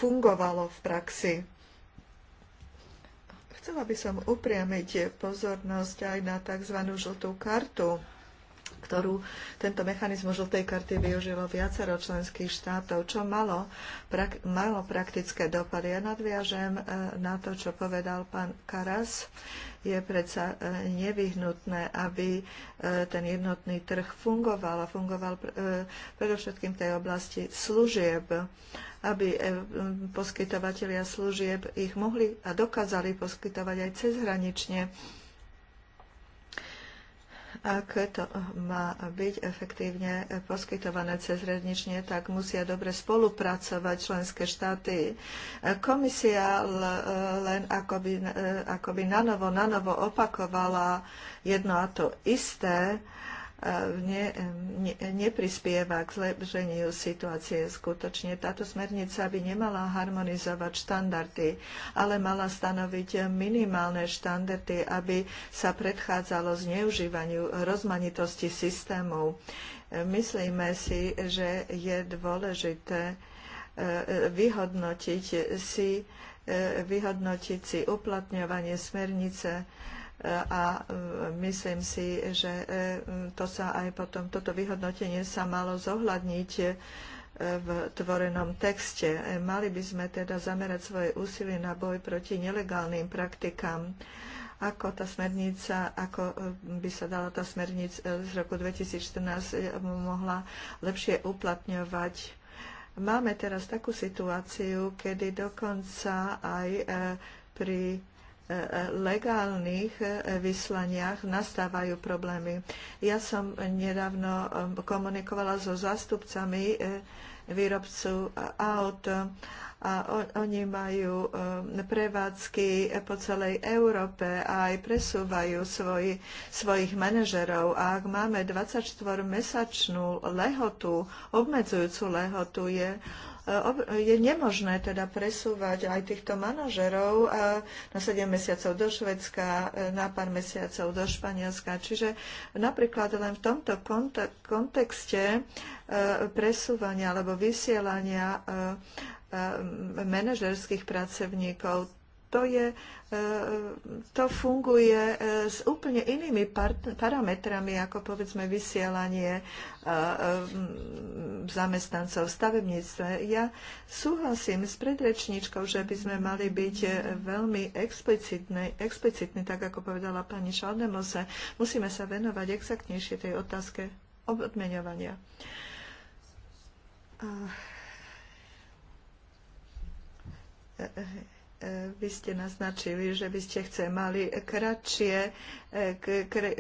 fungovalo v praxi Chcela by som upriamiť pozornosť aj na tzv. žltú kartu, ktorú tento mechanizmus žltej karty využilo viacero členských štátov, čo malo, prak, malo praktické dopady. Ja nadviažem e, na to, čo povedal pán Karas. Je predsa e, nevyhnutné, aby e, ten jednotný trh fungoval a fungoval predovšetkým v tej oblasti služieb aby e, poskytovatelia služieb ich mohli a dokázali poskytovať aj cezhranične. Ak to e, má byť efektívne poskytované cezhranične, tak musia dobre spolupracovať členské štáty. E, komisia len akoby, akoby nanovo, nanovo opakovala jedno a to isté, ne, ne, neprispieva k zlepšeniu situácie. Skutočne táto smernica by nemala harmonizovať štandardy, ale mala stanoviť minimálne štandardy, aby sa predchádzalo zneužívaniu rozmanitosti systémov. Myslíme si, že je dôležité e, vyhodnotiť si, e, vyhodnotiť si uplatňovanie smernice E, a e, myslím si, že e, to sa aj potom, toto vyhodnotenie sa malo zohľadniť v tvorenom texte. Mali by sme teda zamerať svoje úsilie na boj proti nelegálnym praktikám ako tá smernica, ako by sa dala tá smernica z roku 2014 mohla lepšie uplatňovať. Máme teraz takú situáciu, kedy dokonca aj pri legálnych eh, vyslaniach nastávajú problémy. Ja som nedávno eh, komunikovala so zástupcami eh, výrobcu aut a oni majú prevádzky po celej Európe a aj presúvajú svoj, svojich manažerov. A ak máme 24-mesačnú lehotu, obmedzujúcu lehotu, je je nemožné teda presúvať aj týchto manažerov eh, na 7 mesiacov do Švedska, eh, na pár mesiacov do Španielska. Čiže napríklad len v tomto kontexte eh, presúvania alebo vysielania manažerských pracovníkov to, je, e, to funguje e, s úplne inými parametrami, ako povedzme vysielanie e, zamestnancov v stavebníctve. Ja súhlasím s predrečníčkou, že by sme mali byť veľmi explicitní, tak ako povedala pani Šaldemose. Musíme sa venovať exaktnejšie tej otázke odmeňovania. Uh, uh, E, vy ste naznačili, že by ste chce mali kratšie, e,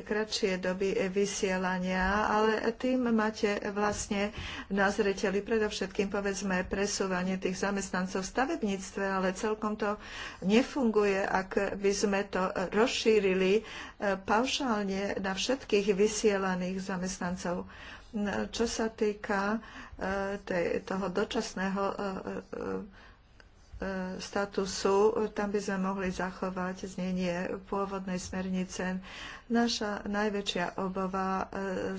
kratšie doby vysielania, ale tým máte vlastne na zreteli predovšetkým povedzme presúvanie tých zamestnancov v stavebníctve, ale celkom to nefunguje, ak by sme to rozšírili e, paušálne na všetkých vysielaných zamestnancov čo sa týka toho dočasného E, statusu, tam by sme mohli zachovať znenie pôvodnej smernice. Naša najväčšia obava e,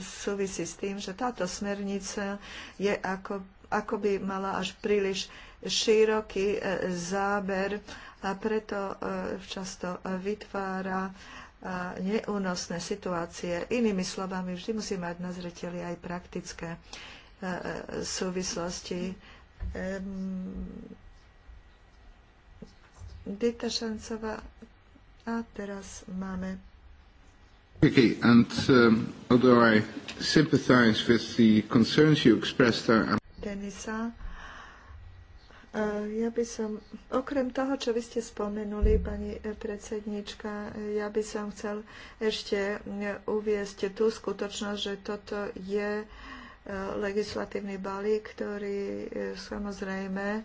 súvisí s tým, že táto smernica je ako, ako by mala až príliš široký e, záber a preto často vytvára neúnosné situácie. Inými slovami, vždy musí mať na zreteli aj praktické súvislosti Dita Šancová a teraz máme. Okay, and um, although I sympathize with the concerns you expressed, I... Denisa, e, ja by som, okrem toho, čo vy ste spomenuli, pani predsednička, ja by som chcel ešte e, uviesť tú skutočnosť, že toto je e, legislatívny balík, ktorý samozrejme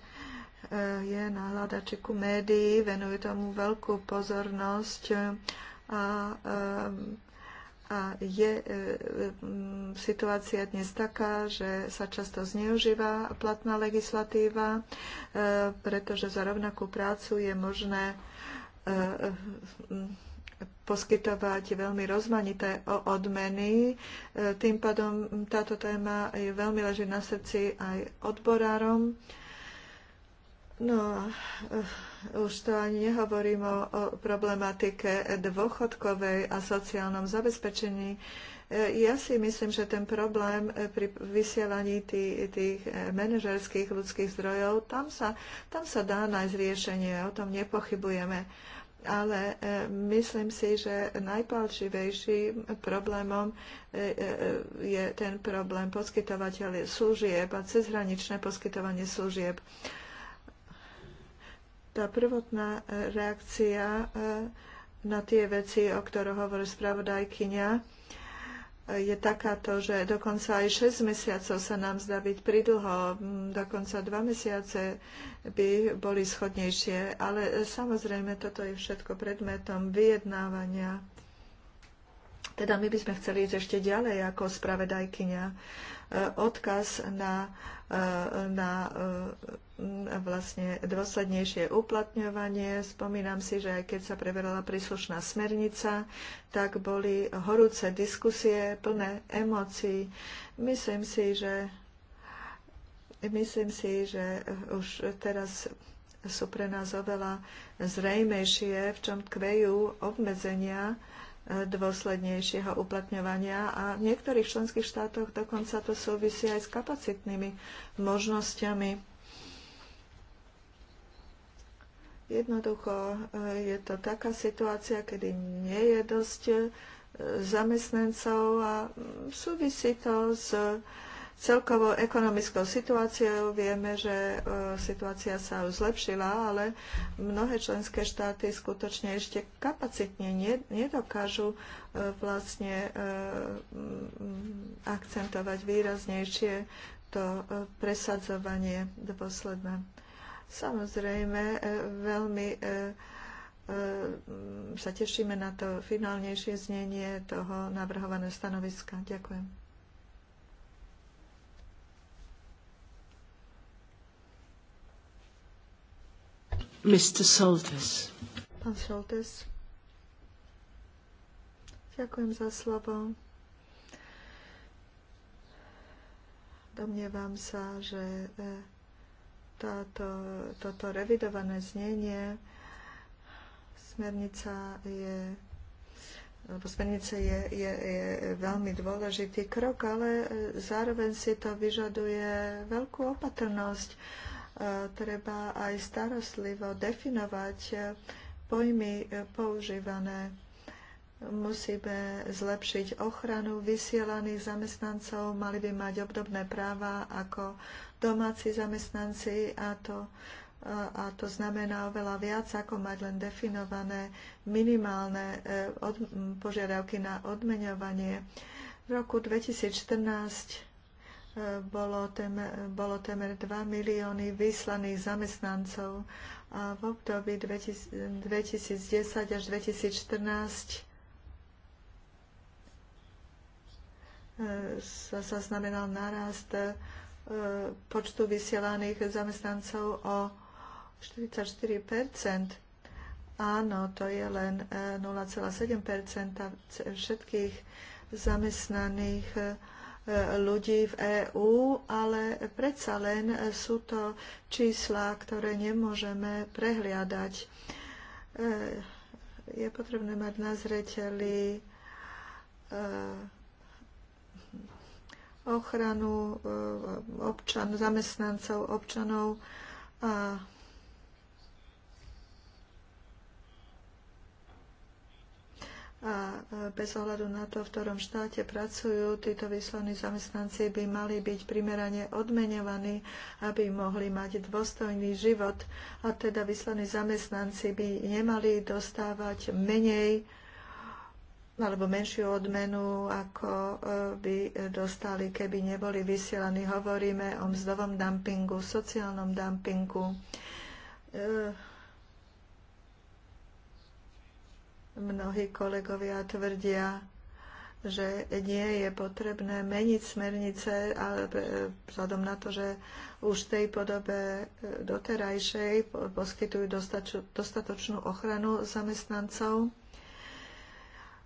Eh, je na hľadačiku médií, venuje tomu veľkú pozornosť a, eh, a je eh, mm, situácia dnes taká, že sa často zneužíva platná legislatíva, pretože za rovnakú prácu je možné mm, poskytovať veľmi rozmanité odmeny. Tým pádom táto téma je veľmi leží na srdci aj odborárom. No, eh, už to ani nehovorím o, o problematike dôchodkovej a sociálnom zabezpečení. Eh, ja si myslím, že ten problém eh, pri vysielaní tých, tých manažerských ľudských zdrojov, tam sa, tam sa dá nájsť riešenie, o tom nepochybujeme. Ale myslím si, že najpalčivejším problémom je ten problém poskytovateľ služieb a cezhraničné poskytovanie služieb tá prvotná e, reakcia e, na tie veci, o ktorých hovorí spravodajkyňa, e, je takáto, že dokonca aj 6 mesiacov sa nám zdá byť pridlho, mm, dokonca 2 mesiace by boli schodnejšie, ale samozrejme toto je všetko predmetom vyjednávania. Teda my by sme chceli ísť ešte ďalej ako spravedajkynia. Odkaz na, na vlastne dôslednejšie uplatňovanie. Spomínam si, že aj keď sa preverala príslušná smernica, tak boli horúce diskusie, plné emócií. Myslím si, že, myslím si, že už teraz sú pre nás oveľa zrejmejšie, v čom tkvejú obmedzenia e, dôslednejšieho uplatňovania a v niektorých členských štátoch dokonca to súvisí aj s kapacitnými možnosťami Jednoducho eh, je to taká situácia, kedy nie je dosť eh, zamestnancov a mm, súvisí to s celkovou ekonomickou situáciou. Vieme, že eh, situácia sa už zlepšila, ale mnohé členské štáty skutočne ešte kapacitne nedokážu vlastne mm, akcentovať výraznejšie to presadzovanie dôsledné. Samozrejme, e, veľmi e, e, sa tešíme na to finálnejšie znenie toho navrhovaného stanoviska. Ďakujem. Mr. Soltes. Pán Soltes. Ďakujem za slovo. Domnievam sa, že eh, táto, toto revidované znenie smernica je lebo smernica je, je, je veľmi dôležitý krok, ale zároveň si to vyžaduje veľkú opatrnosť. E, treba aj starostlivo definovať pojmy používané Musíme zlepšiť ochranu vysielaných zamestnancov, mali by mať obdobné práva ako domáci zamestnanci a to, a to znamená oveľa viac, ako mať len definované minimálne e, od, požiadavky na odmeňovanie. V roku 2014 e, bolo, tém, bolo témer 2 milióny vyslaných zamestnancov a v období 2010 až 2014 E, sa zaznamenal nárast e, počtu vysielaných zamestnancov o 44 Áno, to je len 0,7 e, všetkých zamestnaných ľudí v EÚ, ale predsa len sú to čísla, ktoré nemôžeme prehliadať. Je potrebné mať na zreteli ochranu eh, občan, zamestnancov, občanov a a eh, bez ohľadu na to, v ktorom štáte pracujú, títo vyslaní zamestnanci by mali byť primerane odmenovaní, aby mohli mať dôstojný život. A teda vyslaní zamestnanci by nemali dostávať menej alebo menšiu odmenu, ako e, by dostali, keby neboli vysielaní. Hovoríme o mzdovom dumpingu, sociálnom dumpingu. E, mnohí kolegovia tvrdia, že nie je potrebné meniť smernice, ale vzhľadom na to, že už v tej podobe e, doterajšej poskytujú dostatočnú ochranu zamestnancov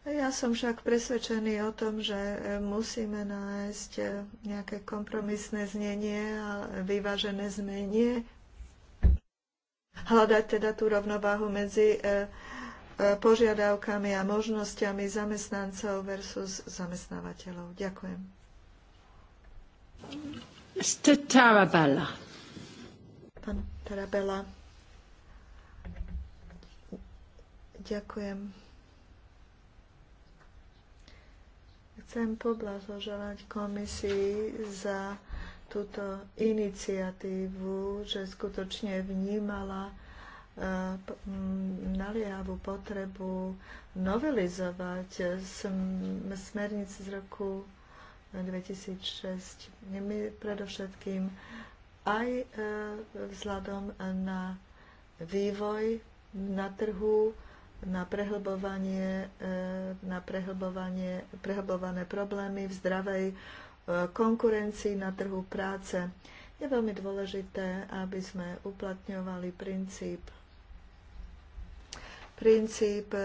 ja som však presvedčený o tom, že e, musíme nájsť e, nejaké kompromisné znenie a vyvážené zmenie. Hľadať teda tú rovnováhu medzi e, požiadavkami a možnosťami zamestnancov versus zamestnávateľov. Ďakujem. Tarabella. Pán Tarabella. Ďakujem. Chcem poblahoželať komisii za túto iniciatívu, že skutočne vnímala e, naliehavú potrebu novelizovať smernice z roku 2006. My predovšetkým aj e, vzhľadom na vývoj na trhu na prehlbovanie, e, na prehlbovanie, prehlbované problémy v zdravej e, konkurencii na trhu práce. Je veľmi dôležité, aby sme uplatňovali princíp princíp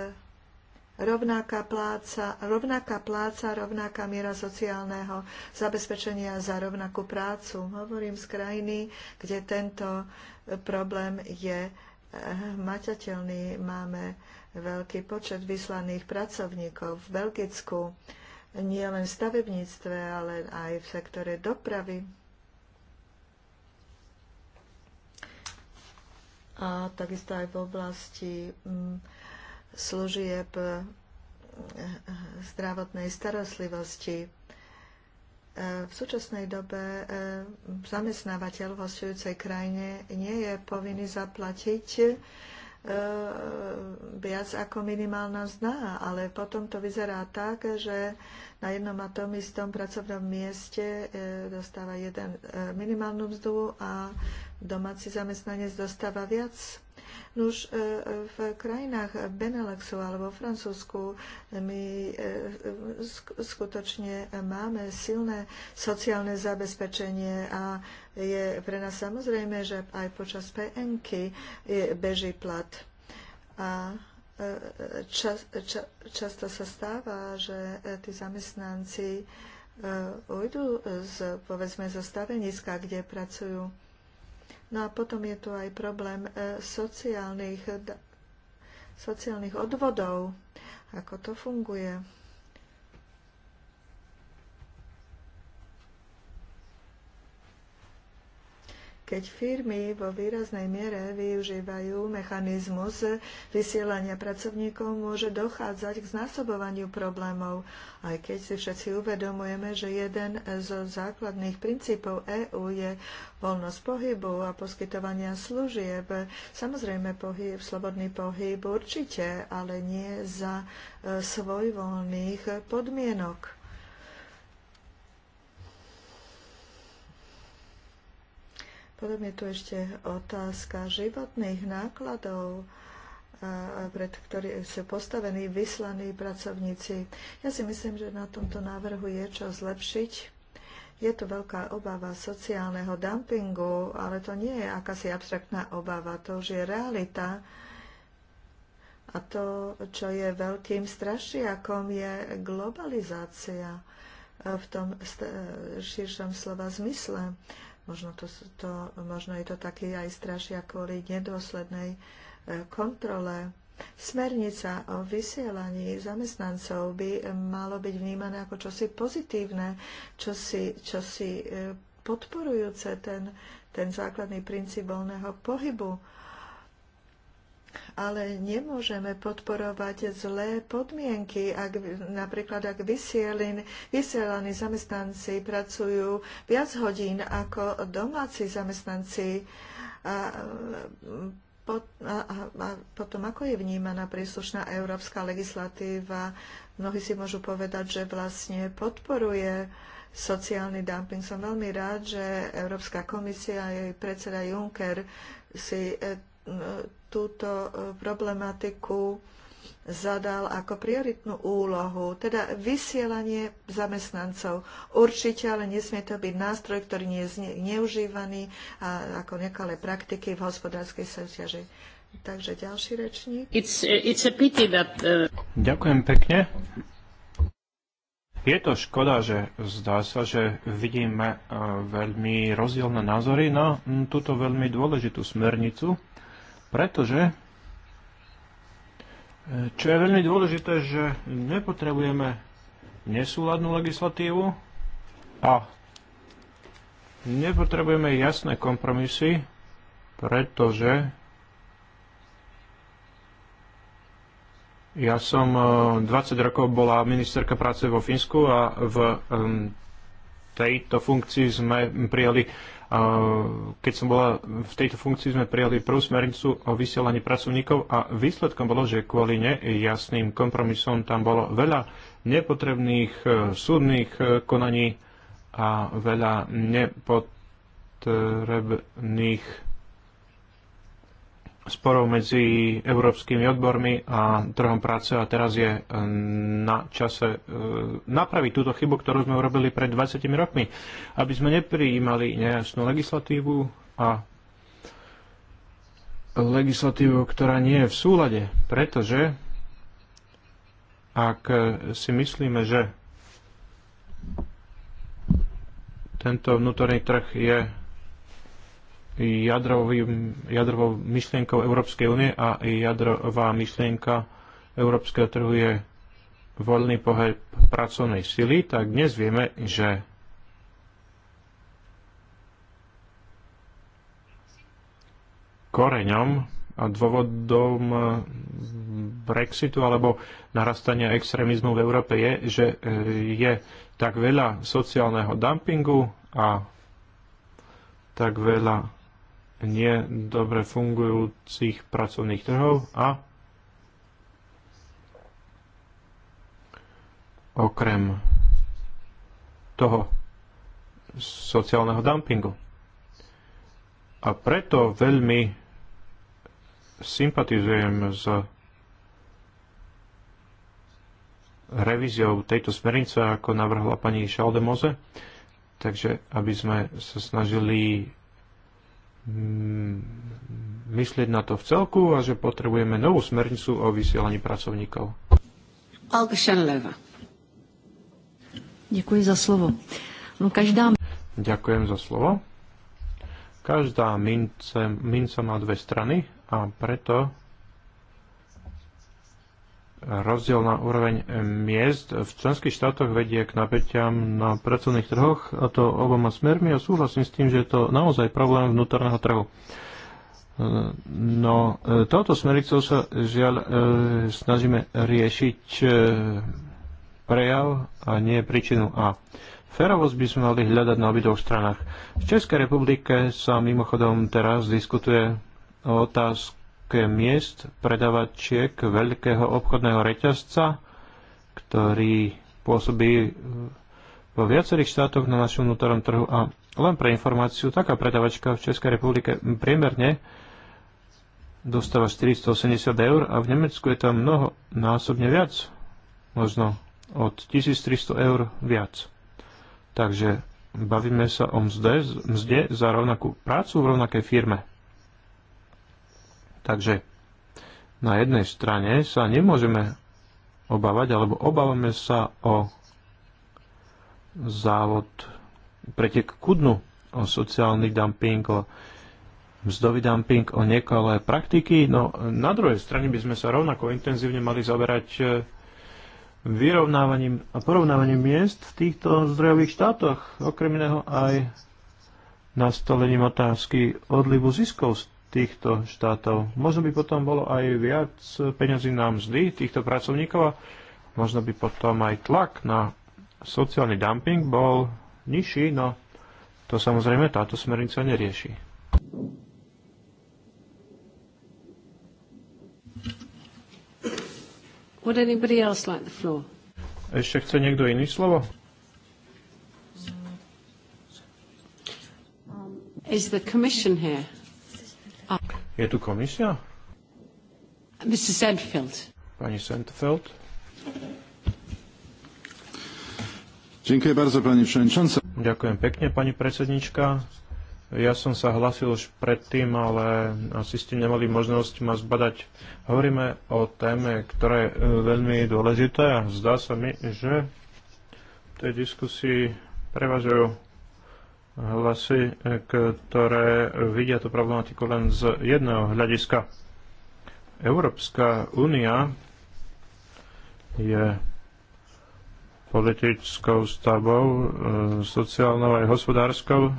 rovnaká pláca, rovnaká pláca, rovnaká miera sociálneho zabezpečenia za rovnakú prácu. Hovorím z krajiny, kde tento problém je e, maťateľný. Máme veľký počet vyslaných pracovníkov v Belgicku, nie len v stavebníctve, ale aj v sektore dopravy. A takisto aj v oblasti mm, služieb eh, zdravotnej starostlivosti. Eh, v súčasnej dobe eh, zamestnávateľ vo hostujúcej krajine nie je povinný zaplatiť E, viac ako minimálna zná, ale potom to vyzerá tak, že na jednom a tom istom pracovnom mieste e, dostáva jeden e, minimálnu mzdu a domáci zamestnanec dostáva viac Nuž e, v krajinách Beneluxu alebo Francúzsku my e, e, skutočne máme silné sociálne zabezpečenie a je pre nás samozrejme, že aj počas PNK beží plat. A čas, ča, často sa stáva, že tí zamestnanci ujdu z, povedzme, zo staveniska, kde pracujú No a potom je tu aj problém e, sociálnych, sociálnych odvodov, ako to funguje. Keď firmy vo výraznej miere využívajú mechanizmus vysielania pracovníkov, môže dochádzať k znásobovaniu problémov, aj keď si všetci uvedomujeme, že jeden zo základných princípov EÚ je voľnosť pohybu a poskytovania služieb. Samozrejme, pohyb, slobodný pohyb určite, ale nie za e, svoj voľných podmienok Potom je tu ešte otázka životných nákladov, pred ktorý sú postavení vyslaní pracovníci. Ja si myslím, že na tomto návrhu je čo zlepšiť. Je tu veľká obava sociálneho dumpingu, ale to nie je akási abstraktná obava, to už je realita. A to, čo je veľkým strašiakom, je globalizácia v tom širšom slova zmysle. Možno, to, to, možno je to taký aj strašia kvôli nedôslednej e, kontrole. Smernica o vysielaní zamestnancov by e, malo byť vnímané ako čosi pozitívne, čosi, čosi e, podporujúce ten, ten základný princíp voľného pohybu ale nemôžeme podporovať zlé podmienky. Ak, napríklad, ak vysielaní zamestnanci pracujú viac hodín ako domáci zamestnanci, a, pot, a, a, a potom ako je vnímaná príslušná európska legislatíva? Mnohí si môžu povedať, že vlastne podporuje sociálny dumping. Som veľmi rád, že Európska komisia a jej predseda Juncker si e, túto e, problematiku zadal ako prioritnú úlohu, teda vysielanie zamestnancov. Určite, ale nesmie to byť nástroj, ktorý nie je neužívaný a ako nekalé praktiky v hospodárskej súťaži. Takže ďalší rečník. It's, it's a pity that, uh... Ďakujem pekne. Je to škoda, že zdá sa, že vidíme uh, veľmi rozdielne názory na mm, túto veľmi dôležitú smernicu pretože e, čo je veľmi dôležité, že nepotrebujeme nesúladnú legislatívu a nepotrebujeme jasné kompromisy, pretože ja som 20 e, rokov bola ministerka práce vo Fínsku a v tejto funkcii sme prijali keď som bola v tejto funkcii, sme prijali prvú smernicu o vysielaní pracovníkov a výsledkom bolo, že kvôli nejasným kompromisom tam bolo veľa nepotrebných e, súdnych e, konaní a veľa nepotrebných sporov medzi európskymi odbormi a trhom práce a teraz je e, na čase e, napraviť túto chybu, ktorú sme urobili pred 20 rokmi, aby sme neprijímali nejasnú legislatívu a legislatívu, ktorá nie je v súlade, pretože ak si myslíme, že tento vnútorný trh je jadrovým, jadrovou myšlienkou Európskej únie a jadrová myšlienka Európskeho trhu je voľný pohyb pracovnej sily, tak dnes vieme, že koreňom a dôvodom Brexitu alebo narastania extrémizmu v Európe je, že e, je tak veľa sociálneho dumpingu a tak veľa nie dobre fungujúcich pracovných trhov a okrem toho sociálneho dumpingu. A preto veľmi sympatizujem s revíziou tejto smernice, ako navrhla pani Šaldemoze. Takže aby sme sa snažili Mm, myslieť na to v celku a že potrebujeme novú smernicu o vysielaní pracovníkov. Ďakujem za slovo. No každá... Ďakujem za slovo. Každá mince, minca má dve strany a preto rozdiel na úroveň miest v členských štátoch vedie k napäťam na pracovných trhoch, a to oboma smermi a súhlasím s tým, že je to naozaj problém vnútorného trhu. No, e, touto smericou sa žiaľ e, snažíme riešiť e, prejav a nie príčinu A. Férovosť by sme mali hľadať na obidvoch stranách. V Českej republike sa mimochodom teraz diskutuje o otázke, miest predavačiek veľkého obchodného reťazca, ktorý pôsobí vo viacerých štátoch na našom vnútornom trhu. A len pre informáciu, taká predavačka v Českej republike priemerne dostáva 480 eur a v Nemecku je tam mnoho násobne viac, možno od 1300 eur viac. Takže bavíme sa o mzde, mzde za rovnakú prácu v rovnakej firme. Takže na jednej strane sa nemôžeme obávať, alebo obávame sa o závod pretek ku dnu, o sociálny dumping, o mzdový dumping, o nekalé praktiky. No na druhej strane by sme sa rovnako intenzívne mali zaberať e, vyrovnávaním a porovnávaním miest v týchto zdrojových štátoch, okrem iného aj nastolením otázky odlivu ziskov z týchto štátov. Možno by potom bolo aj viac peňazí na mzdy týchto pracovníkov a možno by potom aj tlak na sociálny dumping bol nižší, no to samozrejme táto smernica nerieši. Would anybody else like the floor? Ešte chce niekto iný slovo? Um, is the commission here? Je tu komisia? Mr. Sandfield. Pani Sandfield. Ďakujem bardzo, pani przewodnicząca. Ďakujem pekne, pani predsednička. Ja som sa hlasil už predtým, ale asi ste nemali možnosť ma zbadať. Hovoríme o téme, ktorá je e, veľmi dôležitá. Zdá sa mi, že v tej diskusii prevažujú hlasy, ktoré vidia tú problematiku len z jedného hľadiska. Európska únia je politickou stavbou, e, sociálnou aj hospodárskou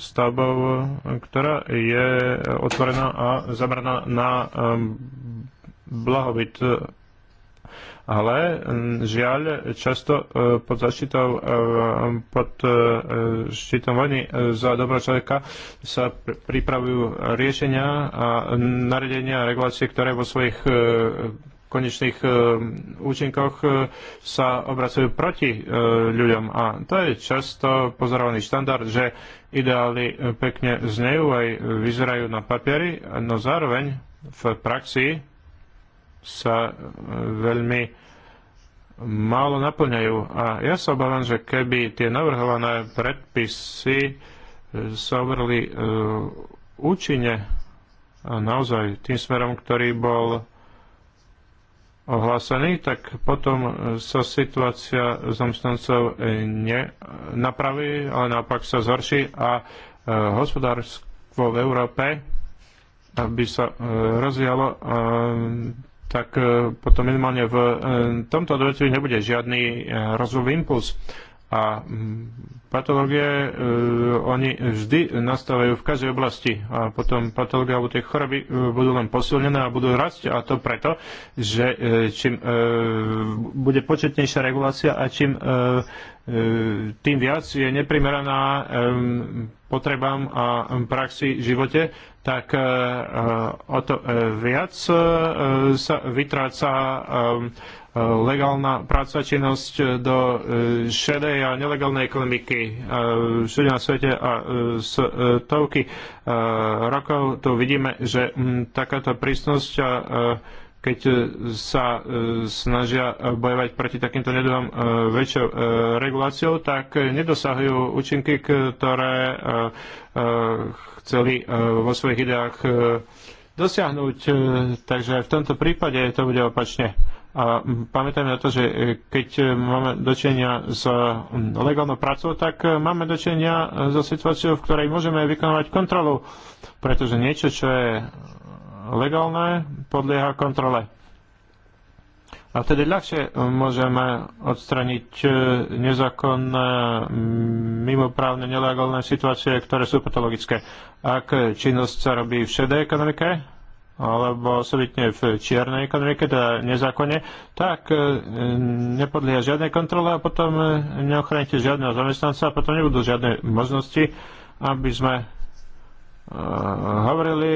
stavbou, ktorá je otvorená a zameraná na e, blahobyt ale mm, žiaľ často e, pod zaštitou, e, pod e, štítom vojny za dobro človeka sa pripravujú riešenia a naredenia a regulácie, ktoré vo svojich konečných účinkoch sa obracujú proti ľuďom. A to je často pozorovaný štandard, že ideály pekne znejú aj vyzerajú na papieri, no zároveň v praxi sa e, veľmi málo naplňajú. A ja sa obávam, že keby tie navrhované predpisy e, sa overli e, účinne a naozaj tým smerom, ktorý bol ohlásený, tak potom sa situácia zamestnancov nenapraví, ale naopak sa zhorší a hospodárstvo v Európe, aby sa rozvíjalo, tak e, potom minimálne v e, tomto odvetví nebude žiadny e, rozvojový impuls. A mm, patológie, oni vždy nastávajú v každej oblasti a potom patológie alebo tie choroby budú len posilnené a budú rásť a to preto, že čím bude početnejšia regulácia a čím tým viac je neprimeraná potrebám a praxi v živote, tak e, e, o to e, viac sa vytráca legálna práca činnosť do šedej a nelegálnej ekonomiky všude na svete a z toľky rokov tu vidíme, že takáto prísnosť a keď e, sa e, snažia e, bojovať proti takýmto nedohom väčšou reguláciou, tak nedosahujú účinky, ktoré chceli vo svojich ideách dosiahnuť. Takže aj v tomto prípade to bude opačne. A pamätajme na to, že keď máme dočenia s legálnou prácou, tak máme dočenia so situáciou, v ktorej môžeme vykonávať kontrolu, pretože niečo, čo je legálne, podlieha kontrole. A vtedy ľahšie môžeme odstraniť e, nezákonné, mimoprávne, nelegálne situácie, ktoré sú patologické. Ak činnosť sa robí v šedej ekonomike, alebo osobitne v čiernej ekonomike, teda nezákonne, tak e, nepodlieha žiadnej kontrole a potom e, neochránite žiadneho zamestnanca a potom nebudú žiadne možnosti, aby sme hovorili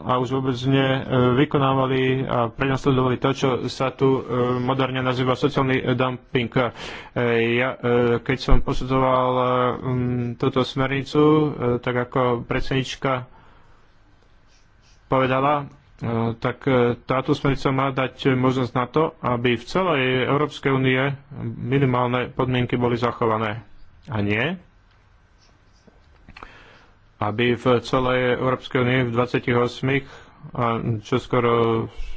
a už vôbec nevykonávali e, a prenasledovali to, čo sa tu e, moderne nazýva sociálny dumping. E, ja, keď som posudzoval túto smernicu, tak ako predsednička povedala, tak táto smernica má dať možnosť na to, aby v celej Európskej únie minimálne podmienky boli zachované. A nie, aby v celej Európskej únii v 28 a čo skoro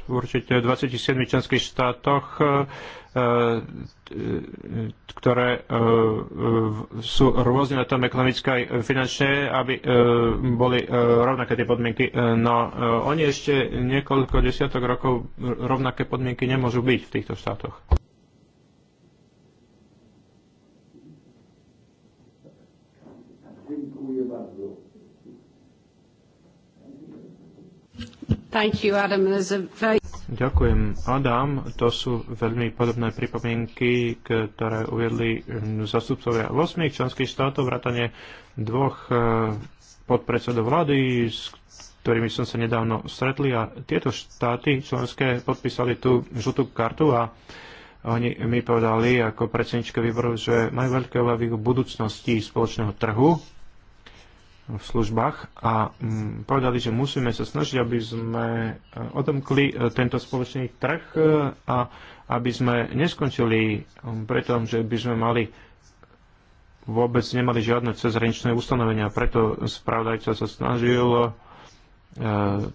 určite v 27 členských štátoch e, e, ktoré e, sú rôzne na tom ekonomické aj finančné, aby boli rovnaké tie podmienky. No oni ešte niekoľko desiatok rokov rovnaké podmienky nemôžu byť v týchto štátoch. Dziękuję bardzo. Ďakujem, Adam. To sú veľmi podobné pripomienky, ktoré uviedli hm, zastupcovia 8 členských štátov, vrátane dvoch eh, podpredsedov vlády, s ktorými som sa nedávno stretli a tieto štáty členské podpísali tú žltú kartu a oni mi povedali ako predsednička výboru, že majú veľké obavy o budúcnosti spoločného trhu v službách a mm, povedali, že musíme sa snažiť, aby sme eh, odomkli eh, tento spoločný trh eh, a aby sme neskončili mm, preto, že by sme mali vôbec nemali žiadne cezhraničné ustanovenia. Preto spravodajca sa snažil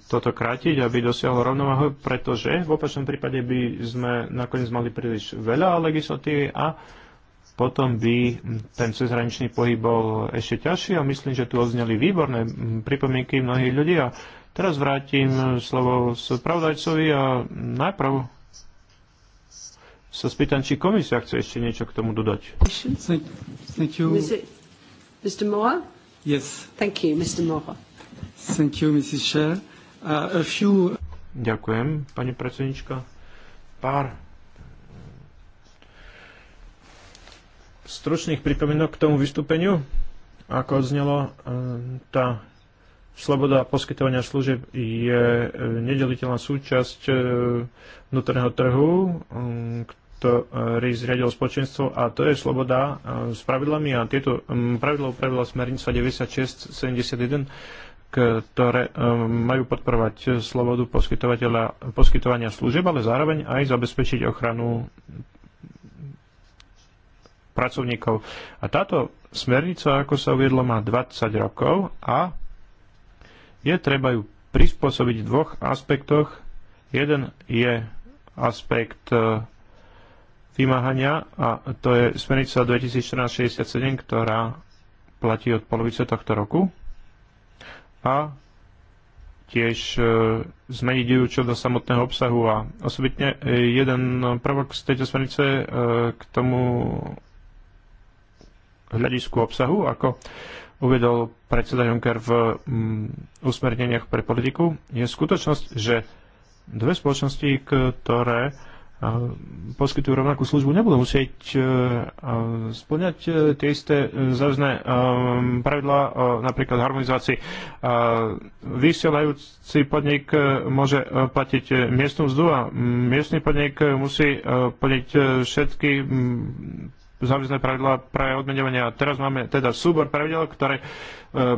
toto krátiť, aby dosiahol rovnováhu, pretože v opačnom prípade by sme nakoniec mali príliš veľa legislatívy a potom by ten cezhraničný pohyb bol ešte ťažší a myslím, že tu odzneli výborné pripomienky mnohých ľudí a teraz vrátim slovo spravodajcovi a najprv sa spýtam, či komisia chce ešte niečo k tomu dodať. Thank you. Mr. Yes. Thank you, Mr. Thank you, Mrs. Chair. Uh, a few... Ďakujem, pani predsednička. Pár stručných pripomienok k tomu vystúpeniu, ako odznelo, e, tá sloboda poskytovania služieb je e, nedeliteľná súčasť e, vnútorného trhu, ktorý zriadil spoločenstvo a to je sloboda s pravidlami a tieto pravidlo upravila smernica 9671 ktoré majú podporovať slobodu poskytovateľa, poskytovania služieb, ale zároveň aj zabezpečiť ochranu pracovníkov. A táto smernica, ako sa uviedlo, má 20 rokov a je treba ju prispôsobiť v dvoch aspektoch. Jeden je aspekt e, vymáhania a to je smernica 2014-67, ktorá platí od polovice tohto roku a tiež e, zmeniť ju čo do samotného obsahu a osobitne e, jeden prvok z tejto smernice k tomu hľadisku obsahu, ako uvedol predseda Juncker v mm, usmerneniach pre politiku, je skutočnosť, že dve spoločnosti, ktoré e, poskytujú rovnakú službu, nebudú musieť e, e, splňať tie isté záväzné pravidlá, napríklad harmonizácii. Vysielajúci podnik môže platiť miestnú vzdu a miestny podnik musí plniť všetky záväzné pravidlá pre odmenovanie. A teraz máme teda súbor pravidel, ktoré e,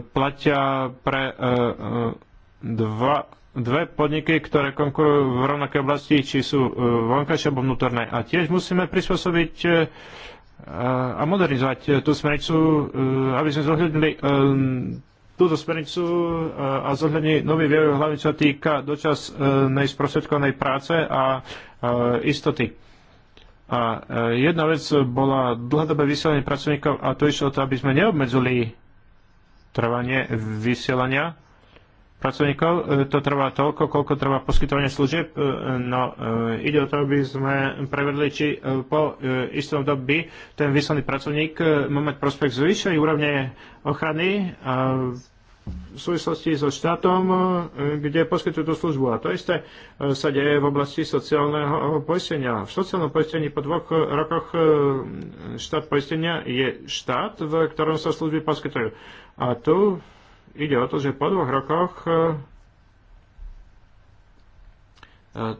platia pre e, e, dva dve podniky, ktoré konkurujú v rovnakej oblasti, či sú vonkajšie alebo vnútorné. A tiež musíme prispôsobiť a modernizovať tú smernicu, aby sme zohľadnili túto smernicu a zohľadnili nový vývoj, hlavne čo týka dočasnej sprostredkovanej práce a istoty. A e, jedna vec bola dlhodobé vysielanie pracovníkov a to išlo to, aby sme neobmedzili trvanie vysielania pracovníkov. E, to trvá toľko, koľko trvá poskytovanie služieb. E, no, ide o to, aby sme prevedli, či po istom dobi ten vyslaný pracovník má mať prospekt z vyššej úrovne ochrany a v súvislosti so štátom, e, kde poskytujú tú službu. A to isté e, sa deje v oblasti sociálneho poistenia. V sociálnom poistení po dvoch rokoch e, štát poistenia je štát, v ktorom sa služby poskytujú. A tu ide o to, že po dvoch rokoch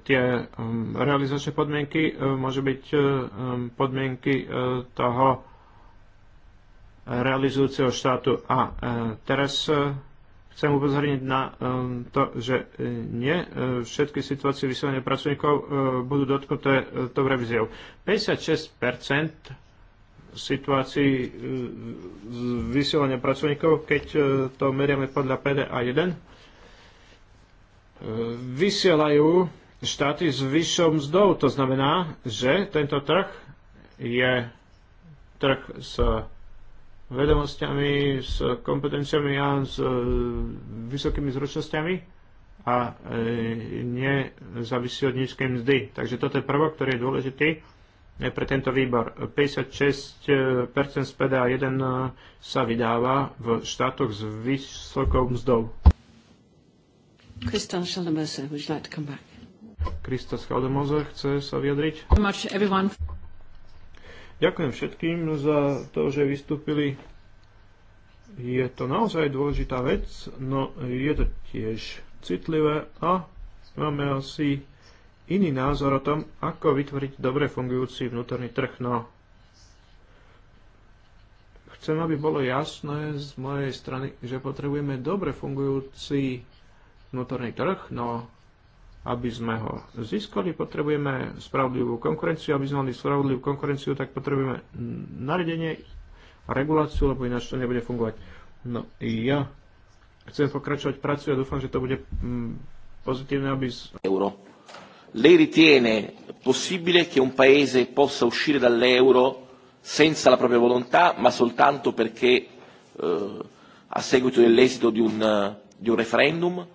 tie realizačné podmienky môžu byť podmienky toho realizujúceho štátu. A e, teraz e, chcem upozorniť na e, to, že nie všetky situácie vysielania pracovníkov budú dotknuté tou revíziou. 56 situácií vysielania pracovníkov, keď to meriame podľa PDA1, vysielajú štáty s vyššou mzdou. To znamená, že tento trh je trh s vedomosťami, s kompetenciami a s e, vysokými zručnosťami a e, nezávisí od nízkej mzdy. Takže toto je prvok, ktorý je dôležitý e, pre tento výbor. 56% z PDA 1 sa vydáva v štátoch s vysokou mzdou. Kristos Schaldemose, would you like to come back? Kristos Schaldemose chce sa vyjadriť. Ďakujem všetkým za to, že vystúpili. Je to naozaj dôležitá vec, no je to tiež citlivé a máme asi iný názor o tom, ako vytvoriť dobre fungujúci vnútorný trh. No, chcem, aby bolo jasné z mojej strany, že potrebujeme dobre fungujúci vnútorný trh, no aby sme ho získali, potrebujeme spravodlivú konkurenciu, aby sme mali spravodlivú konkurenciu, tak potrebujeme naredenie, reguláciu, lebo ináč to nebude fungovať. No ja chcem pokračovať prácu a dúfam, že to bude mm, pozitívne, aby... Euro. Lei ritiene possibile che un paese possa uscire dall'euro senza la propria volontà, ma soltanto perché eh, a seguito dell'esito di un, eh, di un referendum?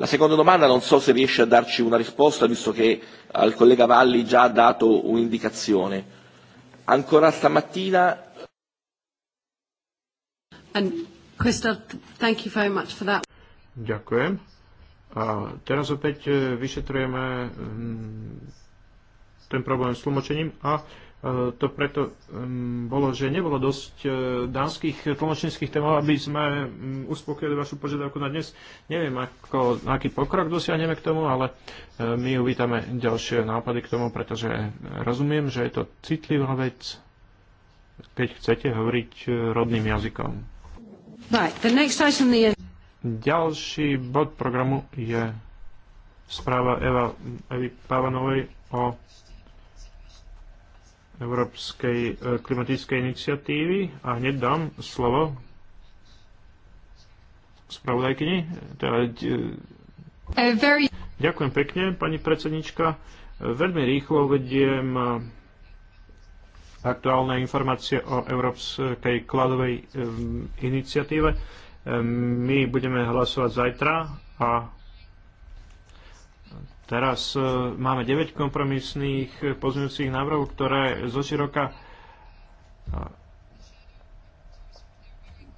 La seconda domanda non so se riesce a darci una risposta, visto che al collega Valli già ha dato un'indicazione. Ancora stamattina. Ďakujem. A teraz opäť e, vyšetrujeme mm, ten problém s tlmočením a Eh, to preto bolo, že nebolo dosť eh, dánskych eh, tlmočníckých témov, aby sme mm, uspokojili vašu požiadavku na dnes. Neviem, ako, aký pokrok dosiahneme k tomu, ale my uvítame ďalšie nápady k tomu, pretože rozumiem, že je to citlivá vec, keď chcete hovoriť rodným jazykom. Right, the next item the... Ďalší bod programu je správa Eva, Evy Pavanovej o Európskej e, klimatickej iniciatívy a hneď dám slovo spravodajkyni. Teda, e, very... Ďakujem pekne, pani predsednička. Veľmi rýchlo uvediem e, aktuálne informácie o Európskej kladovej iniciatíve. My budeme hlasovať zajtra a Teraz e, máme 9 kompromisných e, pozmeňujúcich návrhov, ktoré zo široka e,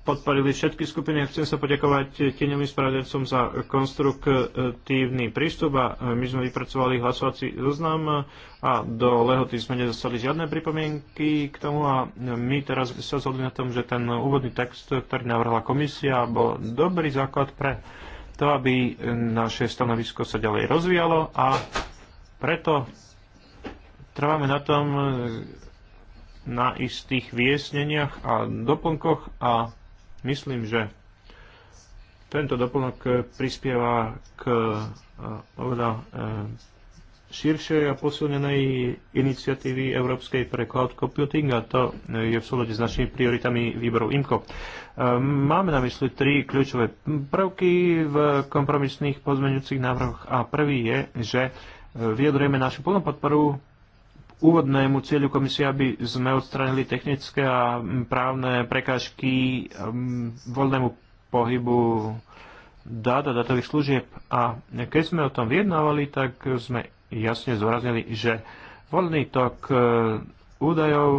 podporili všetky skupiny chcem sa poďakovať tieňovým spravodajcom za konstruktívny prístup a my sme vypracovali hlasovací zoznam a do lehoty sme nezostali žiadne pripomienky k tomu a my teraz sa zhodli na tom, že ten úvodný text, ktorý navrhla komisia, bol dobrý základ pre to, aby naše stanovisko sa ďalej rozvíjalo a preto trváme na tom, eh, na istých vyjasneniach a doplnkoch a myslím, že tento doplnok eh, prispieva k eh, oveľa širšej a posilnenej iniciatívy Európskej pre cloud computing a to je v súlade s našimi prioritami výboru IMCO. Ehm, máme na mysli tri kľúčové prvky v kompromisných pozmeňujúcich návrhoch a prvý je, že e, vyjadrujeme našu plnú podporu úvodnému cieľu komisie, aby sme odstranili technické a právne prekážky ehm, voľnému pohybu dát a datových služieb. A keď sme o tom vyjednávali, tak sme jasne zúraznili, že voľný tok e, údajov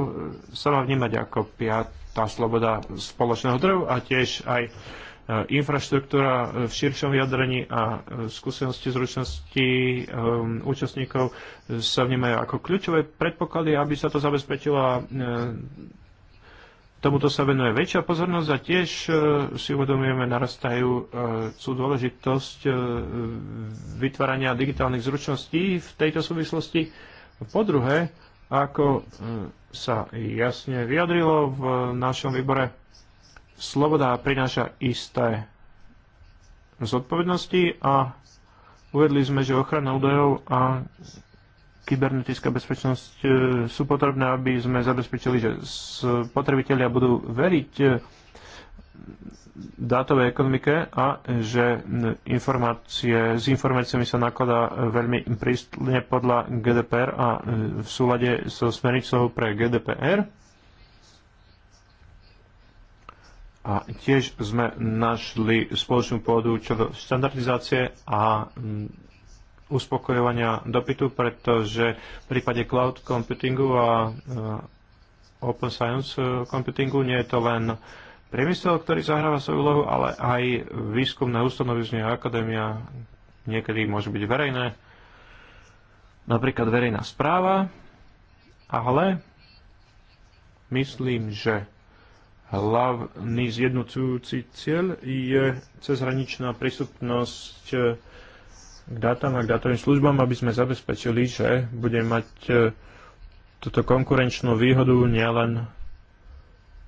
sa má vnímať ako piatá sloboda spoločného trhu a tiež aj e, infraštruktúra v širšom vyjadrení a e, skúsenosti, zručnosti um, účastníkov sa vnímajú ako kľúčové predpoklady, aby sa to zabezpečilo a um, Tomuto sa venuje väčšia pozornosť a tiež e, si uvedomujeme narastajúcu e, dôležitosť e, vytvárania digitálnych zručností v tejto súvislosti. Po druhé, ako sa jasne vyjadrilo v našom výbore, sloboda prináša isté zodpovednosti a uvedli sme, že ochrana údajov a kybernetická bezpečnosť e, sú potrebné, aby sme zabezpečili, že spotrebitelia budú veriť e, dátovej ekonomike a že informácie, s informáciami sa nakladá e, veľmi prístne podľa GDPR a v súlade so smernicou pre GDPR. A tiež sme našli spoločnú pôdu čo do štandardizácie a uspokojovania dopytu, pretože v prípade cloud computingu a e, open science e, computingu nie je to len priemysel, ktorý zahráva svoju úlohu, ale aj výskumné ustanovizne a akadémia niekedy môže byť verejné, napríklad verejná správa, ale myslím, že hlavný zjednocujúci cieľ je cezhraničná prístupnosť k dátam a k dátovým službám, aby sme zabezpečili, že budeme mať e, túto konkurenčnú výhodu nielen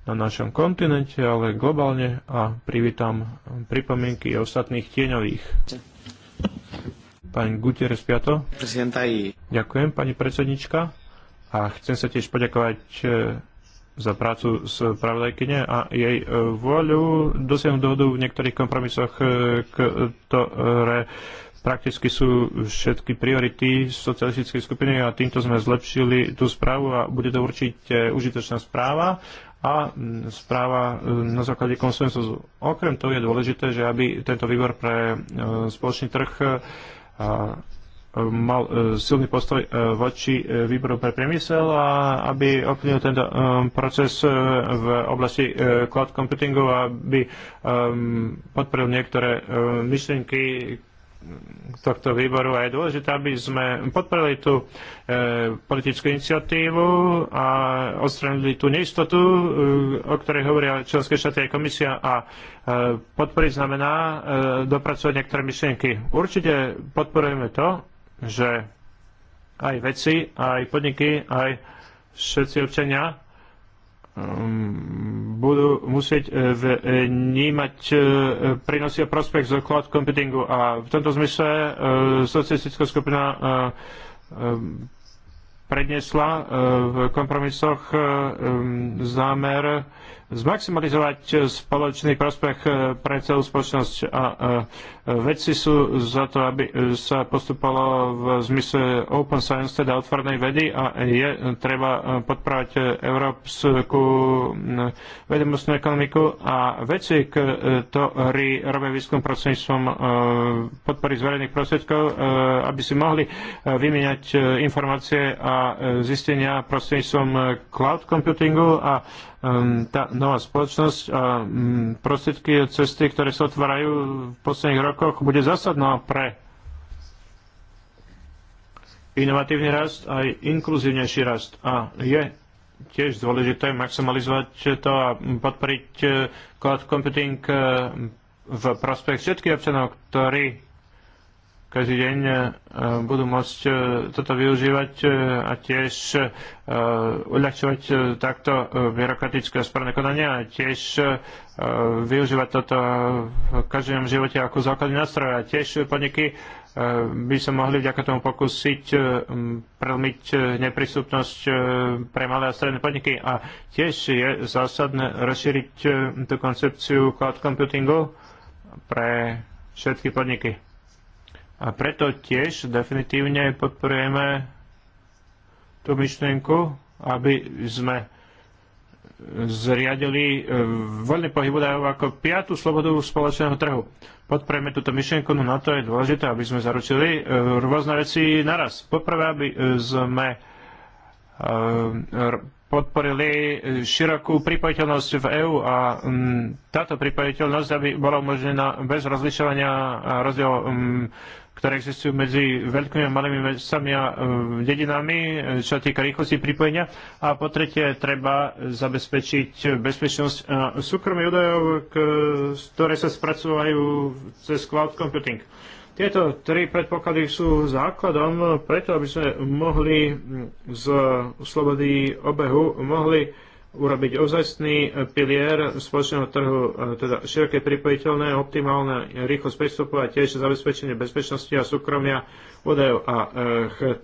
na našom kontinente, ale globálne a privítam pripomienky ostatných tieňových. Pani Gutierrez Piato. Ďakujem, pani predsednička. A chcem sa tiež poďakovať e, za prácu s pravodajkyne a jej e, vôľu dosiahnuť dohodu v niektorých kompromisoch, ktoré prakticky sú všetky priority socialistickej skupiny a týmto sme zlepšili tú správu a bude to určite užitočná správa a mm, správa mm, na základe konsenzusu. Okrem toho je dôležité, že aby tento výbor pre e, spoločný trh e, mal e, silný postoj voči výboru pre priemysel a aby ovplyvnil tento proces v oblasti cloud computingu a aby podporil niektoré myšlienky, tohto výboru a je dôležité, aby sme podporili tú e, politickú iniciatívu a odstranili tú neistotu, e, o ktorej hovoria členské štáty aj komisia a e, podporiť znamená e, dopracovať niektoré myšlienky. Určite podporujeme to, že aj veci, aj podniky, aj všetci občania Ehm, budú musieť e, vnímať e, prínosy a prospech z cloud computingu. A v tomto zmysle e, socialistická skupina predniesla v kompromisoch zámer zmaximalizovať eh, spoločný prospech eh, pre celú spoločnosť. A eh, vedci sú za to, aby sa postupovalo v zmysle open science, teda otvornej vedy a je treba podporovať európsku mm, vedomostnú ekonomiku a vedci, ktorí robia výskum prostredníctvom podpory z verejných prostriedkov, aby si mohli vymieňať informácie a zistenia prostredníctvom cloud computingu a Ehm, tá nová spoločnosť a prostriedky a cesty, ktoré sa otvárajú v posledných rokoch, bude zásadná pre inovatívny rast aj inkluzívnejší rast. A je tiež dôležité maximalizovať to a podporiť e, cloud computing e, v prospech všetkých občanov, ktorí každý deň e, budú môcť e, toto využívať e, a tiež uľahčovať takto byrokratické správne konania a tiež využívať toto v každom živote ako základný nástroj a tiež podniky by sa mohli vďaka tomu pokúsiť prelmiť neprístupnosť pre malé a stredné podniky. A tiež je zásadné rozšíriť tú koncepciu cloud computingu pre všetky podniky. A preto tiež definitívne podporujeme tú myšlienku, aby sme zriadili e, voľný pohyb údajov ako piatú slobodu spoločného trhu. Podporujeme túto myšlienku, no na to je dôležité, aby sme zaručili e, rôzne veci naraz. Poprvé, aby e, sme podporili širokú pripojiteľnosť v EÚ a táto pripojiteľnosť aby bola umožnená bez rozlišovania a rozdielov ktoré existujú medzi veľkými a malými mestami a e, dedinami, e, čo týka rýchlosti pripojenia. A po tretie, treba zabezpečiť bezpečnosť súkromných údajov, ktoré sa spracovajú cez cloud computing. Tieto tri predpoklady sú základom preto, aby sme mohli z slobody obehu mohli urobiť ozajstný eh, pilier spoločného trhu, eh, teda široké pripojiteľné, optimálne eh, rýchlosť prístupu a tiež zabezpečenie bezpečnosti a súkromia údajov. A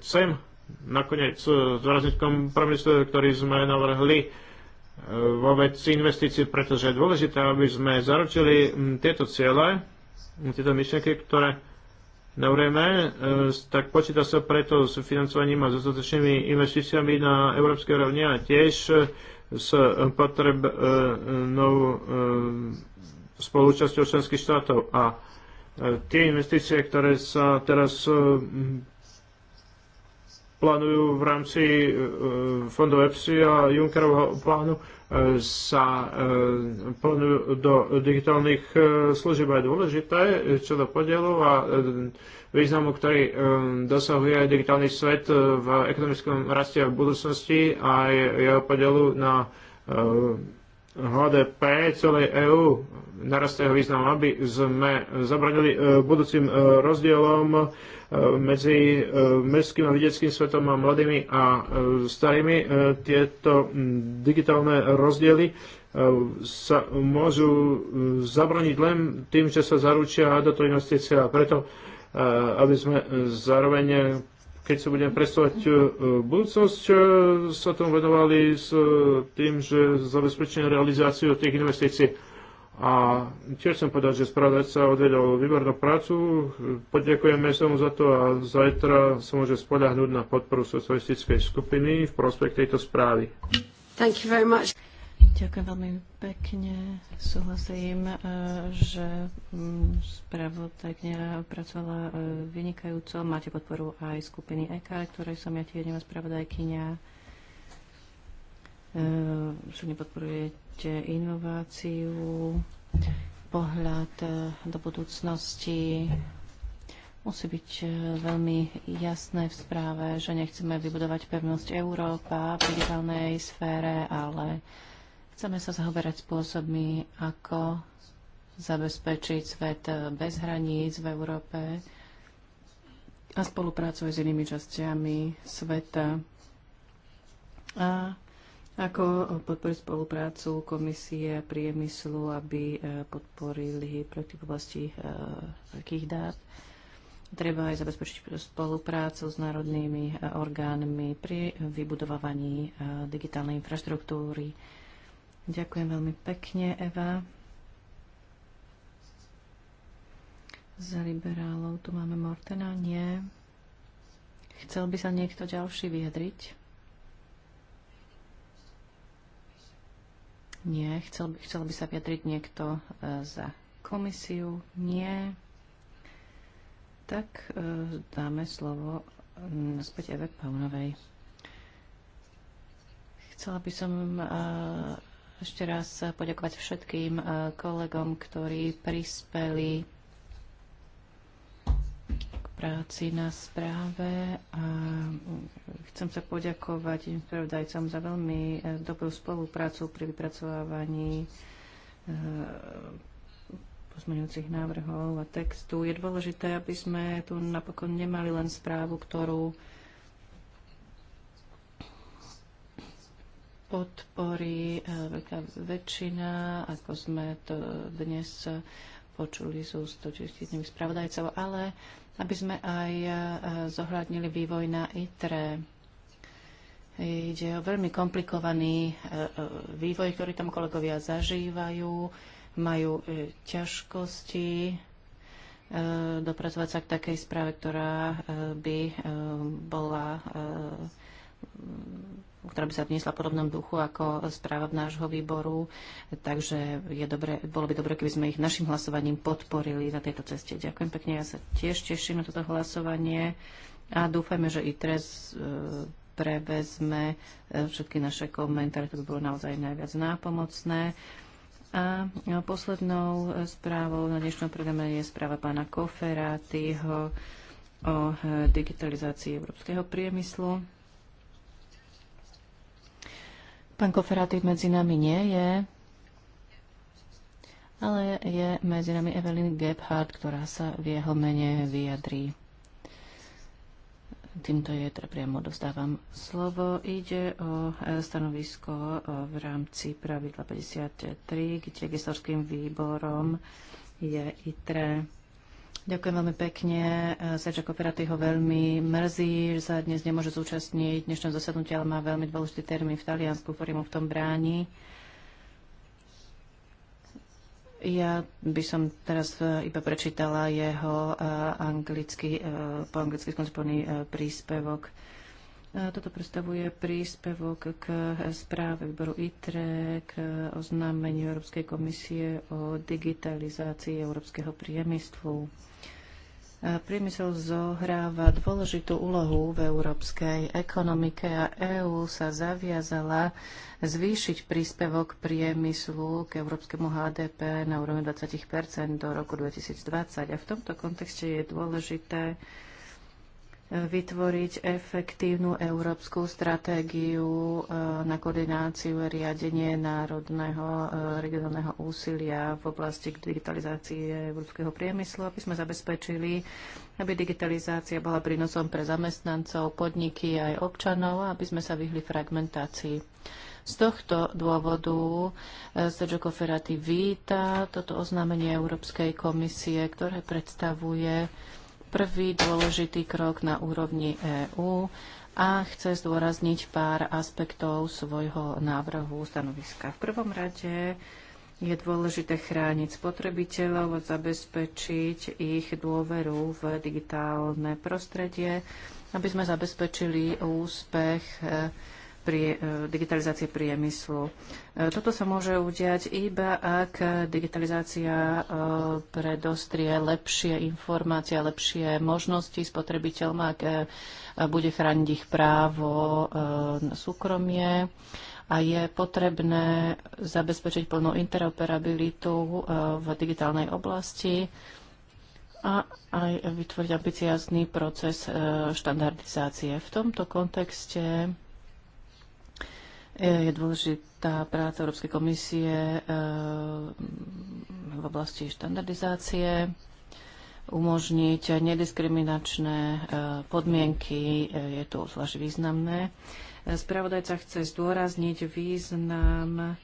chcem nakoniec zvrazniť kompromis, ktorý sme navrhli vo veci investícií, pretože je dôležité, aby sme zaručili hm, tieto ciele, hm, tieto myšlienky, ktoré navrieme, tak počíta sa preto s financovaním a dostatočnými investíciami na európskej rovni a tiež s e, potrebnou e, e, spolúčasťou členských štátov. A tie investície, ktoré sa teraz plánujú v rámci fondov EPSI a Junckerovho plánu, sa eh, plnú do digitálnych eh, služieb. aj je dôležité, eh, čo do podielov a významu, ktorý dosahuje digitálny svet v ekonomickom raste v budúcnosti a jeho podielu na HDP celej EÚ narastého významu, aby sme zabranili budúcim rozdielom Eh, medzi eh, mestským a vedeckým svetom a mladými a eh, starými. Tieto hm, digitálne rozdiely sa môžu zabraniť len tým, že sa zaručia táto investície A preto, aby sme zároveň keď sa budeme predstavovať budúcnosť, sa tomu venovali s tým, že zabezpečíme realizáciu tých investícií a tiež som povedal, že spravodajca odvedol výbornú prácu. Poďakujeme sa mu za to a zajtra sa môže spoľahnúť na podporu socialistickej skupiny v prospech tejto správy. Thank you very much. Ďakujem veľmi pekne. Súhlasím, e, že mm, spravodajkňa pracovala e, vynikajúco. Máte podporu aj skupiny EK, ktorej som ja tiež spravodajkyňa. Eh, že nepodporujete inováciu, pohľad eh, do budúcnosti. Musí byť eh, veľmi jasné v správe, že nechceme vybudovať pevnosť Európa v digitálnej sfére, ale chceme sa zaoberať spôsobmi, ako zabezpečiť svet bez hraníc v Európe a spolupracovať s inými častiami sveta. A ako podporiť spoluprácu komisie priemyslu, aby e, podporili projekty v oblasti e, veľkých dát. Treba aj zabezpečiť spoluprácu s národnými e, orgánmi pri vybudovávaní digitálnej infraštruktúry. Ďakujem veľmi pekne, Eva. Za liberálov tu máme Mortena? Nie. Chcel by sa niekto ďalší vyjadriť? Nie. Chcel by, chcel by sa vyjadriť niekto e, za komisiu? Nie. Tak e, dáme slovo mm, späť Eve Paunovej. Chcela by som e, ešte raz poďakovať všetkým kolegom, ktorí prispeli práci na správe a chcem sa poďakovať spravodajcom za veľmi e, dobrú spoluprácu pri vypracovávaní e, pozmeňujúcich návrhov a textu. Je dôležité, aby sme tu napokon nemali len správu, ktorú podporí e, veľká väčšina, ako sme to dnes počuli z úst spravodajcov, ale aby sme aj e, zohľadnili vývoj na ITRE. Ide o veľmi komplikovaný e, e, vývoj, ktorý tam kolegovia zažívajú, majú ťažkosti dopracovať sa k takej správe, ktorá by bola ktorá by sa odniesla v podobnom duchu ako správa nášho výboru. Takže je dobre, bolo by dobre, keby sme ich našim hlasovaním podporili na tejto ceste. Ďakujem pekne, ja sa tiež teším na toto hlasovanie a dúfajme, že i teraz e, prevezme e, všetky naše komentáre, to by bolo naozaj najviac nápomocné. A poslednou e, správou na dnešnom programe je správa pána Koferátyho o digitalizácii európskeho priemyslu. Pán Koferatív medzi nami nie je, ale je medzi nami Evelyn Gebhardt, ktorá sa v jeho mene vyjadrí. Týmto je teda priamo dostávam slovo. Ide o e, stanovisko e, v rámci pravidla 53, kde gestorským výborom je ITRE. Ďakujem veľmi pekne. Eh, Sergio Koperaty ho veľmi mrzí, že sa dnes nemôže zúčastniť dnešného zasadnutia, ale má veľmi dôležitý termín v Taliansku, ktorý mu v tom bráni. Ja by som teraz eh, iba prečítala jeho eh, anglicky, po anglicky skoncipovaný príspevok. Toto predstavuje príspevok k správe výboru ITRE, k oznámeniu Európskej komisie o digitalizácii európskeho priemyslu. Priemysel zohráva dôležitú úlohu v európskej ekonomike a EÚ sa zaviazala zvýšiť príspevok priemyslu k európskemu HDP na úrovni 20 do roku 2020. A v tomto kontexte je dôležité vytvoriť efektívnu európsku stratégiu e, na koordináciu a riadenie národného e, regionálneho úsilia v oblasti digitalizácie európskeho priemyslu, aby sme zabezpečili, aby digitalizácia bola prínosom pre zamestnancov, podniky aj občanov, aby sme sa vyhli fragmentácii. Z tohto dôvodu e, Sergio Koferati víta toto oznámenie Európskej komisie, ktoré predstavuje prvý dôležitý krok na úrovni EÚ a chce zdôrazniť pár aspektov svojho návrhu stanoviska. V prvom rade je dôležité chrániť spotrebiteľov, zabezpečiť ich dôveru v digitálne prostredie, aby sme zabezpečili úspech pri e, digitalizácie priemyslu. E, toto sa môže udiať iba, ak digitalizácia e, predostrie lepšie informácie, lepšie možnosti spotrebiteľom, ak bude chrániť ich právo na súkromie a je potrebné zabezpečiť plnú interoperabilitu v digitálnej oblasti a aj vytvoriť ambiciázný proces štandardizácie. V tomto kontexte E, je dôležitá práca Európskej komisie e, v oblasti štandardizácie, umožniť nediskriminačné e, podmienky, je to zvlášť významné. Spravodajca chce zdôrazniť význam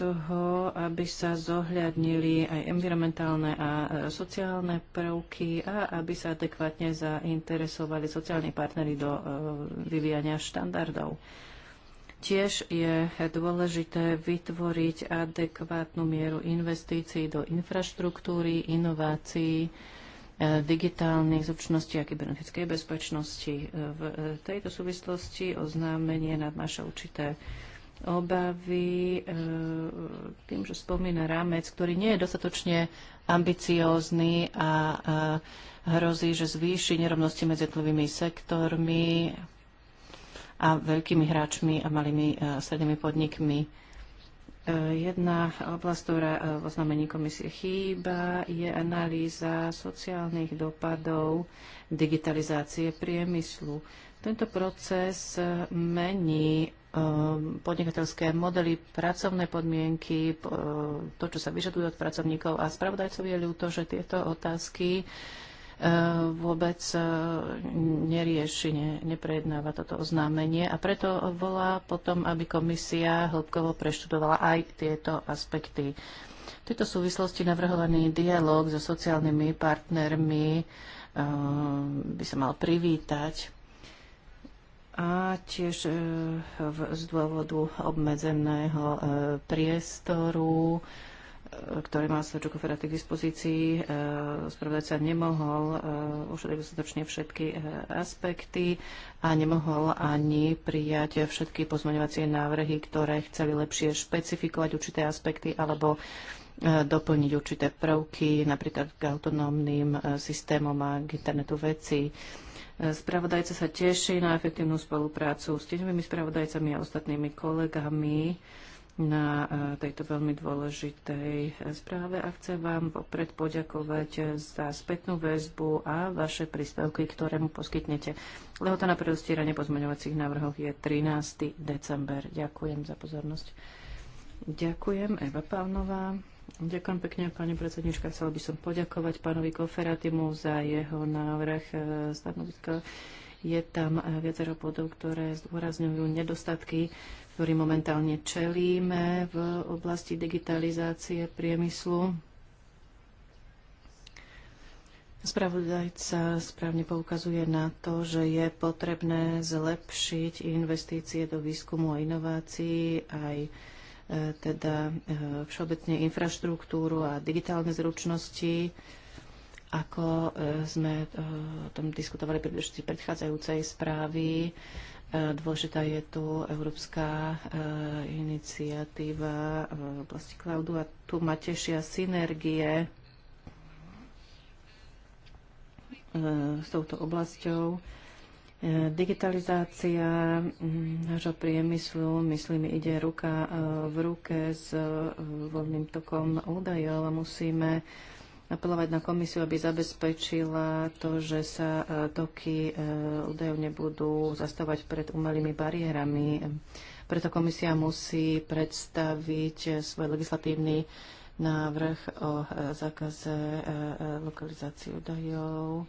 toho, aby sa zohľadnili aj environmentálne a sociálne prvky a aby sa adekvátne zainteresovali sociálni partnery do vyvíjania štandardov. Tiež je dôležité vytvoriť adekvátnu mieru investícií do infraštruktúry, inovácií, e, digitálnych zručností a kybernetickej bezpečnosti. E, v e, tejto súvislosti oznámenie nad naše určité obavy tým, že spomína rámec, ktorý nie je dostatočne ambiciózny a hrozí, že zvýši nerovnosti medzi jednotlivými sektormi, a veľkými hráčmi a malými a e, strednými podnikmi. E, jedna oblasť, ktorá e, v oznámení komisie chýba, je analýza sociálnych dopadov digitalizácie priemyslu. Tento proces mení podnikateľské modely, pracovné podmienky, to, čo sa vyžaduje od pracovníkov a spravodajcov je ľúto, že tieto otázky Eh, vôbec eh, nerieši, ne, neprejednáva toto oznámenie a preto volá potom, aby komisia hĺbkovo preštudovala aj tieto aspekty. V tejto súvislosti navrhovaný dialog so sociálnymi partnermi eh, by sa mal privítať a tiež z dôvodu obmedzeného priestoru ktoré má Sergio Koferati k dispozícii, e, spravodajca nemohol e, ušetriť dostatočne všetky e, aspekty a nemohol ani prijať všetky pozmeňovacie návrhy, ktoré chceli lepšie špecifikovať určité aspekty alebo doplniť určité prvky, napríklad k autonómnym systémom a k internetu vecí. Spravodajca sa teší na efektívnu spoluprácu s tieňovými spravodajcami a ostatnými kolegami na eh, tejto veľmi dôležitej eh, správe a chcem vám opred poďakovať eh, za spätnú väzbu a vaše príspevky, ktoré mu poskytnete. Lehota na predostieranie pozmeňovacích návrhov je 13. december. Ďakujem za pozornosť. Ďakujem, Eva Pavnová. Ďakujem pekne, pani predsednička. Chcela by som poďakovať pánovi Koferatimu za jeho návrh stanoviska. Je tam viacero bodov, ktoré zdôrazňujú nedostatky ktorý momentálne čelíme v oblasti digitalizácie priemyslu. Spravodajca správne poukazuje na to, že je potrebné zlepšiť investície do výskumu a inovácií aj e, teda e, všeobecne infraštruktúru a digitálne zručnosti, ako e, sme o tom diskutovali pri predchádzajúcej správy. E, dôležitá je tu európska e, iniciatíva e, v oblasti cloudu a tu ma tešia synergie s touto oblasťou. Digitalizácia nášho priemyslu, myslím, ide ruka v ruke s voľným tokom údajov a musíme apelovať na komisiu, aby zabezpečila to, že sa e, toky e, údajov nebudú zastavať pred umelými bariérami. Preto komisia musí predstaviť e, svoj legislatívny návrh o zákaze lokalizácie údajov.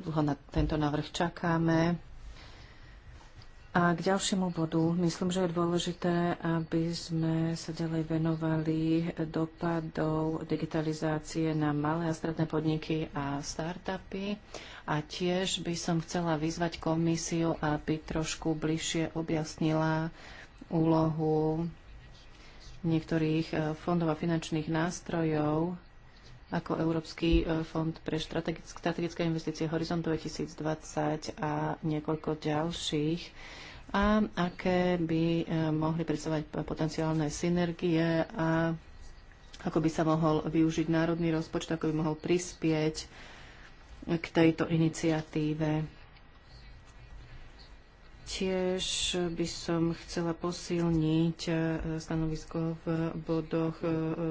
Dlho na tento návrh čakáme a k ďalšiemu bodu, myslím, že je dôležité, aby sme sa ďalej venovali dopadov digitalizácie na malé a stredné podniky a startupy. A tiež by som chcela vyzvať komisiu, aby trošku bližšie objasnila úlohu niektorých eh, fondov a finančných nástrojov ako Európsky e, fond pre strategické investície Horizon 2020 a niekoľko ďalších a aké by e, mohli predstavovať potenciálne synergie a ako by sa mohol využiť národný rozpočet, ako by mohol prispieť k tejto iniciatíve. Tiež by som chcela posilniť e, stanovisko v bodoch e,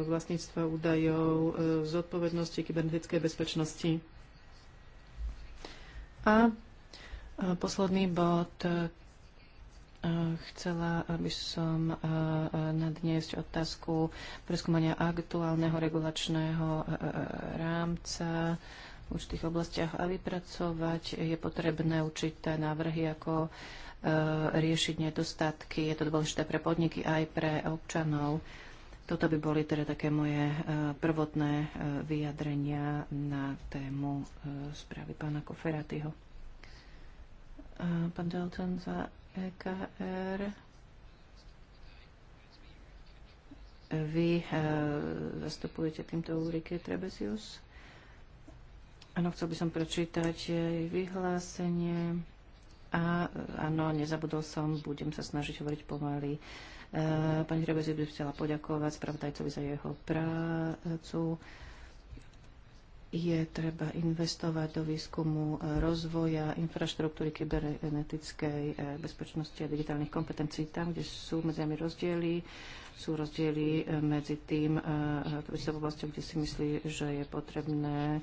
vlastníctva údajov, e, zodpovednosti kybernetickej bezpečnosti. A posledný bod Chcela aby som nadniesť otázku preskúmania aktuálneho regulačného rámca v určitých oblastiach a vypracovať je potrebné určité návrhy, ako E, riešiť nedostatky. Je to dôležité pre podniky aj pre občanov. Toto by boli teda také moje e, prvotné e, vyjadrenia na tému správy pána Koferatyho. Pán Dalton za EKR. Vy zastupujete týmto Ulrike Trebesius. Áno, chcel by som prečítať jej vyhlásenie. A áno, nezabudol som, budem sa snažiť hovoriť pomaly. E, pani Hrabezi by chcela poďakovať spravodajcovi za jeho prácu. Je treba investovať do výskumu e, rozvoja infraštruktúry kybernetickej e, bezpečnosti a digitálnych kompetencií tam, kde sú medzi nami rozdiely. Sú rozdiely medzi tým, to kde si myslí, že je potrebné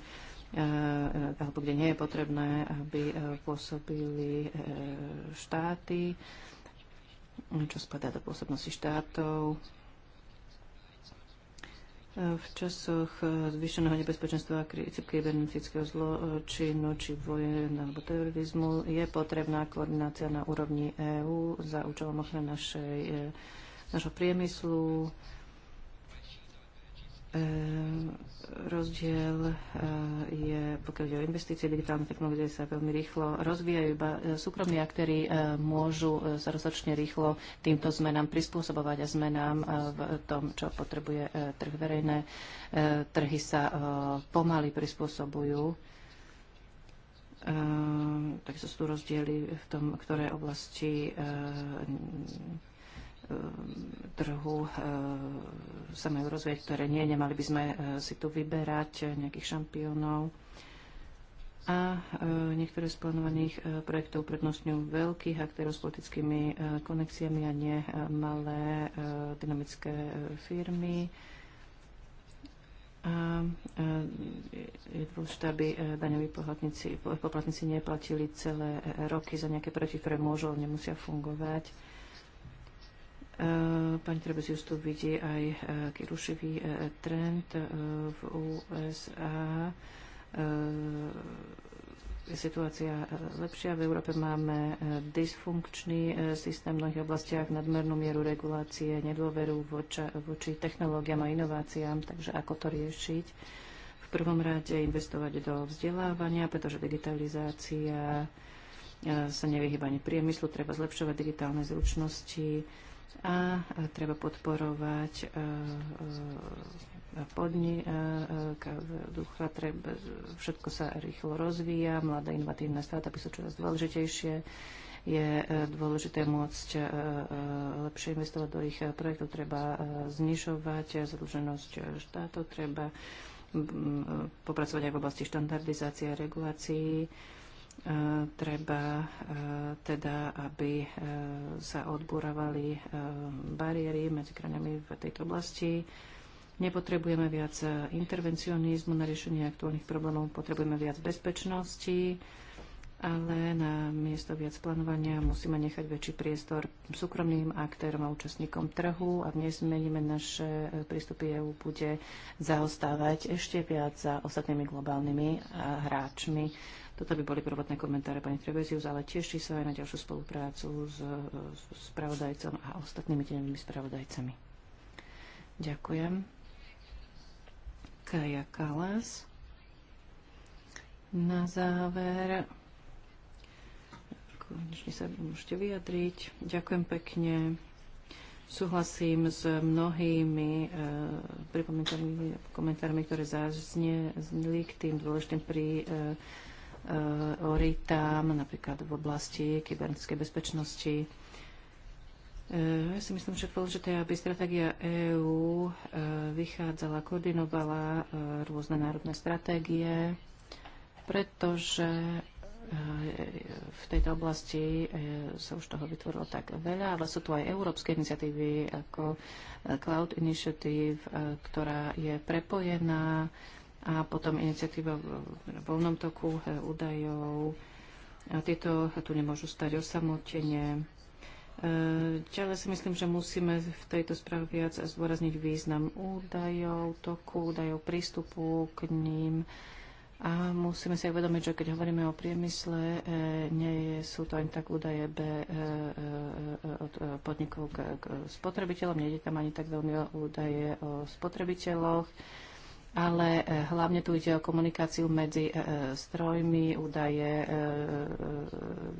Eh, alebo kde nie je potrebné, aby eh, pôsobili eh, štáty, čo spadá do pôsobnosti štátov. V časoch zvýšeného nebezpečenstva a kybernetického zločinu či vojen alebo terorizmu je potrebná koordinácia na úrovni EÚ za účelom ochrany našej, našho priemyslu, E, rozdiel e, je, pokiaľ ide o investície, digitálne technológie sa veľmi rýchlo rozvíjajú, iba e, súkromní aktéry môžu sa rozhodne rýchlo týmto zmenám prispôsobovať a zmenám v tom, čo potrebuje trh verejné. Trhy sa pomaly prispôsobujú. Takže sú tu rozdiely v tom, ktoré oblasti Eh, trhu eh, sa majú rozvieť, ktoré nie. Nemali by sme eh, si tu vyberať nejakých šampiónov. A niektoré z plánovaných projektov prednostňujú veľkých aktérov s politickými konexiami a nie malé dynamické firmy. A je dôležité, aby daňoví poplatníci neplatili celé roky za nejaké projekty, ktoré môžu, ale nemusia fungovať Eh, pani Trebezius tu vidí aj eh, aký rušivý eh, trend v USA. Je situácia lepšia. V Európe máme dysfunkčný systém v mnohých oblastiach, nadmernú mieru regulácie, nedôveru voča, voči technológiám a inováciám. Takže ako to riešiť? V prvom rade investovať do vzdelávania, pretože digitalizácia sa nevyhýba ani priemyslu, treba zlepšovať digitálne zručnosti, a e, treba podporovať e, e, podni, ducha, treba, všetko sa rýchlo rozvíja, mladé inovatívne startupy sú čoraz dôležitejšie, je dôležité môcť lepšie investovať do ich projektov, treba znižovať zadlženosť štátov, treba popracovať aj v oblasti štandardizácie a regulácií E, treba e, teda, aby e, sa odburavali bariéry medzi krajinami v tejto oblasti. Nepotrebujeme viac intervencionizmu na riešenie aktuálnych problémov, potrebujeme viac bezpečnosti, ale na miesto viac plánovania musíme nechať väčší priestor súkromným aktérom a účastníkom trhu. Ak nezmeníme naše prístupy EU, bude zaostávať ešte viac za ostatnými globálnymi hráčmi toto by boli prvotné komentáre pani Trebezius, ale teší sa aj na ďalšiu spoluprácu s, spravodajcom a ostatnými tenovými spravodajcami. Ďakujem. Kaja Kalas. Na záver konečne sa môžete vyjadriť. Ďakujem pekne. Súhlasím s mnohými e, eh, pripomienkami, komentármi, ktoré zaznili k tým dôležitým pri e, Eh, ORITAM, napríklad v oblasti kybernetickej bezpečnosti. Eh, ja si myslím, že dôležité aby stratégia EÚ eh, vychádzala, koordinovala rôzne národné stratégie, pretože v tejto oblasti sa už toho vytvorilo tak veľa, ale sú tu aj európske iniciatívy ako Cloud Initiative, ktorá je prepojená a potom iniciatíva v voľnom toku e, údajov. A tieto tu nemôžu stať osamotenie. E, ďalej si myslím, že musíme v tejto správe viac zdôrazniť význam údajov, toku údajov, prístupu k ním. A musíme si aj uvedomiť, že keď hovoríme o priemysle, e, nie sú to ani tak údaje B, od podnikov k, k spotrebiteľom, nejde tam ani tak veľmi údaje o spotrebiteľoch ale e, hlavne tu ide o komunikáciu medzi e, e, strojmi, údaje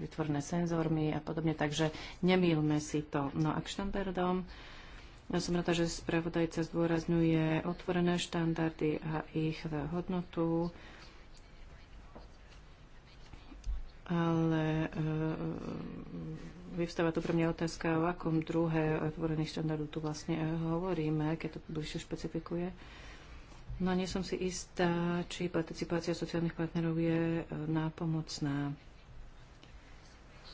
vytvorené senzormi a podobne, takže nemýlme si to. No a k štandardom, ja som rada, že spravodajca zdôrazňuje otvorené štandardy a ich hodnotu, ale vyvstáva tu pre mňa otázka, o akom druhé otvorených štandardu tu vlastne hovoríme, keď to bližšie špecifikuje. Uh, No nie som si istá, či participácia sociálnych partnerov je e, nápomocná.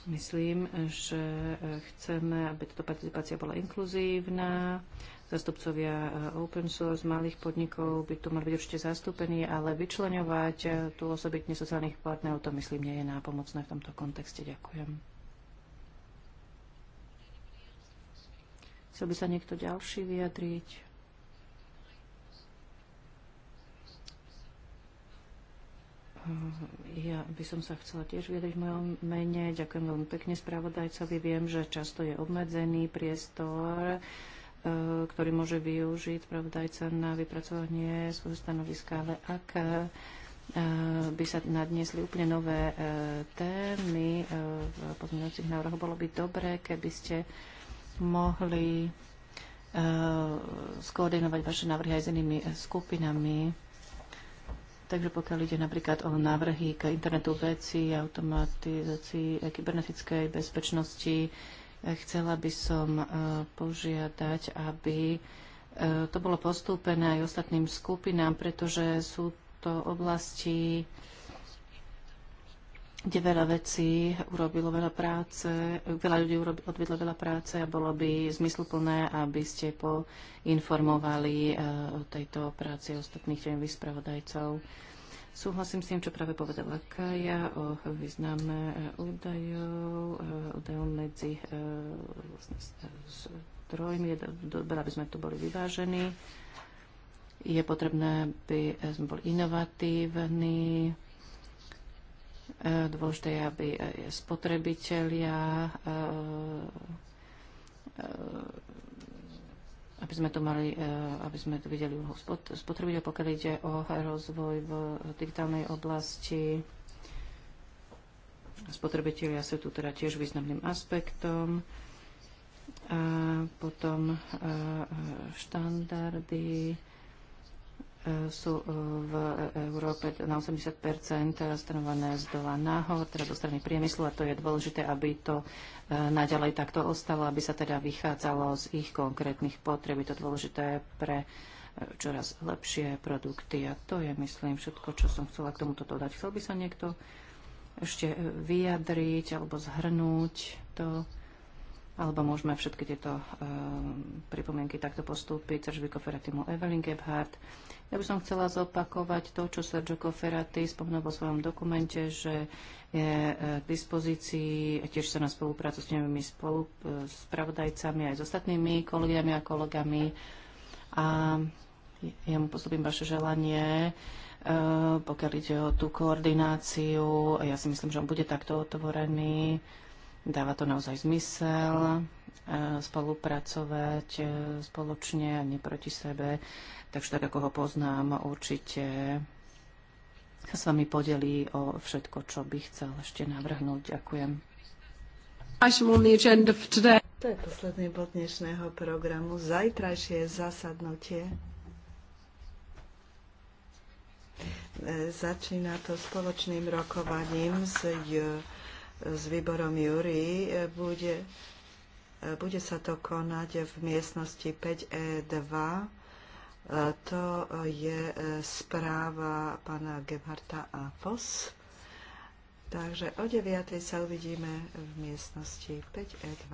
Myslím, že e, chceme, aby táto participácia bola inkluzívna. Zastupcovia e, open source, malých podnikov by tu mali byť určite zastúpení, ale vyčlenovať tu osobitne sociálnych partnerov, to myslím, nie je nápomocné v tomto kontexte. Ďakujem. Chcel by sa niekto ďalší vyjadriť? Ja by som sa chcela tiež vyjadriť v mojom mene. Ďakujem veľmi pekne spravodajcovi. Viem, že často je obmedzený priestor, e, ktorý môže využiť spravodajca na vypracovanie svojho stanoviska, ale ak e, by sa nadniesli úplne nové e, témy v pozmeňujúcich návrhoch, bolo by dobré, keby ste mohli skoordinovať vaše návrhy aj s inými skupinami Takže pokiaľ ide napríklad o návrhy k internetu veci, automatizácii e, kybernetickej bezpečnosti, e, chcela by som e, požiadať, aby to bolo postúpené aj ostatným skupinám, pretože sú to oblasti, kde veľa vecí urobilo veľa práce, veľa ľudí odvedlo veľa práce a bolo by zmysluplné, aby ste poinformovali e, o tejto práci ostatných tenových spravodajcov. Súhlasím s tým, čo práve povedala Kaja o význame e, údajov, e, údajov medzi vlastne zdrojmi. Dobre, aby sme tu boli vyvážení. Je potrebné, aby sme boli inovatívni, Eh, dôležité je, aby eh, spotrebitelia eh, aby sme to mali, aby sme to videli úlohu spotrebiteľa, pokiaľ ide o rozvoj v digitálnej oblasti. Spotrebitelia sú tu teda tiež významným aspektom. A potom štandardy, sú e, v Európe na 80 stanované z dola nahor, teda zo strany priemyslu a to je dôležité, aby to e, naďalej takto ostalo, aby sa teda vychádzalo z ich konkrétnych potreb. Je to dôležité pre e, čoraz lepšie produkty a to je, myslím, všetko, čo som chcela k tomuto dodať. Chcel by sa niekto ešte vyjadriť alebo zhrnúť to? Alebo môžeme všetky tieto um, pripomienky takto postúpiť. Seržby koferatímu Evelyn Gebhardt. Ja by som chcela zopakovať to, čo Sergio Koferati spomnul vo svojom dokumente, že je e, k dispozícii tiež sa na spoluprácu s nevými spolu, e, spravodajcami aj s ostatnými kolegami a kolegami. A ja mu poslúbim vaše želanie, e, pokiaľ ide o tú koordináciu. Ja si myslím, že on bude takto otvorený. Dáva to naozaj zmysel spolupracovať spoločne a nie proti sebe takže tak ako ho poznám, určite sa s vami podelí o všetko, čo by chcel ešte navrhnúť. Ďakujem. To je posledný bod dnešného programu. Zajtrajšie zasadnutie. Začína to spoločným rokovaním s, s výborom Júri. Bude, bude sa to konať v miestnosti 5E2 E, to je e, správa pána Gebharta a Foss. Takže o 9.00 sa uvidíme v miestnosti 5E2.